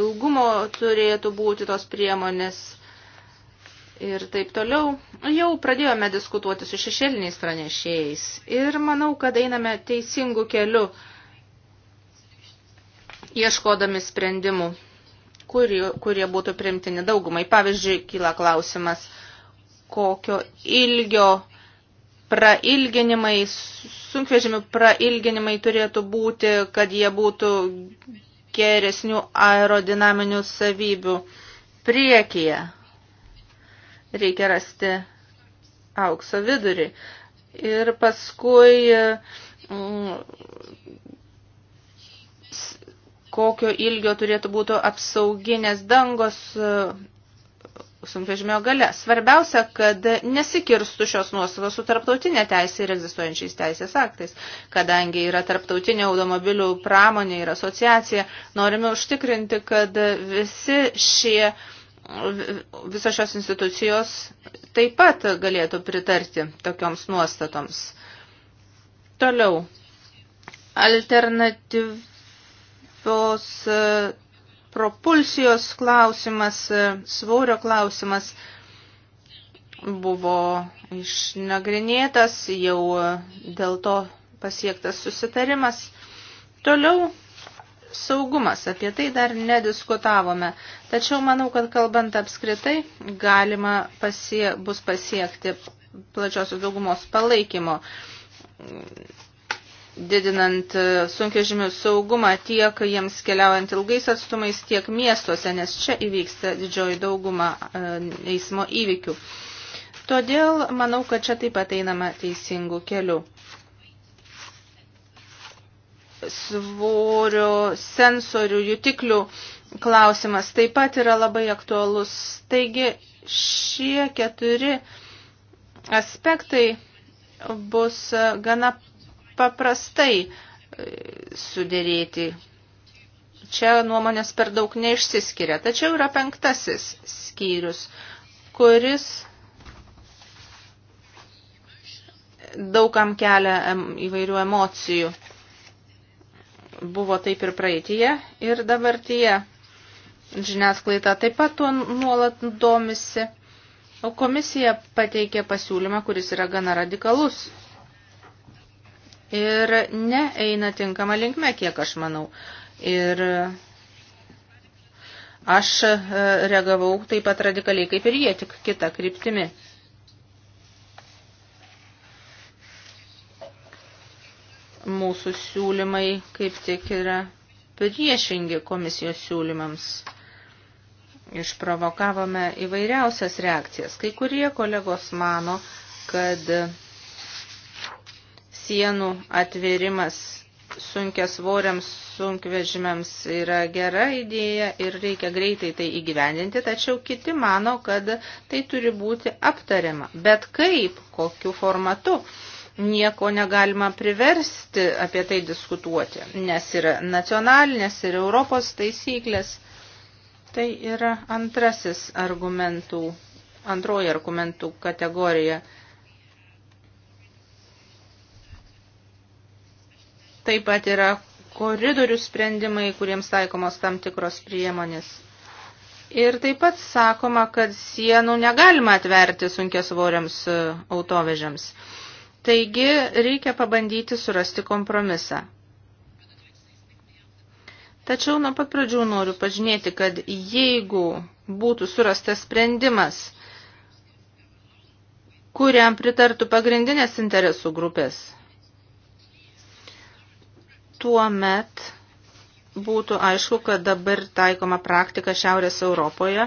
ilgumo turėtų būti tos priemonės ir taip toliau. Jau pradėjome diskutuoti su šešėliniais pranešėjais ir manau, kad einame teisingų kelių, ieškodami sprendimų kurie, kurie būtų primtini daugumai. Pavyzdžiui, kyla klausimas, kokio ilgio prailginimai, sunkvežimių prailginimai turėtų būti, kad jie būtų geresnių aerodinaminių savybių priekyje. Reikia rasti aukso vidurį. Ir paskui mm, kokio ilgio turėtų būti apsauginės dangos e, sunkvežimio gale. Svarbiausia, kad nesikirstų šios nuostatos su tarptautinė teisė ir egzistuojančiais teisės aktais, kadangi yra tarptautinė automobilių pramonė ir asociacija, norime užtikrinti, kad visi šie visos šios institucijos taip pat galėtų pritarti tokioms nuostatoms. Toliau. Alternatyv tos e, propulsijos klausimas, e, svorio klausimas buvo išnagrinėtas, jau e, dėl to pasiektas susitarimas. Toliau saugumas, apie tai dar nediskutavome, tačiau manau, kad kalbant apskritai, galima pasie, bus pasiekti plačiosios daugumos palaikymo didinant e, sunkvežimių saugumą tiek jiems keliaujant ilgais atstumais, tiek miestuose, nes čia įvyksta didžioji dauguma e, eismo įvykių. Todėl manau, kad čia taip pat einama teisingų kelių. Svorio, sensorių, jutiklių klausimas taip pat yra labai aktualus. Taigi šie keturi aspektai bus e, gana paprastai e, sudėrėti. Čia nuomonės per daug neišsiskiria. Tačiau yra penktasis skyrius, kuris daugam kelia įvairių emocijų. Buvo taip ir praeitie, ir dabartyje. Žiniasklaida taip pat tuo nuolat domisi. O komisija pateikė pasiūlymą, kuris yra gana radikalus ir neeina tinkama linkme, kiek aš manau. Ir aš e, reagavau taip pat radikaliai kaip ir jie, tik kita kryptimi. Mūsų siūlymai kaip tik yra priešingi komisijos siūlymams. Išprovokavome įvairiausias reakcijas. Kai kurie kolegos mano, kad sienų atvėrimas sunkias svoriams sunkvežimiams yra gera idėja ir reikia greitai tai įgyvendinti, tačiau kiti mano, kad tai turi būti aptariama. Bet kaip, kokiu formatu, nieko negalima priversti apie tai diskutuoti, nes yra nacionalinės ir Europos taisyklės. Tai yra antrasis argumentų, antroji argumentų kategorija Taip pat yra koridorių sprendimai, kuriems taikomos tam tikros priemonės. Ir taip pat sakoma, kad sienų negalima atverti sunkesvoriams e, autovežiams. Taigi reikia pabandyti surasti kompromisą. Tačiau nuo pat pradžių noriu pažinėti, kad jeigu būtų surastas sprendimas, kuriam pritartų pagrindinės interesų grupės, tuo met būtų aišku, kad dabar taikoma praktika Šiaurės Europoje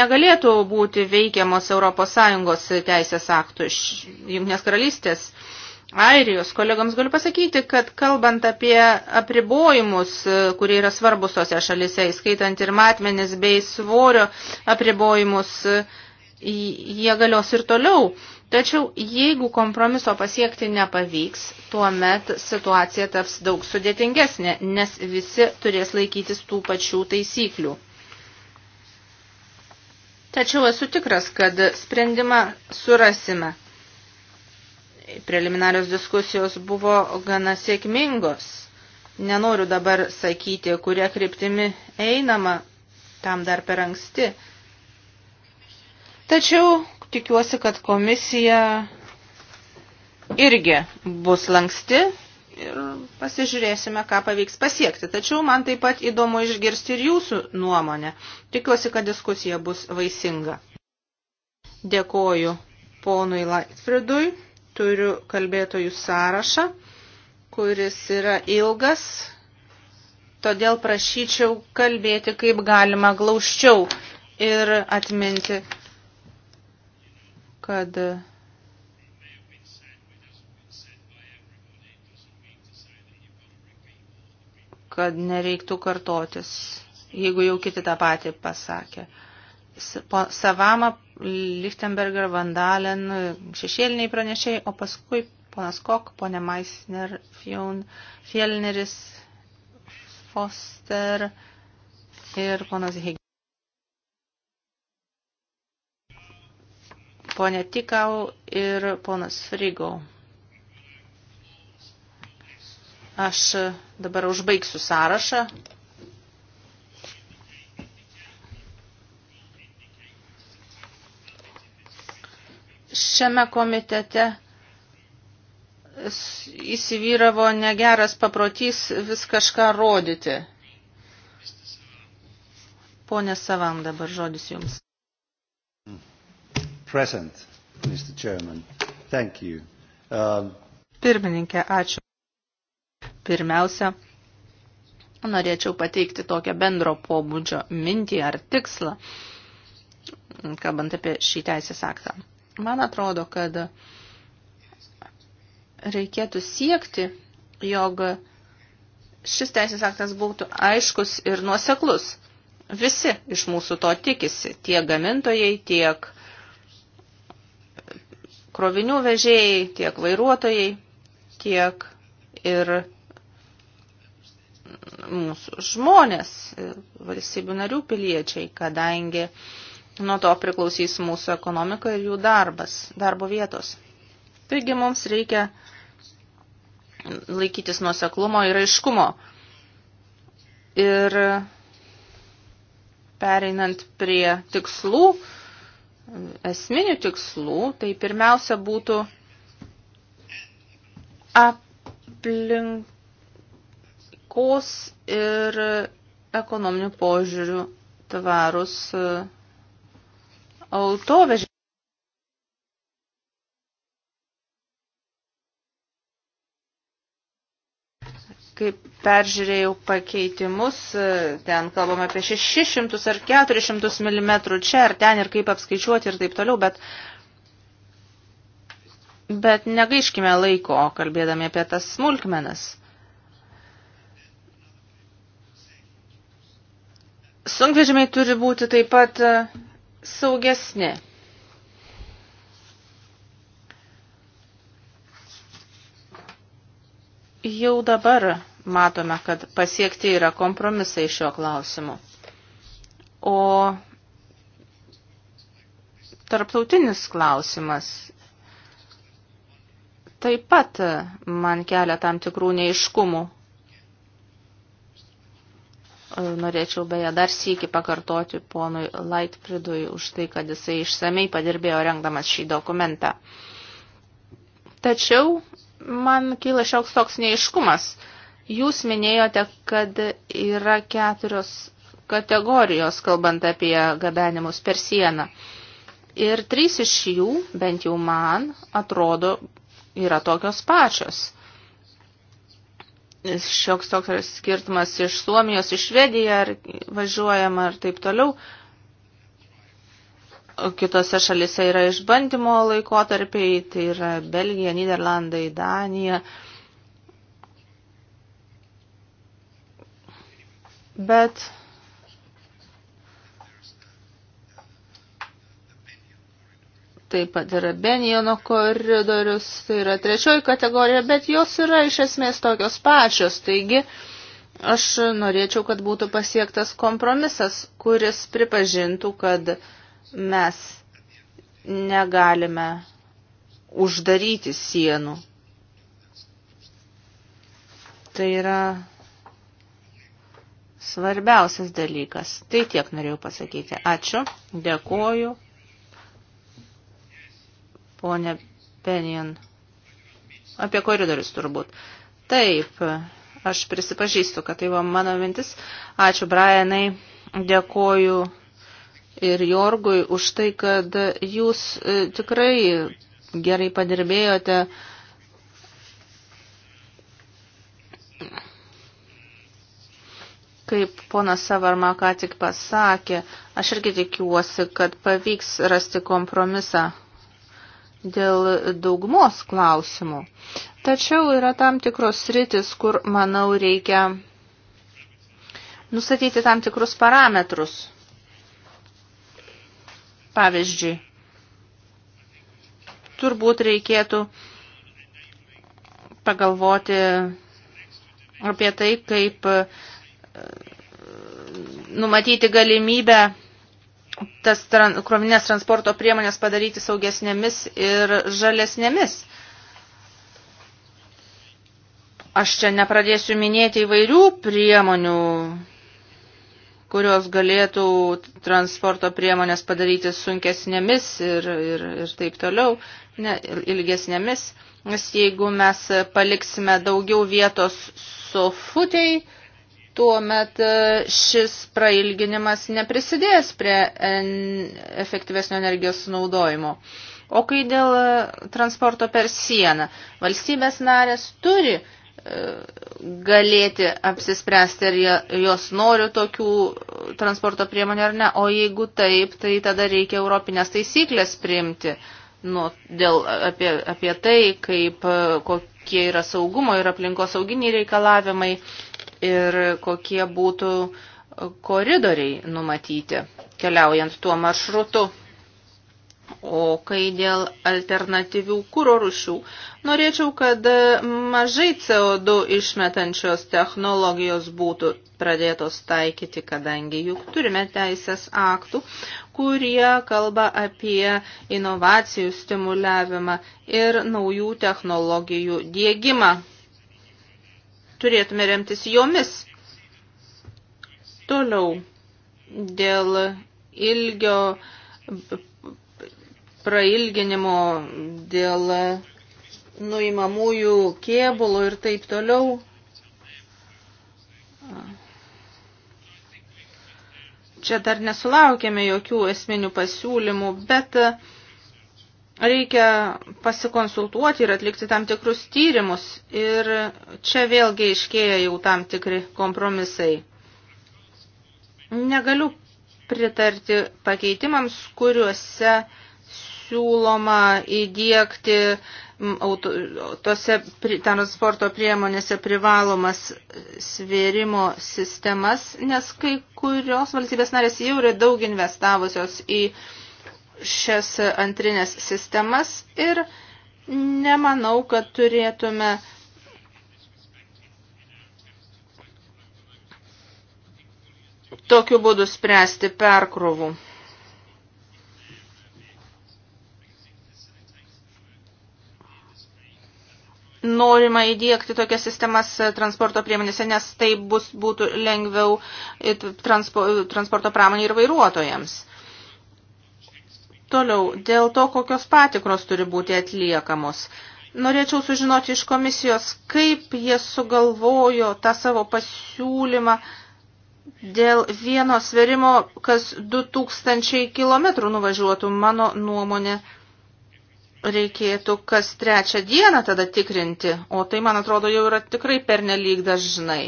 negalėtų būti veikiamos ES teisės aktų iš Junknės karalystės Airijos. Kolegams galiu pasakyti, kad kalbant apie apribojimus, kurie yra svarbus tose šalise, įskaitant ir matmenis bei svorio apribojimus, jie galios ir toliau. Tačiau jeigu kompromiso pasiekti nepavyks, tuomet situacija taps daug sudėtingesnė, nes visi turės laikytis tų pačių taisyklių. Tačiau esu tikras, kad sprendimą surasime. Preliminarios diskusijos buvo gana sėkmingos. Nenoriu dabar sakyti, kuria kryptimi einama, tam dar per anksti. Tačiau tikiuosi, kad komisija irgi bus lanksti ir pasižiūrėsime, ką pavyks pasiekti. Tačiau man taip pat įdomu išgirsti ir jūsų nuomonę. Tikiuosi, kad diskusija bus vaisinga. Dėkoju ponui Laitfridui. Turiu kalbėtojų sąrašą, kuris yra ilgas, todėl prašyčiau kalbėti kaip galima glaučiau ir atminti kad kad nereiktų kartotis, jeigu jau kiti tą patį pasakė. Savama, Lichtenberger, Vandalen, šešėliniai pranešėjai, o paskui ponas Kok, ponė Meissner, Fjun, Fjellneris, Foster ir ponas Higgins. ponė Tikau ir ponas Frigau. Aš dabar užbaigsiu sąrašą. Šiame komitete įsivyravo negeras paprotys vis kažką rodyti. Pone Savam, dabar žodis jums. Present, Mr. Chairman. Thank you. Um, Pirmininkė, ačiū. Pirmiausia, norėčiau pateikti tokią bendro pobūdžio mintį ar tikslą, kalbant apie šį teisės aktą. Man atrodo, kad reikėtų siekti, jog šis teisės aktas būtų aiškus ir nuoseklus. Visi iš mūsų to tikisi, tiek gamintojai, tiek krovinių vežėjai, tiek vairuotojai, tiek ir mūsų žmonės, valstybių narių piliečiai, kadangi nuo to priklausys mūsų ekonomika ir jų darbas, darbo vietos. Taigi mums reikia laikytis nuoseklumo ir aiškumo. Ir pereinant prie tikslų, esminių tikslų, tai pirmiausia būtų aplinkos ir ekonominių požiūrių tvarus e, autovežiai. Kaip peržiūrėjau pakeitimus, e, ten kalbame apie 600 ar 400 mm čia ar ten ir kaip apskaičiuoti ir taip toliau, bet, bet negaiškime laiko, kalbėdami apie tas smulkmenas. Sunkvežimiai turi būti taip pat e, saugesni. Jau dabar matome, kad pasiekti yra kompromisai šio klausimu. O tarptautinis klausimas taip pat man kelia tam tikrų neiškumų. Norėčiau beje dar sėki pakartoti ponui Lightfridui už tai, kad jisai išsamei padirbėjo rengdamas šį dokumentą. Tačiau man kyla šioks toks neiškumas Jūs minėjote, kad yra keturios kategorijos, kalbant apie gabenimus per sieną. Ir trys iš jų, bent jau man, atrodo, yra tokios pačios. Šioks toks skirtumas iš Suomijos, iš Švediją, ar važiuojama, ar taip toliau. Kitose šalise yra išbandymo laikotarpiai, tai yra Belgija, Niderlandai, Danija. Uh, bet taip pat yra Benjono koridorius, tai yra trečioji kategorija, bet jos yra iš esmės tokios pačios, taigi aš norėčiau, kad būtų pasiektas kompromisas, kuris pripažintų, kad mes negalime uždaryti sienų. Tai yra svarbiausias dalykas. Tai tiek norėjau pasakyti. Ačiū, dėkoju, ponė Penien. Apie koridorius turbūt. Taip, aš prisipažįstu, kad tai buvo mano mintis. Ačiū, Brianai, dėkoju ir Jorgui už tai, kad jūs e, tikrai gerai padirbėjote Kaip ponas Savarma ką tik pasakė, aš irgi tikiuosi, kad pavyks rasti kompromisą dėl daugumos klausimų. Tačiau yra tam tikros sritis, kur, manau, reikia nustatyti tam tikrus parametrus. Pavyzdžiui, turbūt reikėtų pagalvoti apie tai, kaip numatyti galimybę tas tran, krovinės transporto priemonės padaryti saugesnėmis ir žalesnėmis. Aš čia nepradėsiu minėti įvairių priemonių, kurios galėtų transporto priemonės padaryti sunkesnėmis ir, ir, ir taip toliau, ne, ilgesnėmis. Nes jeigu mes paliksime daugiau vietos sofutei, so tuomet e, šis prailginimas neprisidės prie efektyvesnio energijos sunaudojimo. O kai dėl e, transporto per sieną, valstybės narės turi e, galėti apsispręsti, ar jos nori tokių transporto priemonių ar ne. O jeigu taip, tai tada reikia europinės taisyklės priimti nu, dėl, apie, apie tai, kaip, kokie yra saugumo ir aplinkosauginiai reikalavimai ir kokie būtų koridoriai numatyti keliaujant tuo maršrutu. O kai dėl alternatyvių kūro rušių, norėčiau, kad mažai CO2 išmetančios technologijos būtų pradėtos taikyti, kadangi juk turime teisės aktų, kurie kalba apie inovacijų stimuliavimą ir naujų technologijų dėgymą turėtume remtis jomis. Toliau dėl ilgio prailginimo, dėl nuimamųjų kėbulų ir taip toliau. Čia dar nesulaukėme jokių esminių pasiūlymų, bet uh, reikia pasikonsultuoti ir atlikti tam tikrus tyrimus. Ir čia vėlgi iškėja jau tam tikri kompromisai. Negaliu pritarti pakeitimams, kuriuose siūloma įdėkti auto, tose transporto priemonėse privalomas svėrimo sistemas, nes kai kurios valstybės narės jau yra daug investavusios į uh, šias antrinės sistemas ir nemanau, kad turėtume tokiu būdu spręsti perkrovų. norima įdėkti tokias sistemas transporto priemonėse, nes tai bus, būtų lengviau transpo, transporto pramonė ir vairuotojams. Toliau, dėl to, kokios patikros turi būti atliekamos. Norėčiau sužinoti iš komisijos, kaip jie sugalvojo tą savo pasiūlymą dėl vieno sverimo, kas 2000 km nuvažiuotų, mano nuomonė, reikėtų kas trečią dieną tada tikrinti, o tai, man atrodo, jau yra tikrai pernelyg dažnai.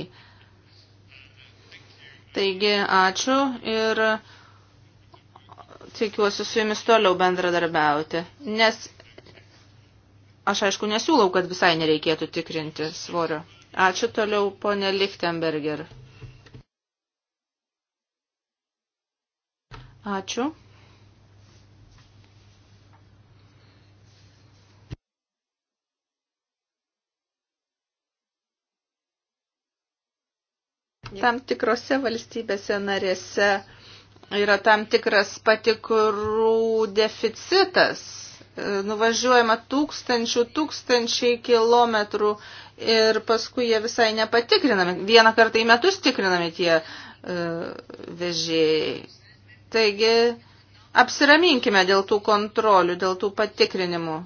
Taigi, ačiū ir tikiuosi su jumis toliau bendradarbiauti, nes aš aišku nesiūlau, kad visai nereikėtų tikrinti svorio. Ačiū toliau, ponė Lichtenberger. Ačiū. Tam tikrose valstybėse narėse yra tam tikras patikrų deficitas. E, nuvažiuojama tūkstančių, tūkstančiai kilometrų ir paskui jie visai nepatikrinami. Vieną kartą į metus tikrinami tie uh, vežėjai. Taigi, apsiraminkime dėl tų kontrolių, dėl tų patikrinimų.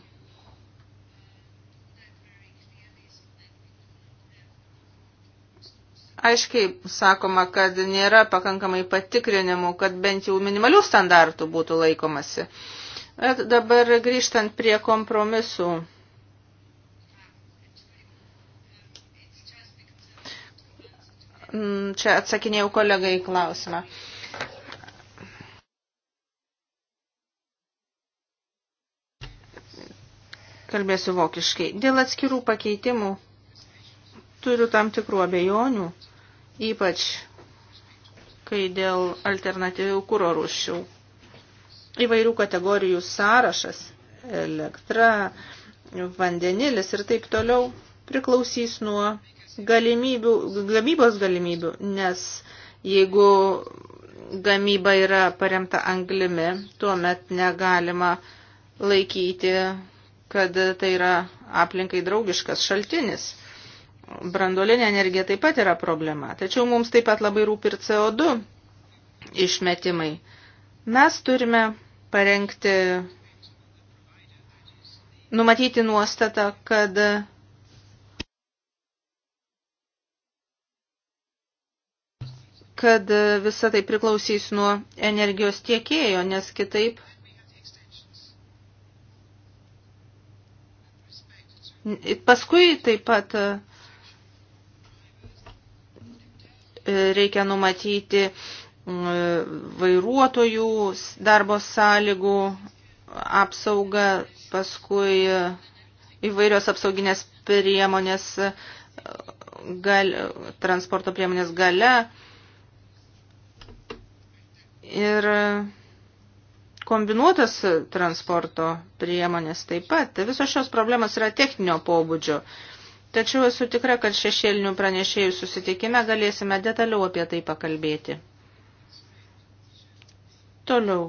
aiškiai sakoma, kad nėra pakankamai patikrinimų, kad bent jau minimalių standartų būtų laikomasi. Bet dabar grįžtant prie kompromisų. Mm, čia atsakinėjau kolegai į klausimą. kalbėsiu vokiškai. Dėl atskirų pakeitimų turiu tam tikrų abejonių, ypač kai dėl alternatyvių kūro rūšių. Įvairių kategorijų sąrašas – elektra, vandenilis ir taip toliau – priklausys nuo galimybių, gamybos galimybių, nes jeigu gamyba yra paremta anglimi, tuomet negalima laikyti, kad tai yra aplinkai draugiškas šaltinis – brandolinė energija taip pat yra problema. Tačiau mums taip pat labai rūpi ir CO2 išmetimai. Mes turime parengti, numatyti nuostatą, kad kad visa tai priklausys nuo energijos tiekėjo, nes kitaip paskui taip pat uh, reikia numatyti mm, vairuotojų darbo sąlygų apsaugą, paskui įvairios apsauginės priemonės, gal, transporto priemonės gale. Ir kombinuotas transporto priemonės taip pat. Visos šios problemos yra techninio pobūdžio. Uh, Tačiau esu tikra, kad šešėlinių pranešėjų susitikime galėsime detaliau apie tai pakalbėti. Toliau.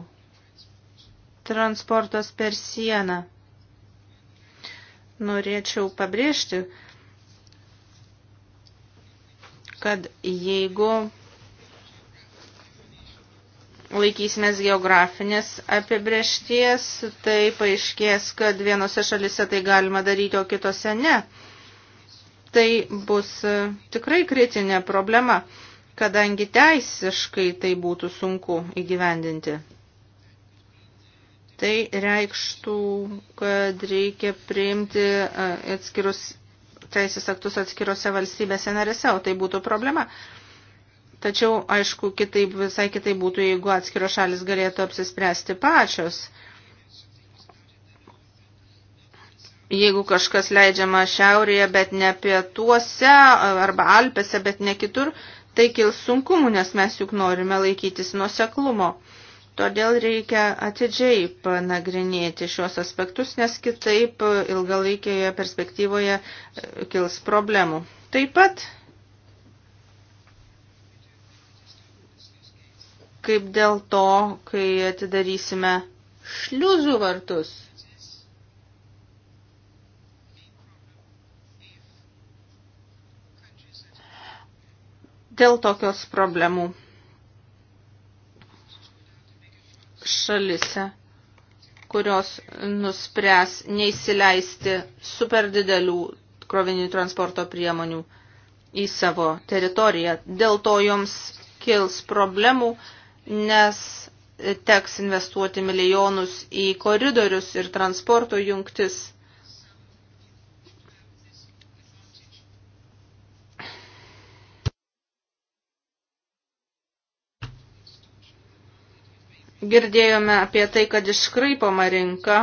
Transportas per sieną. Norėčiau pabrėžti, kad jeigu laikysimės geografinės apibriešties, tai paaiškės, kad vienose šalise tai galima daryti, o kitose ne tai bus e, tikrai kritinė problema, kadangi teisiškai tai būtų sunku įgyvendinti. Tai reikštų, kad reikia priimti e, atskirus teisės aktus atskirose valstybėse narėse, o tai būtų problema. Tačiau, aišku, kitaip, visai kitaip būtų, jeigu atskiros šalis galėtų apsispręsti pačios jeigu kažkas leidžiama šiaurėje, bet ne pietuose arba Alpėse, bet ne kitur, tai kils sunkumų, nes mes juk norime laikytis nuseklumo. Todėl reikia atidžiai panagrinėti šios aspektus, nes kitaip ilgalaikėje perspektyvoje e, kils problemų. Taip pat, kaip dėl to, kai atidarysime šliuzų vartus – dėl tokios problemų šalise, kurios nuspręs neįsileisti super didelių krovinių transporto priemonių į savo teritoriją. Dėl to joms kils problemų, nes teks investuoti milijonus į koridorius ir transporto jungtis. Girdėjome apie tai, kad iškraipoma rinka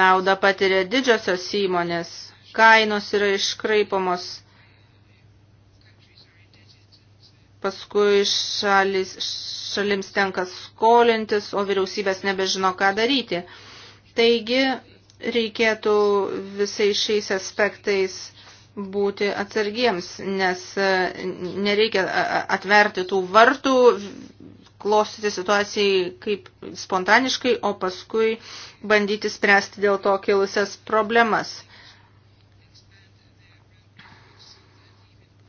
naudą patiria didžiosios įmonės, kainos yra iškraipomos, paskui šalis, šalims tenka skolintis, o vyriausybės nebežino, ką daryti. Taigi reikėtų visais šiais aspektais būti atsargiems, nes e, nereikia atverti tų vartų klostyti situacijai kaip spontaniškai, o paskui bandyti spręsti dėl to kilusias problemas.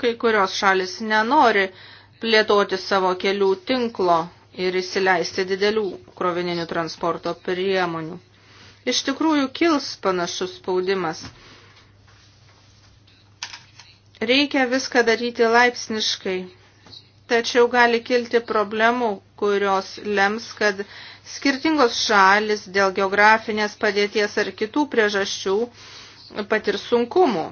Kai kurios šalis nenori plėtoti savo kelių tinklo ir įsileisti didelių krovininių transporto priemonių. Iš tikrųjų kils panašus spaudimas. Reikia viską daryti laipsniškai tačiau gali kilti problemų, kurios lems, kad skirtingos šalis dėl geografinės padėties ar kitų priežasčių patir sunkumų,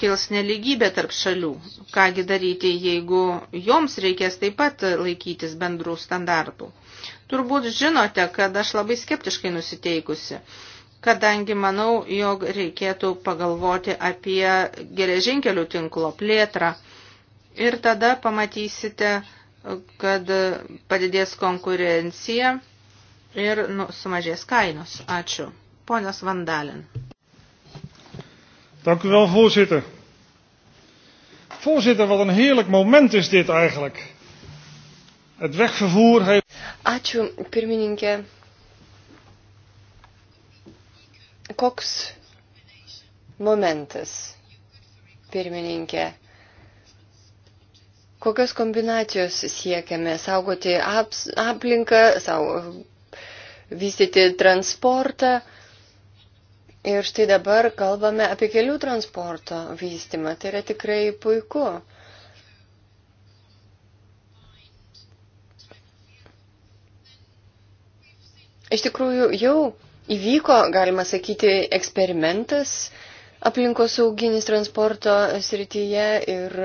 kils neligybė tarp šalių. Kągi daryti, jeigu joms reikės taip pat laikytis bendrų standartų. Turbūt žinote, kad aš labai skeptiškai nusiteikusi, kadangi manau, jog reikėtų pagalvoti apie geležinkelių tinklo plėtrą ir tada pamatysite, kad padidės konkurencija ir nu, sumažės kainos. Ačiū. Ponios Vandalin. Dank u wel, voorzitter. Voorzitter, wat een heerlijk moment is dit eigenlijk. Het wegvervoer heeft. Ačiū, pirmininkė. Koks momentas, pirmininkė. Kokios kombinacijos siekiame? Saugoti aps, aplinką, sau, vystyti transportą. Ir štai dabar kalbame apie kelių transporto vystimą. Tai yra tikrai puiku. Iš tikrųjų, jau įvyko, galima sakyti, eksperimentas aplinkosauginis transporto srityje ir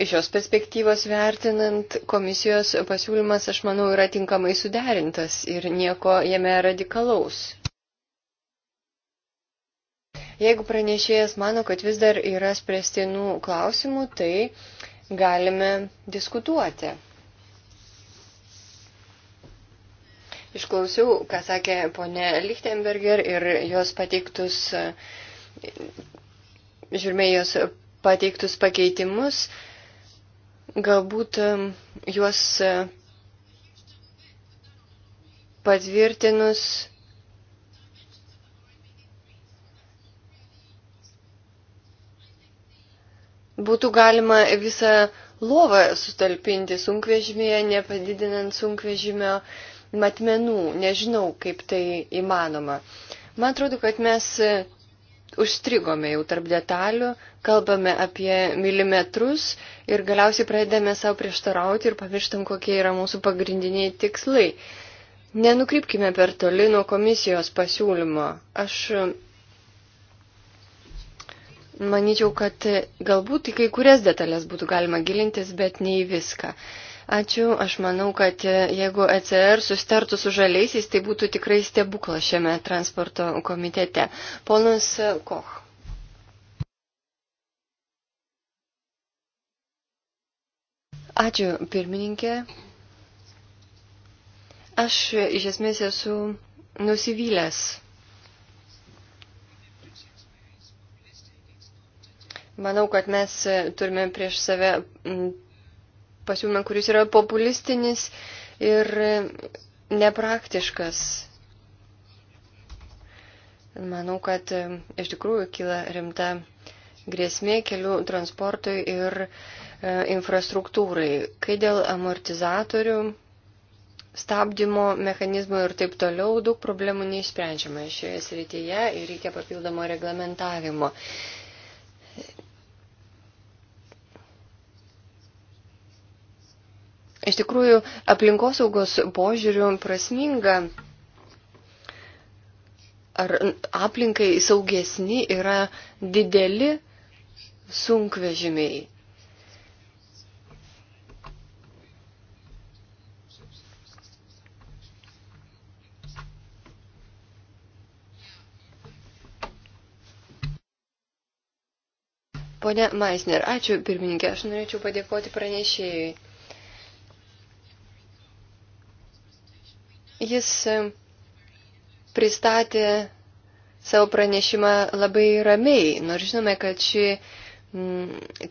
Iš šios perspektyvos vertinant, komisijos pasiūlymas, aš manau, yra tinkamai suderintas ir nieko jame radikalaus. Jeigu pranešėjas mano, kad vis dar yra spręstinų klausimų, tai galime diskutuoti. Išklausiau, ką sakė ponė Lichtenberger ir jos pateiktus, žiūrime, jos pateiktus pakeitimus. Galbūt juos e, patvirtinus būtų galima visą lovą sutalpinti sunkvežimėje, nepadidinant sunkvežimio matmenų. Nežinau, kaip tai įmanoma. Man atrodo, kad mes užstrigome jau tarp detalių, kalbame apie milimetrus ir galiausiai pradedame savo prieštarauti ir pamirštam, kokie yra mūsų pagrindiniai tikslai. Nenukrypkime per toli nuo komisijos pasiūlymo. Aš manyčiau, kad galbūt į kai kurias detalės būtų galima gilintis, bet ne į viską. Uh, Ačiū. Aš manau, kad jeigu ECR sustartų su žaliaisiais, tai būtų tikrai stebuklas šiame transporto komitete. Ponas Koch. Ačiū, pirmininkė. Aš iš esmės esu nusivylęs. Manau, kad mes turime prieš save pasiūlymą, kuris yra populistinis ir nepraktiškas. Manau, kad e, iš tikrųjų kyla rimta grėsmė kelių transportui ir e, infrastruktūrai. Kai dėl amortizatorių stabdymo mechanizmų ir taip toliau daug problemų neišsprendžiama šioje srityje ir reikia papildomo reglamentavimo. iš tikrųjų aplinkosaugos požiūrių prasminga. Ar aplinkai saugesni yra dideli sunkvežimiai? Pone Maisner, ačiū pirmininkė, aš norėčiau padėkoti pranešėjui. Jis e, pristatė savo pranešimą labai ramiai, nors žinome, kad ši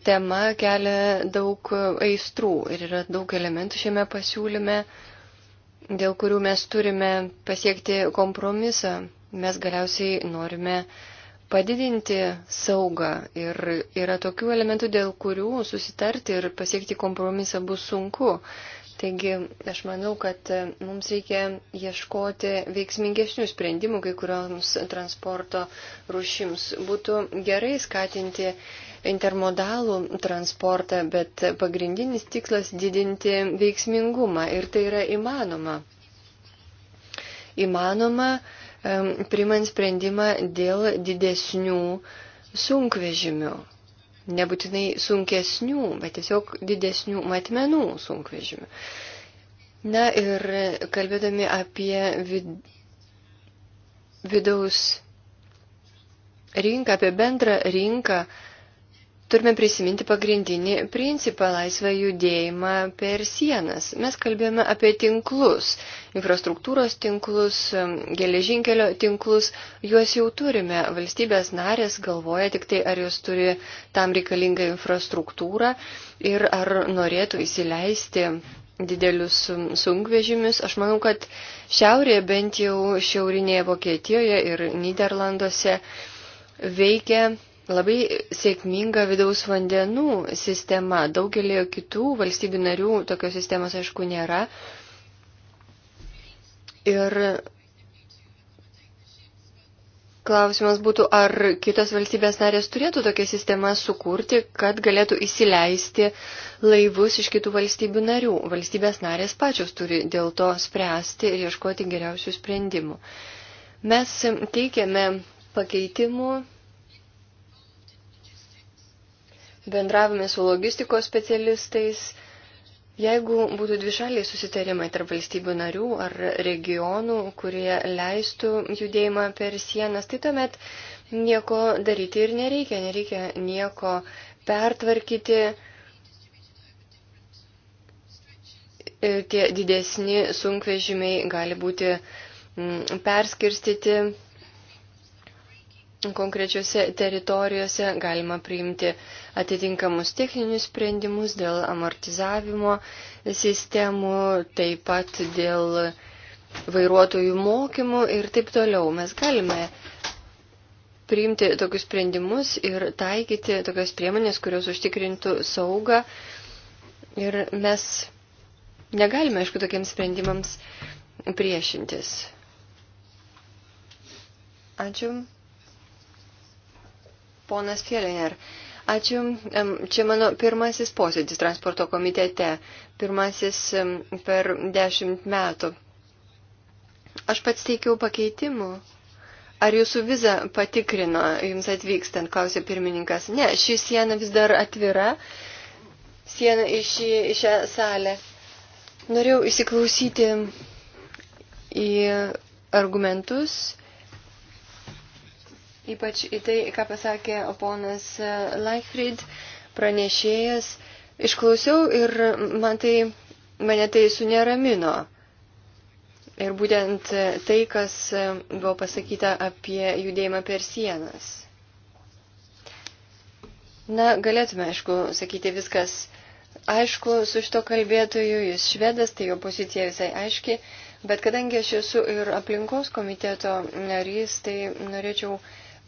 tema kelia daug aistrų ir yra daug elementų šiame pasiūlyme, dėl kurių mes turime pasiekti kompromisą. Mes galiausiai norime padidinti saugą ir yra tokių elementų, dėl kurių susitarti ir pasiekti kompromisą bus sunku. Taigi aš manau, kad e, mums reikia ieškoti veiksmingesnių sprendimų kai kurioms transporto rušims. Būtų gerai skatinti intermodalų transportą, bet pagrindinis tikslas didinti veiksmingumą ir tai yra įmanoma. Įmanoma primant sprendimą dėl didesnių sunkvežimių nebūtinai sunkesnių, bet tiesiog didesnių matmenų sunkvežimių. Na ir kalbėdami apie vid vidaus rinką, apie bendrą rinką, turime prisiminti pagrindinį principą laisvą judėjimą per sienas. Mes kalbėjome apie tinklus, infrastruktūros tinklus, geležinkelio tinklus, juos jau turime. Valstybės narės galvoja tik tai, ar jos turi tam reikalingą infrastruktūrą ir ar norėtų įsileisti didelius sunkvežimius. Aš manau, kad šiaurėje, bent jau šiaurinėje Vokietijoje ir Niderlanduose veikia labai sėkminga vidaus vandenų sistema. Daugelio kitų valstybių narių tokios sistemos, aišku, nėra. Ir klausimas būtų, ar kitos valstybės narės turėtų tokią sistemą sukurti, kad galėtų įsileisti laivus iš kitų valstybių narių. Valstybės narės pačios turi dėl to spręsti ir ieškoti geriausių sprendimų. Mes teikiame pakeitimų bendravome su logistikos specialistais. Jeigu būtų dvišaliai susitarimai tarp valstybių narių ar regionų, kurie leistų judėjimą per sienas, tai tuomet nieko daryti ir nereikia, nereikia nieko pertvarkyti. Tie didesni sunkvežimiai gali būti mm, perskirstyti konkrečiose teritorijose galima priimti atitinkamus techninius sprendimus dėl amortizavimo sistemų, taip pat dėl vairuotojų mokymų ir taip toliau. Mes galime priimti tokius sprendimus ir taikyti tokias priemonės, kurios užtikrintų saugą. Ir mes negalime, aišku, tokiems sprendimams priešintis. Ačiū ponas Fieliner. Ačiū. Čia mano pirmasis posėdis transporto komitete. Pirmasis per dešimt metų. Aš pats teikiau pakeitimų. Ar jūsų vizą patikrino jums atvykstant, klausė pirmininkas. Ne, ši siena vis dar atvira. Siena į šią salę. Norėjau įsiklausyti į argumentus ypač į tai, ką pasakė ponas Leichfried, pranešėjas. Išklausiau ir man tai, mane tai suneramino. Ir būtent tai, kas buvo pasakyta apie judėjimą per sienas. Na, galėtume, aišku, sakyti viskas. Aišku, su šito kalbėtoju jis švedas, tai jo pozicija visai aiški, bet kadangi aš esu ir aplinkos komiteto narys, tai norėčiau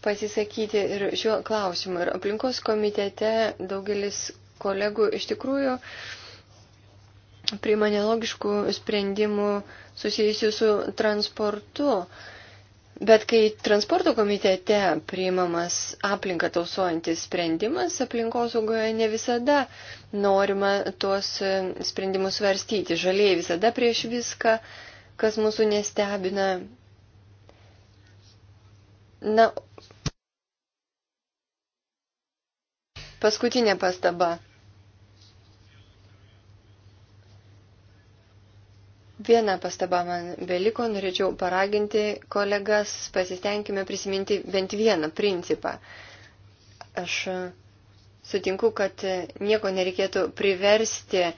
pasisakyti ir šiuo klausimu. Ir aplinkos komitete daugelis kolegų iš tikrųjų priima nelogiškų sprendimų susijusių su transportu. Bet kai transporto komitete priimamas aplinką tausojantis sprendimas, aplinkosaugoje ne visada norima tuos sprendimus svarstyti. Žaliai visada prieš viską, kas mūsų nestebina. Na, Paskutinė pastaba. Vieną pastabą man beliko, norėčiau paraginti kolegas, pasistengime prisiminti bent vieną principą. Aš sutinku, kad nieko nereikėtų priversti e,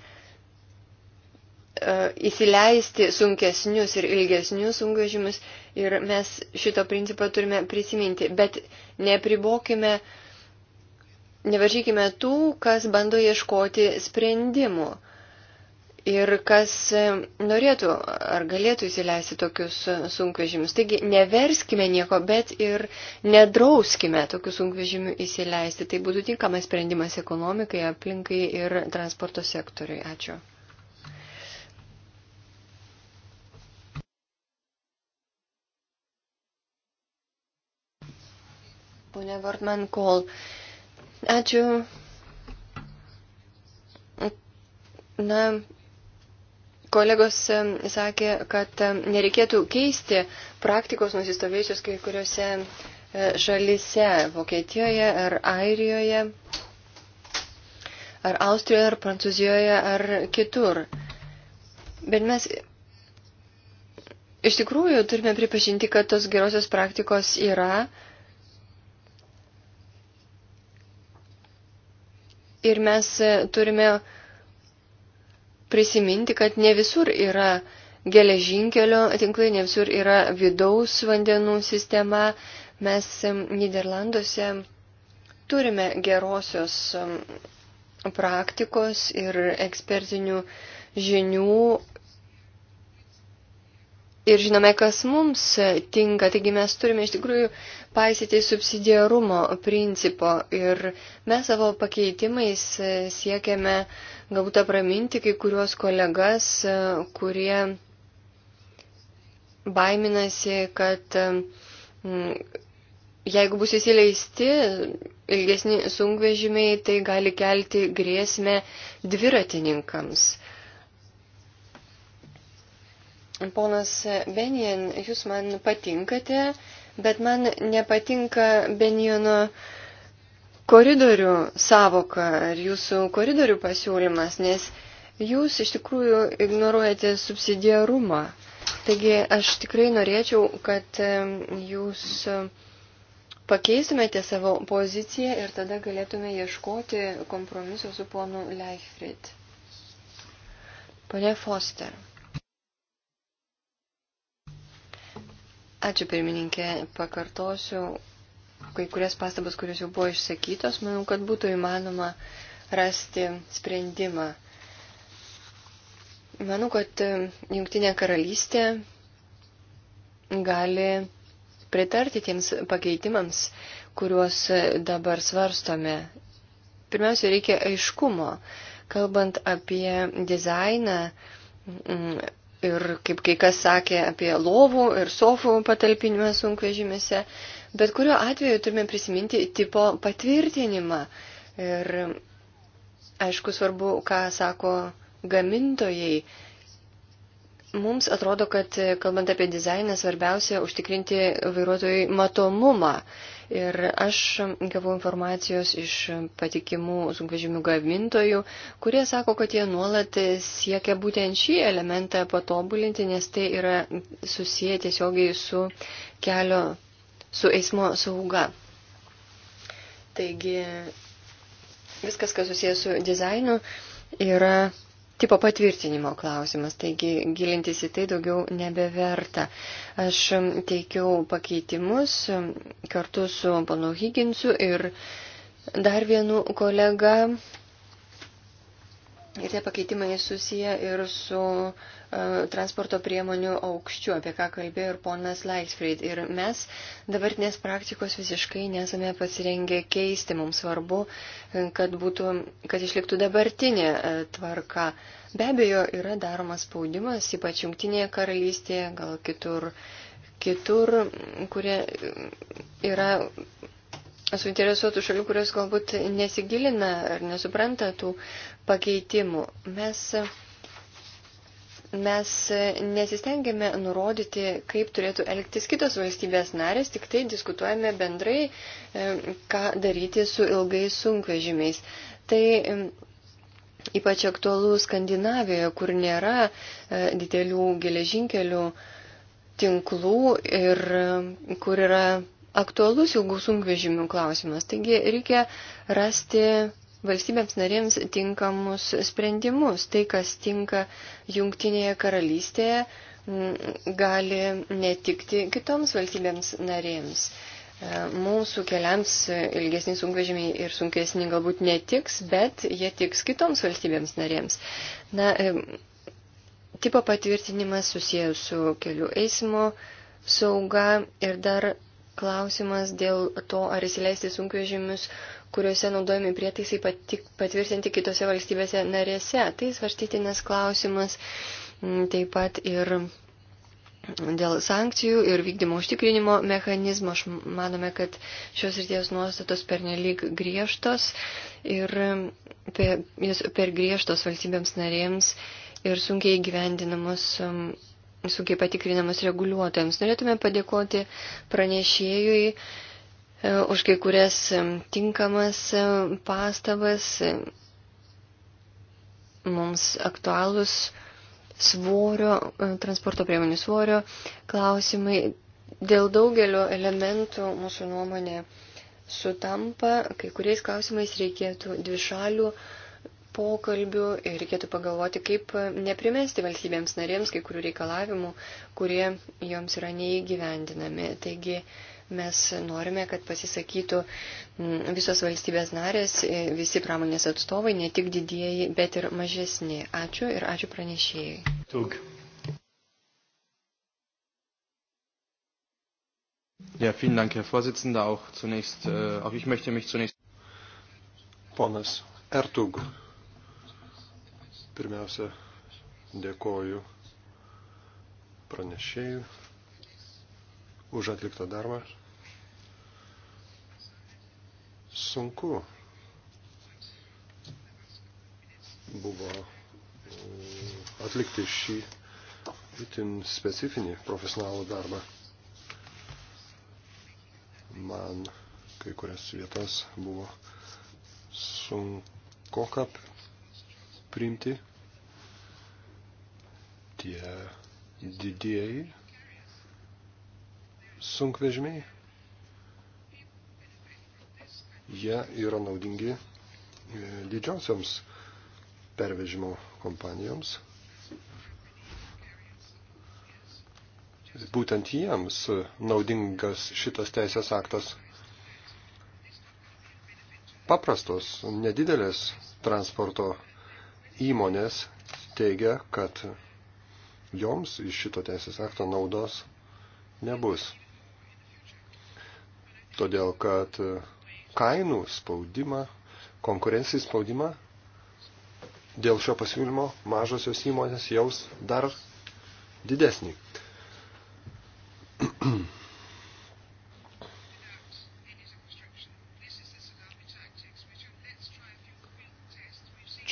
įsileisti sunkesnius ir ilgesnius sunkvežimius ir mes šito principą turime prisiminti, bet nepribokime uh, nevaržykime tų, kas bando ieškoti sprendimų ir kas e, norėtų ar galėtų įsileisti tokius sunkvežimius. Taigi neverskime nieko, bet ir nedrauskime tokių sunkvežimių įsileisti. Tai būtų tinkamas sprendimas ekonomikai, aplinkai ir transporto sektoriui. Ačiū. Pone Vartman Kol. Cool. Ačiū. Na, kolegos e, sakė, kad e, nereikėtų keisti praktikos nusistovėjusios kai kuriuose e, šalise - Vokietijoje ar Airijoje, ar Austrijoje, ar Prancūzijoje, ar kitur. Bet mes iš tikrųjų turime pripažinti, kad tos gerosios praktikos yra Ir mes e, turime prisiminti, kad ne visur yra geležinkelio tinklai, ne visur yra vidaus vandenų sistema. Mes e, Niderlanduose turime gerosios e, praktikos ir ekspertinių žinių. Ir žinome, kas mums tinka. Taigi mes turime iš tikrųjų paisyti subsidiarumo principo ir mes savo pakeitimais e, siekiame galbūt apraminti kai kuriuos kolegas, e, kurie baiminasi, kad e, jeigu bus įsileisti ilgesni sunkvežimiai, tai gali kelti grėsmę dviratininkams. Ponas Benien, jūs man patinkate, bet man nepatinka Benjono koridorių savoka ar jūsų koridorių pasiūlymas, nes jūs iš tikrųjų ignoruojate subsidiarumą. Taigi aš tikrai norėčiau, kad jūs pakeistumėte savo poziciją ir tada galėtume ieškoti kompromiso su ponu Leichfried. Pone Foster. Ačiū pirmininkė, pakartosiu kai kurias pastabas, kurios jau buvo išsakytos. Manau, kad būtų įmanoma rasti sprendimą. Manau, kad e, Junktinė karalystė gali pritarti tiems pakeitimams, kuriuos e, dabar svarstome. Pirmiausia, reikia aiškumo. Kalbant apie dizainą, ir kaip kai kas sakė apie lovų ir sofų patalpinimą sunkvežimėse, bet kuriuo atveju turime prisiminti tipo patvirtinimą. Ir aišku, svarbu, ką sako gamintojai. Mums atrodo, kad kalbant apie dizainą, svarbiausia užtikrinti vairuotojui matomumą. Ir aš gavau informacijos iš patikimų sunkvežimių gamintojų, kurie sako, kad jie nuolat siekia būtent šį elementą patobulinti, nes tai yra susiję tiesiogiai su kelio, su eismo sauga. Taigi viskas, kas susijęs su dizainu, yra tipo patvirtinimo klausimas, taigi gilintis į tai daugiau nebeverta. Aš teikiau pakeitimus kartu su panu Higginsu ir dar vienu kolega Ir tie pakeitimai susiję ir su uh, transporto priemonių aukščiu, apie ką kalbėjo ir ponas Leisfried. Ir mes dabartinės praktikos visiškai nesame pasirengę keisti. Mums svarbu, e, kad, būtų, kad išliktų dabartinė uh, tvarka. Be abejo, yra daromas spaudimas, ypač Junktinėje karalystėje, gal kitur, kitur kurie yra suinteresuotų šalių, kurios galbūt nesigilina ar nesupranta tų pakeitimų. Mes, mes nesistengėme nurodyti, kaip turėtų elgtis kitos valstybės narės, tik tai diskutuojame bendrai, e, ką daryti su ilgais sunkvežimiais. Tai e, ypač aktualu Skandinavijoje, kur nėra e, didelių geležinkelių tinklų ir kur yra aktualus ilgų sunkvežimių klausimas. Taigi reikia rasti valstybėms narėms tinkamus sprendimus. Tai, kas tinka jungtinėje karalystėje, gali netikti kitoms valstybėms narėms. E, mūsų keliams ilgesni sunkvežimiai ir sunkesni galbūt netiks, bet jie tiks kitoms valstybėms narėms. Na, e, tipo patvirtinimas susijęs su kelių eismo sauga ir dar Klausimas dėl to, ar įsileisti sunkvežimius, kuriuose naudojami prietaisai patvirtinti kitose valstybėse narėse. Tai svarstytinas klausimas taip pat ir dėl sankcijų ir vykdymo užtikrinimo mechanizmo. Aš manome, kad šios ryties nuostatos pernelyg griežtos ir per, per griežtos valstybėms narėms ir sunkiai gyvendinamos sunkiai patikrinamas reguliuotojams. Norėtume padėkoti pranešėjui e, už kai kurias e, tinkamas e, pastabas, mums aktualūs svorio, transporto priemonių svorio klausimai. Dėl daugelio elementų mūsų nuomonė sutampa, kai kuriais klausimais reikėtų dvišalių šalių pokalbių ir reikėtų pagalvoti, kaip neprimesti valstybėms narėms kai kurių reikalavimų, kurie joms yra neįgyvendinami. Taigi mes norime, kad pasisakytų mm, visos valstybės narės, e, visi pramonės atstovai, ne tik didieji, bet ir mažesni. Ačiū ir ačiū pranešėjai. Tug. Ja, vielen Dank, Herr Vorsitzender. Auch zunächst, äh, auch ich möchte mich zunächst. Ponas Ertug. Pirmiausia, dėkoju pranešėjų už atliktą darbą. Sunku buvo mm, atlikti šį itin specifinį profesionalų darbą. Man kai kurias vietas buvo sunku kokap priimti tie didieji sunkvežimiai. Jie yra naudingi e, didžiosioms pervežimo kompanijoms. Būtent jiems naudingas šitas teisės aktas. Paprastos, nedidelės transporto įmonės teigia, kad joms iš šito teisės akto naudos nebus. Todėl, kad kainų spaudimą, konkurencijai spaudimą dėl šio pasiūlymo mažosios įmonės jaus dar didesnį. *clears throat*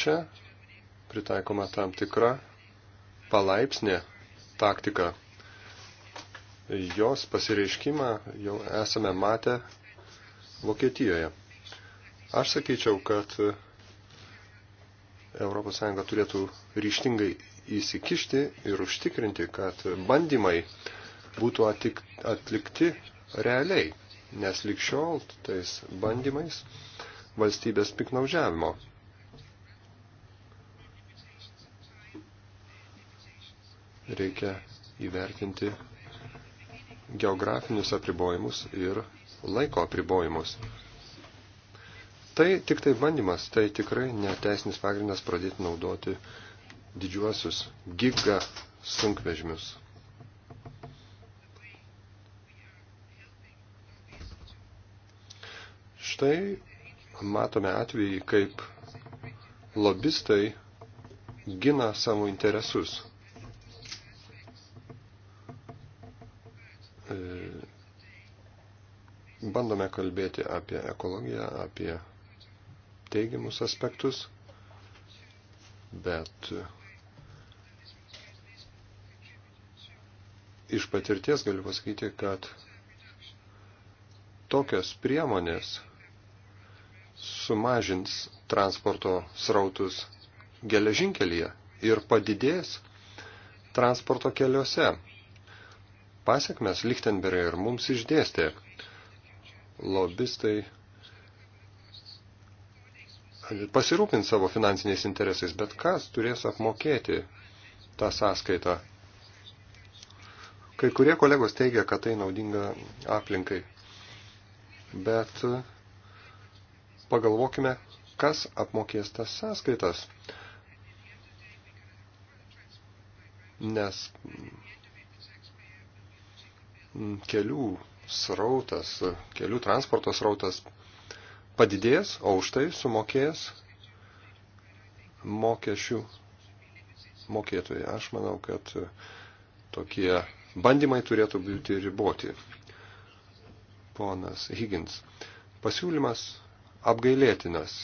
Čia pritaikoma tam tikra palaipsnė taktika. Jos pasireiškimą jau esame matę Vokietijoje. Aš sakyčiau, kad ES turėtų ryštingai įsikišti ir užtikrinti, kad bandymai būtų atik, atlikti realiai, nes likščiol tais bandymais valstybės piknaužiavimo reikia įvertinti geografinius apribojimus ir laiko apribojimus. Tai tik tai bandymas, tai tikrai neteisinis pagrindas pradėti naudoti didžiuosius giga sunkvežimius. Štai matome atvejį, kaip lobistai gina savo interesus. bandome kalbėti apie ekologiją, apie teigiamus aspektus, bet iš patirties galiu pasakyti, kad tokios priemonės sumažins transporto srautus geležinkelyje ir padidės transporto keliuose. Pasiekmes Lichtenbergai ir mums išdėstė, lobistai pasirūpins savo finansiniais interesais, bet kas turės apmokėti tą sąskaitą. Kai kurie kolegos teigia, kad tai naudinga aplinkai. Bet pagalvokime, kas apmokės tas sąskaitas. Nes kelių srautas, kelių transporto srautas padidės, o už tai sumokės mokesčių mokėtojai. Aš manau, kad tokie bandymai turėtų būti riboti. Ponas Higgins. Pasiūlymas apgailėtinas,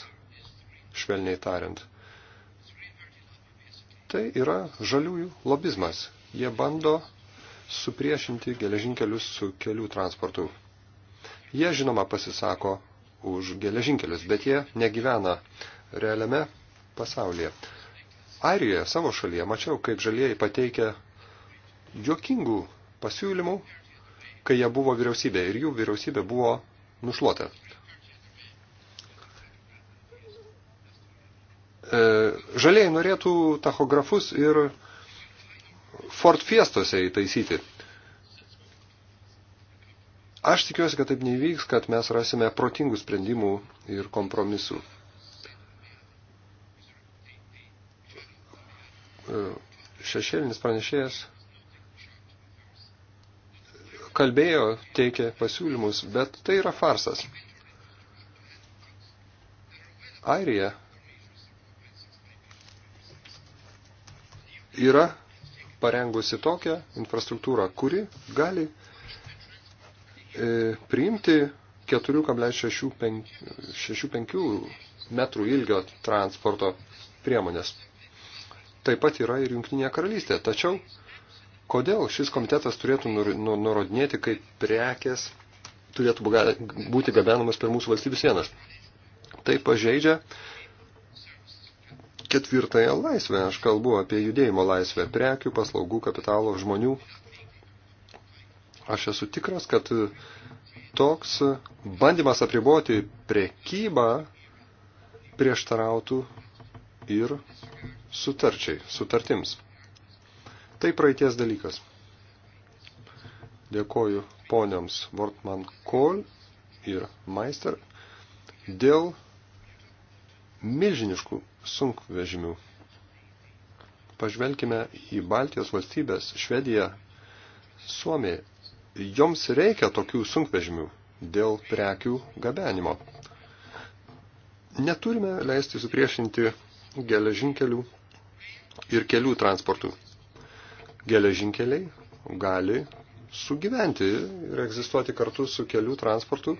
švelniai tariant. Tai yra žaliųjų lobizmas. Jie bando supriešinti geležinkelius su kelių transportu. Jie, žinoma, pasisako už geležinkelius, bet jie negyvena realiame pasaulyje. Airijoje, savo šalyje, mačiau, kaip žalieji pateikia juokingų pasiūlymų, kai jie buvo vyriausybė ir jų vyriausybė buvo nušluota. E, žalieji norėtų tachografus ir Ford Fiestose įtaisyti. Aš tikiuosi, kad taip nevyks, kad mes rasime protingų sprendimų ir kompromisų. Šešėlinis pranešėjas kalbėjo, teikė pasiūlymus, bet tai yra farsas. Airija yra parengusi tokią infrastruktūrą, kuri gali e, priimti 4,65 metrų ilgio transporto priemonės. Taip pat yra ir Junktinė karalystė. Tačiau kodėl šis komitetas turėtų nu, nurodinėti, kaip prekės turėtų būti gabenamas per mūsų valstybių sienas? Tai pažeidžia ketvirtąją laisvę. Aš kalbu apie judėjimo laisvę prekių, paslaugų, kapitalo, žmonių. Aš esu tikras, kad toks bandymas apriboti prekybą prieštarautų ir sutarčiai, sutartims. Tai praeities dalykas. Dėkoju poniams Wortman Kohl ir Meister dėl milžiniškų sunkvežimių. Pažvelkime į Baltijos valstybės, Švediją, Suomiją. Joms reikia tokių sunkvežimių dėl prekių gabenimo. Neturime leisti supriešinti geležinkelių ir kelių transportų. Geležinkeliai gali sugyventi ir egzistuoti kartu su kelių transportu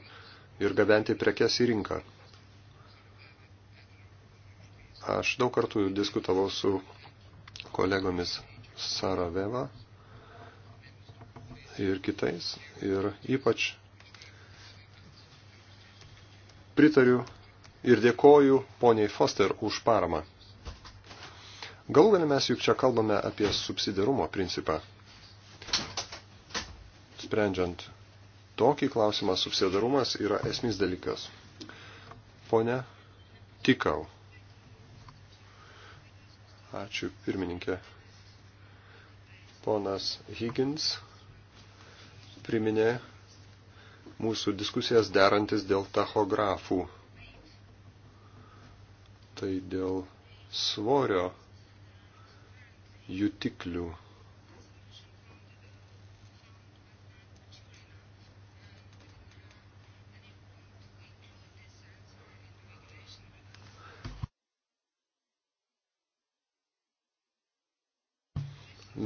ir gabenti prekes į rinką. Aš daug kartų diskutavau su kolegomis Saraveva ir kitais ir ypač pritariu ir dėkoju poniai Foster už paramą. Galų galę mes juk čia kalbame apie subsidiarumo principą. Sprendžiant tokį klausimą, subsidiarumas yra esminis dalykas. Pone Tikau. Ačiū pirmininkė. Ponas Higgins priminė mūsų diskusijas derantis dėl tachografų. Tai dėl svorio jutiklių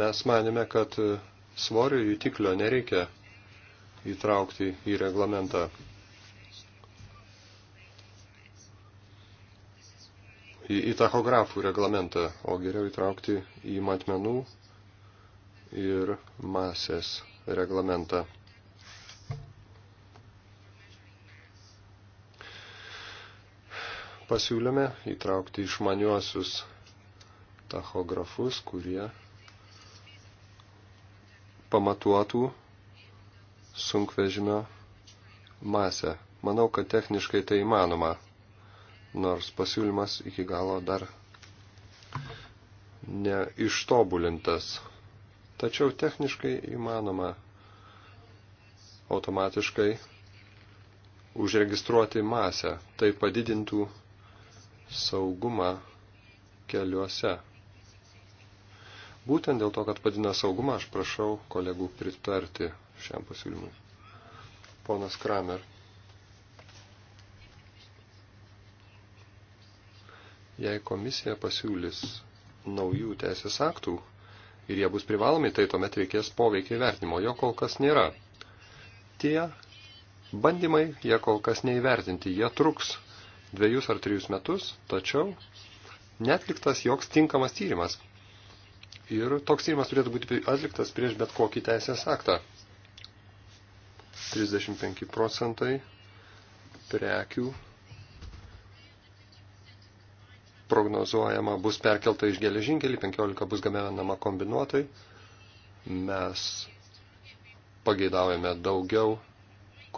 Mes manėme, kad svorio jutiklio nereikia įtraukti į reglamentą. Į, į tachografų reglamentą, o geriau įtraukti į matmenų ir masės reglamentą. Pasiūlėme įtraukti išmaniuosius tachografus, kurie pamatuotų sunkvežimio masę. Manau, kad techniškai tai įmanoma, nors pasiūlymas iki galo dar neištobulintas. Tačiau techniškai įmanoma automatiškai užregistruoti masę. Tai padidintų saugumą keliuose. Būtent dėl to, kad padina saugumą, aš prašau kolegų pritarti šiam pasiūlymui. Ponas Kramer. Jei komisija pasiūlys naujų teisės aktų ir jie bus privalomi, tai tuomet reikės poveikiai vertinimo. Jo kol kas nėra. Tie bandymai, jie kol kas neįvertinti. Jie truks dviejus ar trijus metus, tačiau netliktas joks tinkamas tyrimas. Ir toks tyrimas turėtų būti atliktas prieš bet kokį teisės aktą. 35 procentai prekių prognozuojama bus perkelta iš geležinkelį, 15 bus gabenama kombinuotai. Mes pageidaujame daugiau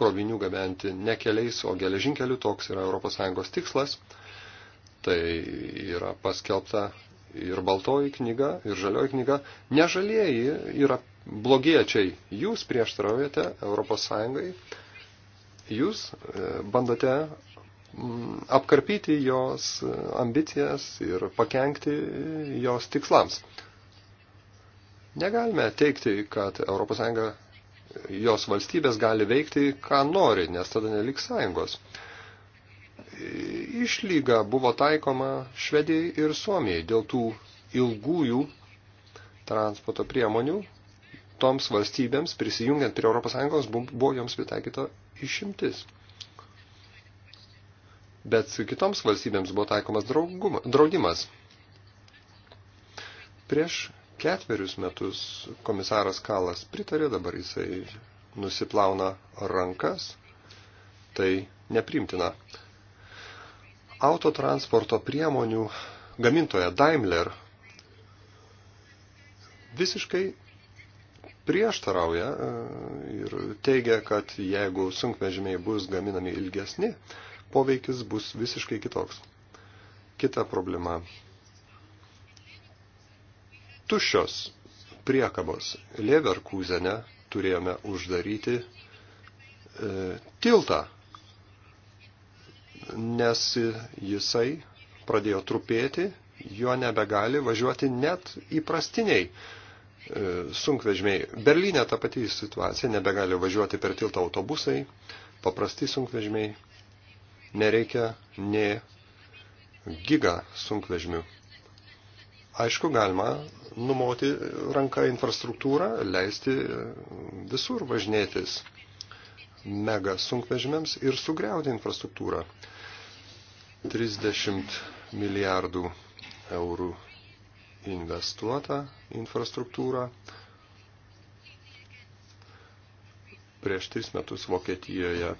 krovinių gabenti ne keliais, o geležinkeliu, toks yra ES tikslas. Tai yra paskelbta ir baltoji knyga, ir žalioji knyga, nežalieji yra blogiečiai. Jūs prieštaraujate Europos Sąjungai, jūs e, bandote mm, apkarpyti jos e, ambicijas ir pakengti jos tikslams. Negalime teikti, kad ES jos valstybės gali veikti, ką nori, nes tada neliks sąjungos išlyga buvo taikoma Švedijai ir Suomijai dėl tų ilgųjų transporto priemonių. Toms valstybėms prisijungiant prie ES buvo joms pritaikyta išimtis. Bet kitoms valstybėms buvo taikomas drauguma, draudimas. Prieš ketverius metus komisaras Kalas pritarė, dabar jisai nusiplauna rankas. Tai neprimtina autotransporto priemonių gamintoja Daimler visiškai prieštarauja e, ir teigia, kad jeigu sunkvežimiai bus gaminami ilgesni, poveikis bus visiškai kitoks. Kita problema. Tušios priekabos Leverkusene turėjome uždaryti e, tiltą nes jisai pradėjo trupėti, jo nebegali važiuoti net įprastiniai e, sunkvežimiai. Berlyne ta pati situacija, nebegali važiuoti per tiltą autobusai, paprasti sunkvežimiai, nereikia nė giga sunkvežimių. Aišku, galima numoti ranką infrastruktūrą, leisti visur važinėtis mega sunkvežimiams ir sugriauti infrastruktūrą. 30 milijardų eurų investuota infrastruktūra. Prieš tris metus Vokietijoje e,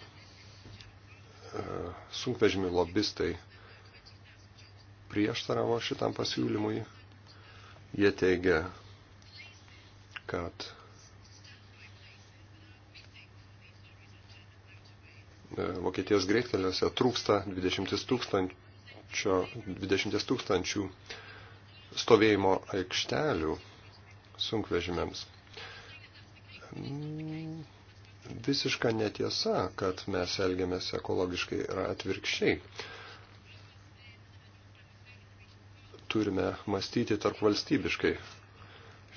sunkvežimių lobistai prieštaravo šitam pasiūlymui. Jie teigia, kad E, Vokietijos greitkeliuose trūksta 20 tūkstančių, 20 tūkstančių stovėjimo aikštelių sunkvežimiams. Mm, visiška netiesa, kad mes elgiamės ekologiškai ir atvirkščiai. Turime mąstyti tarp valstybiškai.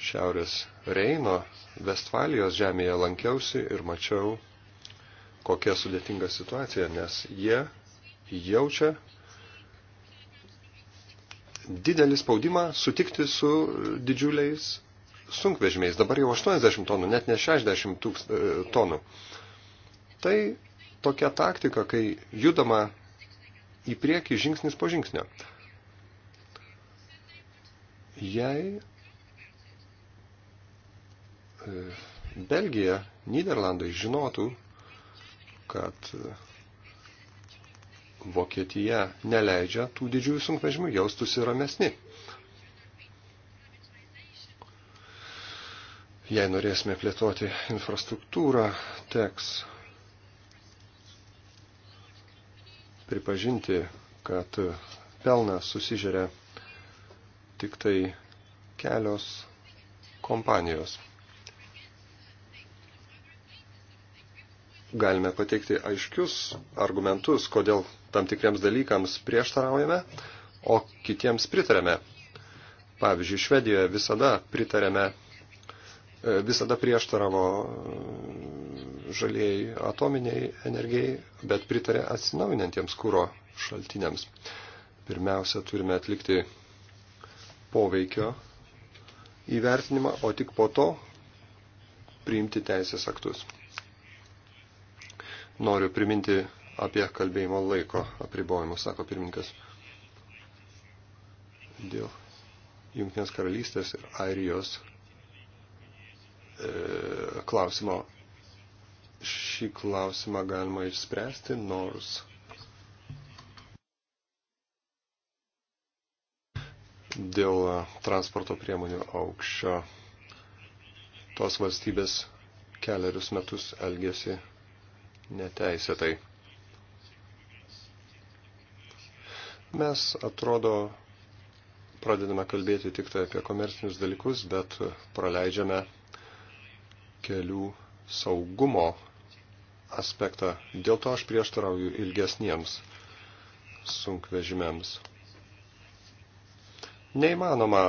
Šiaurės Reino, Vestfalijos žemėje lankiausi ir mačiau kokia sudėtinga situacija, nes jie jaučia didelį spaudimą sutikti su didžiuliais sunkvežimiais. Dabar jau 80 tonų, net ne 60 tūks, e, tonų. Tai tokia taktika, kai judama į priekį žingsnis po žingsnio. Jei e, Belgija, Niderlandai žinotų kad Vokietija neleidžia tų didžiųjų sunkvežimių, jaustųsi ramesni. Jei norėsime plėtoti infrastruktūrą, teks pripažinti, kad pelną susižiūrė tik tai kelios kompanijos. galime pateikti aiškius argumentus, kodėl tam tikriems dalykams prieštaraujame, o kitiems pritarėme. Pavyzdžiui, Švedijoje visada pritarėme, e, visada prieštaravo e, žalieji atominiai energijai, bet pritarė atsinaujinantiems kūro šaltiniams. Pirmiausia, turime atlikti poveikio įvertinimą, o tik po to priimti teisės aktus. Noriu priminti apie kalbėjimo laiko apribojimus, sako pirmininkas. Dėl Junktinės karalystės ir Airijos e, klausimo. Šį klausimą galima išspręsti, nors dėl transporto priemonių aukščio tos valstybės keliarius metus elgėsi neteisėtai. Mes atrodo pradedame kalbėti tik tai apie komercinius dalykus, bet praleidžiame kelių saugumo aspektą. Dėl to aš prieštarauju ilgesniems sunkvežimiams. Neįmanoma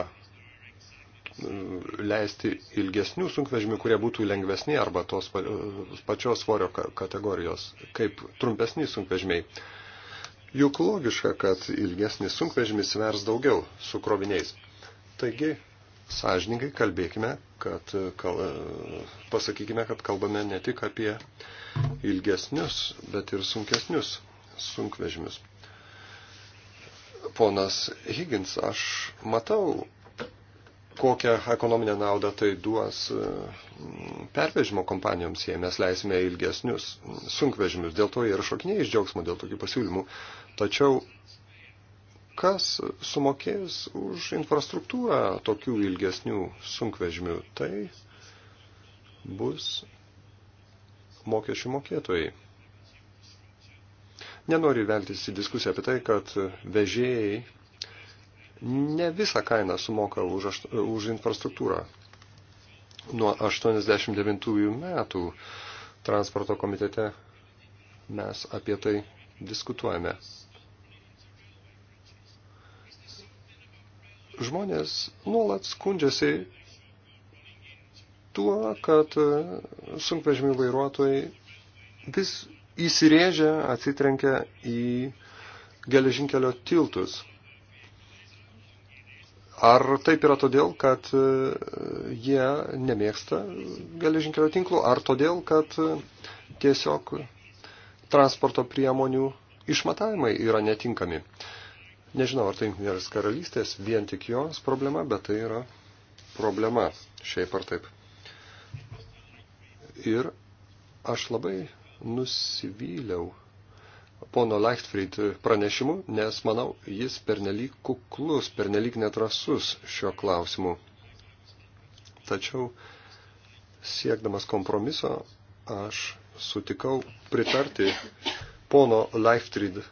leisti ilgesnių sunkvežimių, kurie būtų lengvesni arba tos pačios svorio kategorijos, kaip trumpesni sunkvežimiai. Juk logiška, kad ilgesnis sunkvežimis vers daugiau su kroviniais. Taigi, sąžininkai kalbėkime, kad kal, pasakykime, kad kalbame ne tik apie ilgesnius, bet ir sunkesnius sunkvežimius. Ponas Higgins, aš matau kokią ekonominę naudą tai duos mm, pervežimo kompanijoms, jei mes leisime ilgesnius sunkvežimius. Dėl to jie ir šokiniai iš džiaugsmo dėl tokių pasiūlymų. Tačiau kas sumokės už infrastruktūrą tokių ilgesnių sunkvežimių, tai bus mokesčių mokėtojai. Nenoriu veltis į diskusiją apie tai, kad vežėjai ne visą kainą sumoka už, už infrastruktūrą. Nuo 89 metų transporto komitete mes apie tai diskutuojame. Žmonės nuolat skundžiasi tuo, kad sunkvežimių vairuotojai vis įsirėžia, atsitrenkia į geležinkelio tiltus. Ar taip yra todėl, kad e, jie nemėgsta geležinkelio tinklų, ar todėl, kad e, tiesiog transporto priemonių išmatavimai yra netinkami. Nežinau, ar tai jungtinės karalystės vien tik jos problema, bet tai yra problema šiaip ar taip. Ir aš labai nusivyliau pono Leichtfried pranešimu, nes manau, jis pernelyg kuklus, pernelyg netrasus šio klausimu. Tačiau siekdamas kompromiso aš sutikau pritarti pono Leichtfried e,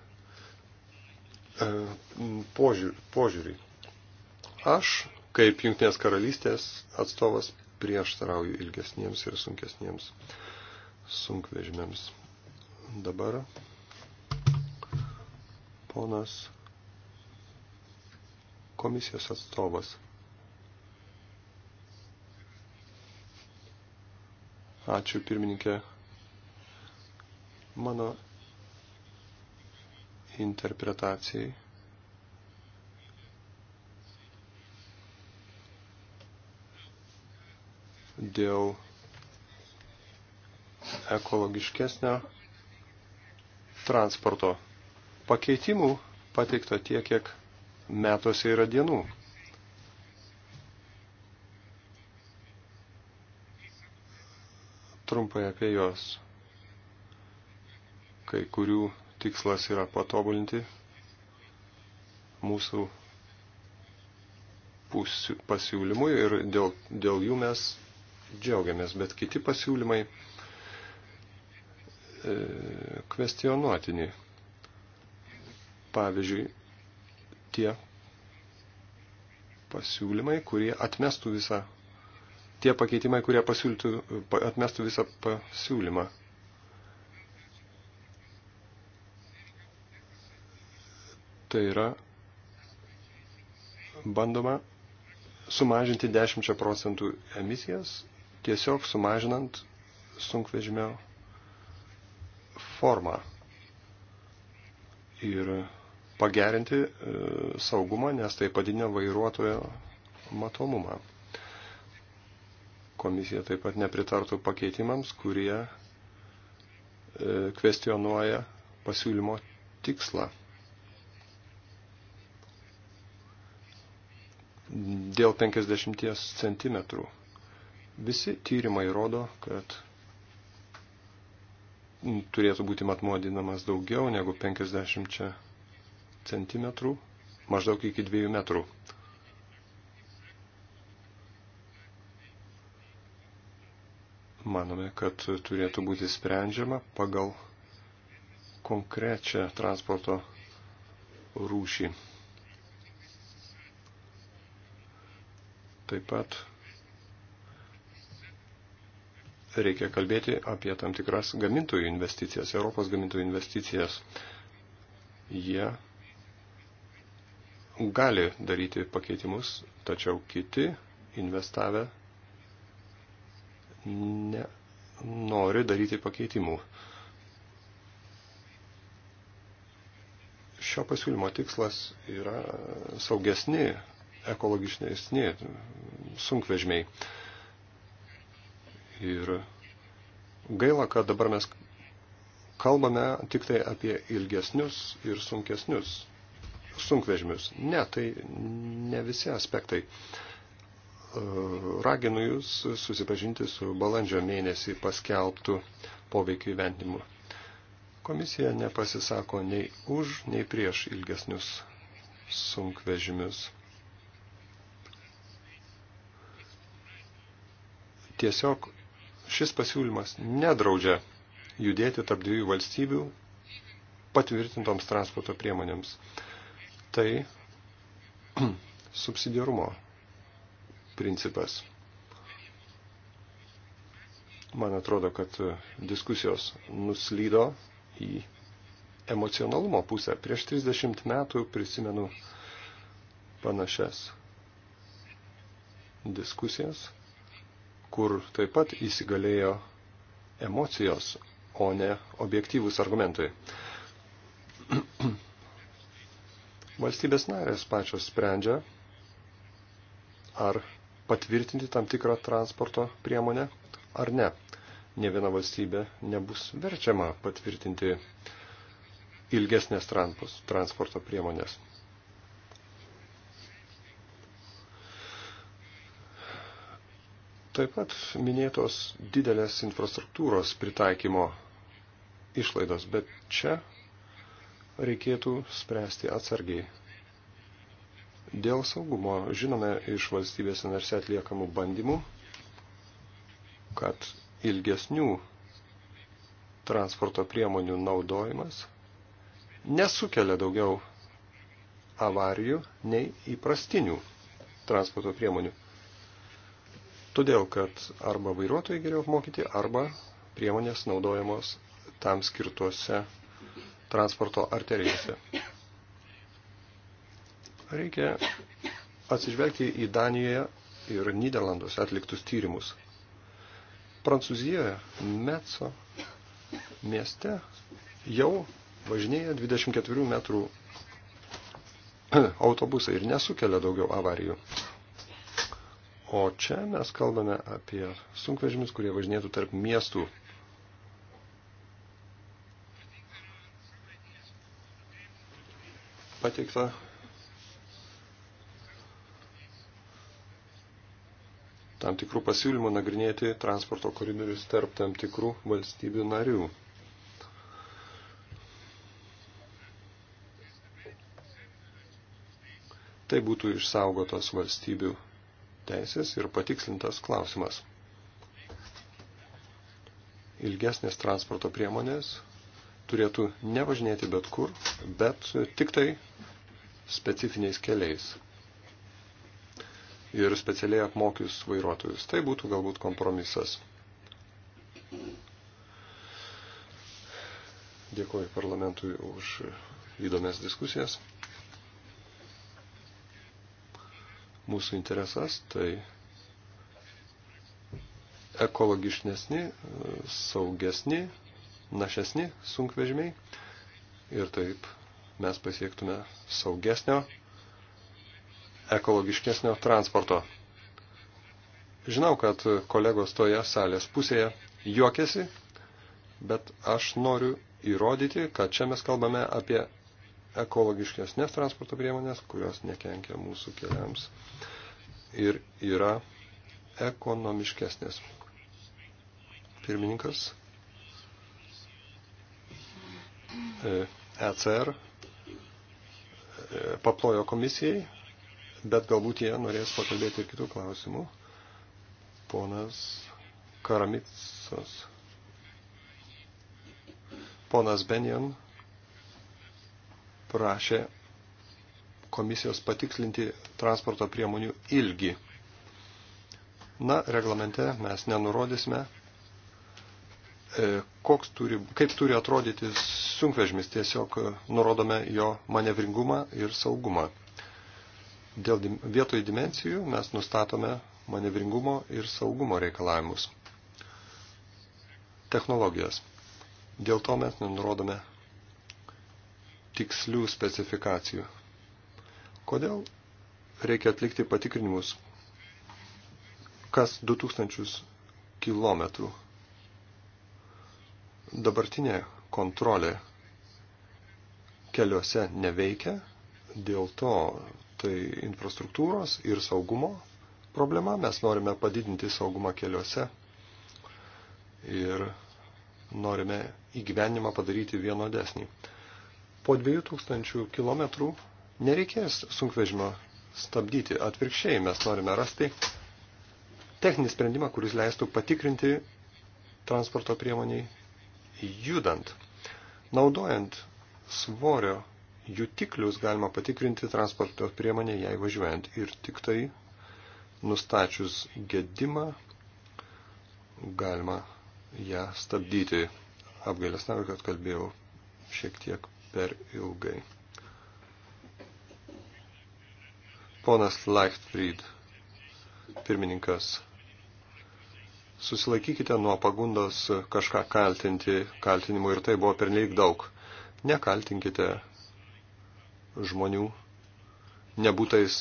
požiūrį. Aš, kaip Junktinės karalystės atstovas, prieštarauju ilgesniems ir sunkesniems sunkvežimiams. Dabar ponas komisijos atstovas. Ačiū pirmininkė. Mano interpretacijai. Dėl ekologiškesnio transporto Pakeitimų pateikta tiek, kiek metuose yra dienų. Trumpai apie jos. Kai kurių tikslas yra patobulinti mūsų pasiūlymui ir dėl, dėl jų mes džiaugiamės, bet kiti pasiūlymai e, kvestionuotini. Pavyzdžiui, tie pasiūlymai, kurie atmestų visą, tie pakeitimai, kurie pasiūlytų, atmestų visą pasiūlymą. Tai yra bandoma sumažinti 10 procentų emisijas, tiesiog sumažinant sunkvežimio formą. Ir pagerinti e, saugumą, nes tai padidina vairuotojo matomumą. Komisija taip pat nepritartų pakeitimams, kurie e, kvestionuoja pasiūlymo tikslą. Dėl 50 cm. Visi tyrimai rodo, kad turėtų būti matmuodinamas daugiau negu 50 cm cm, maždaug iki 2 metrų. Manome, kad turėtų būti sprendžiama pagal konkrečią transporto rūšį. Taip pat reikia kalbėti apie tam tikras gamintojų investicijas, Europos gamintojų investicijas. Jie gali daryti pakeitimus, tačiau kiti investavę ne, nori daryti pakeitimų. Šio pasiūlymo tikslas yra saugesni, ekologiškesni sunkvežmiai. Ir gaila, kad dabar mes kalbame tik tai apie ilgesnius ir sunkesnius sunkvežimius. Ne, tai ne visi aspektai. E, raginu Jūs susipažinti su balandžio mėnesį paskelbtų poveikių įvendimu. Komisija nepasisako nei už, nei prieš ilgesnius sunkvežimius. Tiesiog šis pasiūlymas nedraudžia judėti tarp dviejų valstybių patvirtintoms transporto priemonėms tai *clears throat* subsidiarumo principas. Man atrodo, kad diskusijos nuslydo į emocionalumo pusę. Prieš 30 metų prisimenu panašias diskusijas, kur taip pat įsigalėjo emocijos, o ne objektyvūs argumentai. Valstybės narės pačios sprendžia, ar patvirtinti tam tikrą transporto priemonę ar ne. Ne viena valstybė nebus verčiama patvirtinti ilgesnės trampus, transporto priemonės. Taip pat minėtos didelės infrastruktūros pritaikymo išlaidos, bet čia reikėtų spręsti atsargiai. Dėl saugumo žinome iš valstybės narse atliekamų bandymų, kad ilgesnių transporto priemonių naudojimas nesukelia daugiau avarijų nei įprastinių transporto priemonių. Todėl, kad arba vairuotojai geriau apmokyti, arba priemonės naudojamos tam skirtuose transporto arterijose. Reikia atsižvelgti į Danijoje ir Niderlanduose atliktus tyrimus. Prancūzijoje Metso mieste jau važinėja 24 metrų autobusai ir nesukelia daugiau avarijų. O čia mes kalbame apie sunkvežimius, kurie važinėtų tarp miestų pateikta. Tam tikrų pasiūlymų nagrinėti transporto koridorius tarp tam tikrų valstybių narių. Tai būtų išsaugotos valstybių teisės ir patikslintas klausimas. Ilgesnės transporto priemonės turėtų nevažinėti bet kur, bet tik tai specifiniais keliais. Ir specialiai apmokius vairuotojus. Tai būtų galbūt kompromisas. Dėkuoju parlamentui už įdomias diskusijas. Mūsų interesas tai ekologiškesni, saugesni našesni sunkvežimiai ir taip mes pasiektume saugesnio, ekologiškesnio transporto. Žinau, kad kolegos toje salės pusėje juokiasi, bet aš noriu įrodyti, kad čia mes kalbame apie ekologiškesnės transporto priemonės, kurios nekenkia mūsų keliams ir yra ekonomiškesnės. Pirmininkas ECR e e, paplojo komisijai, bet galbūt jie norės pakalbėti ir kitų klausimų. Ponas Karamitsas. Ponas Benjan prašė komisijos patikslinti transporto priemonių ilgį. Na, reglamente mes nenurodysime, e, koks turi, kaip turi atrodyti sunkvežimis, tiesiog e, nurodome jo manevringumą ir saugumą. Dėl vietoj dimensijų mes nustatome manevringumo ir saugumo reikalavimus. Technologijas. Dėl to mes nenurodome tikslių specifikacijų. Kodėl reikia atlikti patikrinimus kas 2000 kilometrų? Dabartinė kontrolė keliuose neveikia, dėl to tai infrastruktūros ir saugumo problema. Mes norime padidinti saugumą keliuose ir norime įgyvenimą padaryti vienodesnį. Po 2000 km nereikės sunkvežimio stabdyti. Atvirkščiai mes norime rasti techninį sprendimą, kuris leistų patikrinti transporto priemoniai judant. Naudojant svorio jutiklius galima patikrinti transporto priemonė jai važiuojant ir tik tai nustačius gedimą galima ją stabdyti. Apgailės navė, kad kalbėjau šiek tiek per ilgai. Ponas Leichtfried, pirmininkas, susilaikykite nuo pagundos kažką kaltinti, kaltinimų ir tai buvo pernelyg daug. Nekaltinkite žmonių nebūtais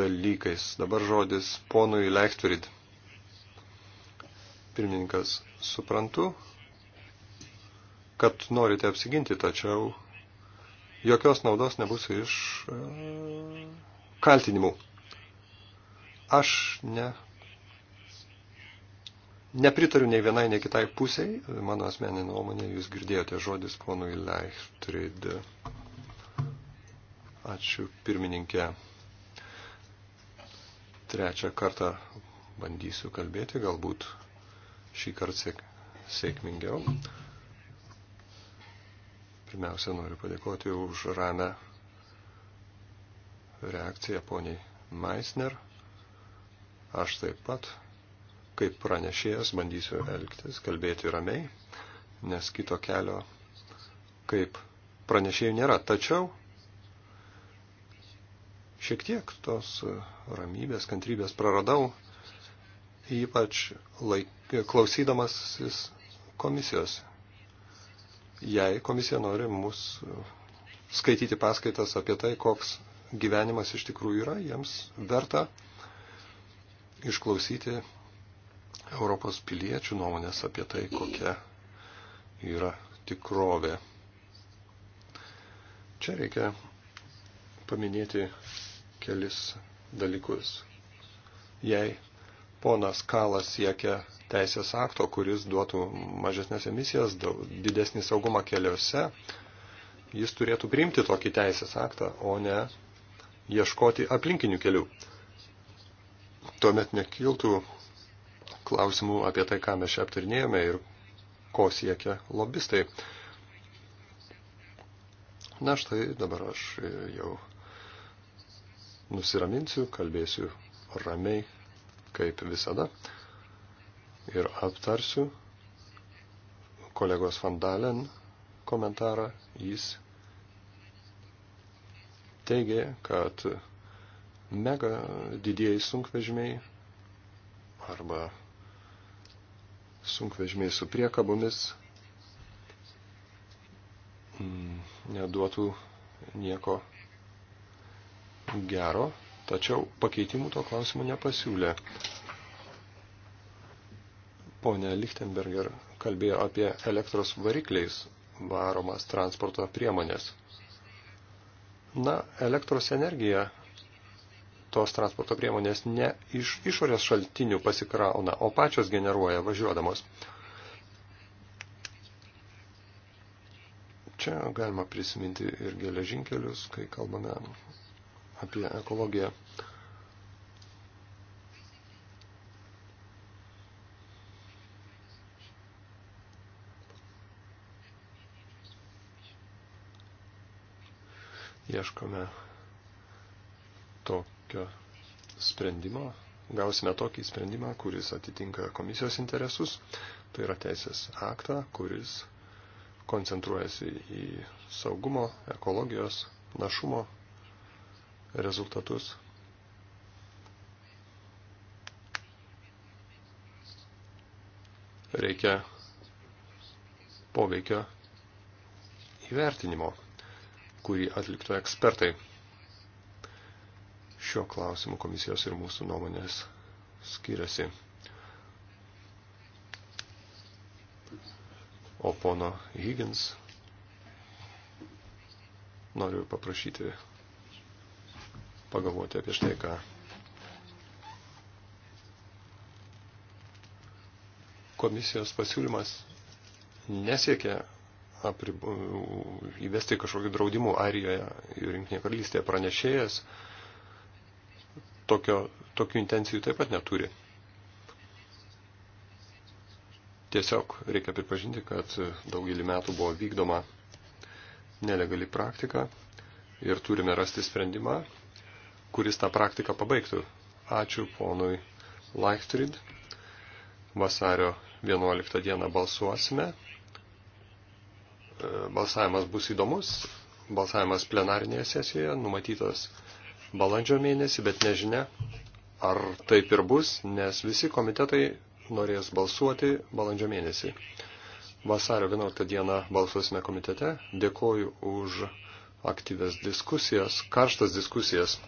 dalykais. Dabar žodis ponui Leichtfried. Pirmininkas, suprantu, kad norite apsiginti, tačiau jokios naudos nebus iš e, kaltinimų. Aš ne Nepritariu nei vienai, nei kitai pusiai. Mano asmeninė nuomonė, jūs girdėjote žodis ponui Leichtrid. Ačiū pirmininkė. Trečią kartą bandysiu kalbėti, galbūt šį kartą sėk, sėkmingiau. Pirmiausia, noriu padėkoti už ramę reakciją poniai Meisner. Aš taip pat kaip pranešėjas bandysiu elgtis, kalbėti ramiai, nes kito kelio kaip pranešėjų nėra. Tačiau šiek tiek tos ramybės, kantrybės praradau, ypač laik, klausydamasis komisijos. Jei komisija nori mus skaityti paskaitas apie tai, koks gyvenimas iš tikrųjų yra, jiems verta išklausyti Europos piliečių nuomonės apie tai, kokia yra tikrovė. Čia reikia paminėti kelis dalykus. Jei ponas Kalas siekia teisės akto, kuris duotų mažesnės emisijas, didesnį saugumą keliuose, jis turėtų priimti tokį teisės aktą, o ne ieškoti aplinkinių kelių. Tuomet nekiltų klausimų apie tai, ką mes čia aptarinėjome ir ko siekia lobistai. Na štai dabar aš jau nusiraminsiu, kalbėsiu ramiai, kaip visada, ir aptarsiu kolegos Vandalen komentarą. Jis teigė, kad mega didieji sunkvežimiai arba sunkvežimiai su priekabomis mm, neduotų nieko gero, tačiau pakeitimų to klausimu nepasiūlė. Pone Lichtenberger kalbėjo apie elektros varikliais varomas transporto priemonės. Na, elektros energija tos transporto priemonės ne iš išorės šaltinių pasikrauna, o pačios generuoja važiuodamos. Čia galima prisiminti ir geležinkelius, kai kalbame apie ekologiją. Ieškome to tokio sprendimo, gausime tokį sprendimą, kuris atitinka komisijos interesus, tai yra teisės aktą, kuris koncentruojasi į saugumo, ekologijos, našumo rezultatus. Reikia poveikio įvertinimo, kurį atliktų ekspertai. Šiuo klausimu komisijos ir mūsų nuomonės skiriasi. O pono Higgins noriu paprašyti pagalvoti apie štai ką. Komisijos pasiūlymas nesiekia apribu, įvesti kažkokių draudimų Arijoje ir Junktinėje karalystėje pranešėjas tokio, tokių intencijų taip pat neturi. Tiesiog reikia pripažinti, kad daugelį metų buvo vykdoma nelegali praktika ir turime rasti sprendimą, kuris tą praktiką pabaigtų. Ačiū ponui Laichtrid. Vasario 11 dieną balsuosime. Balsavimas bus įdomus. Balsavimas plenarinėje sesijoje numatytas balandžio mėnesį, bet nežinia, ar taip ir bus, nes visi komitetai norės balsuoti balandžio mėnesį. Vasario 11 dieną balsuosime komitete. Dėkoju už aktyves diskusijas, karštas diskusijas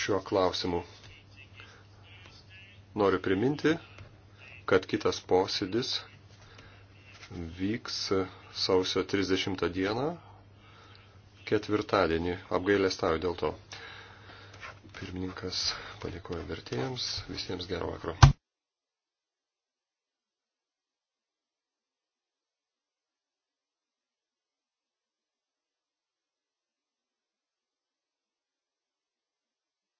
šiuo klausimu. Noriu priminti, kad kitas posėdis vyks sausio 30 dieną ketvirtadienį. Apgailę stauju dėl to. Pirmininkas padėkoja vertėjams. Visiems gero vakaro.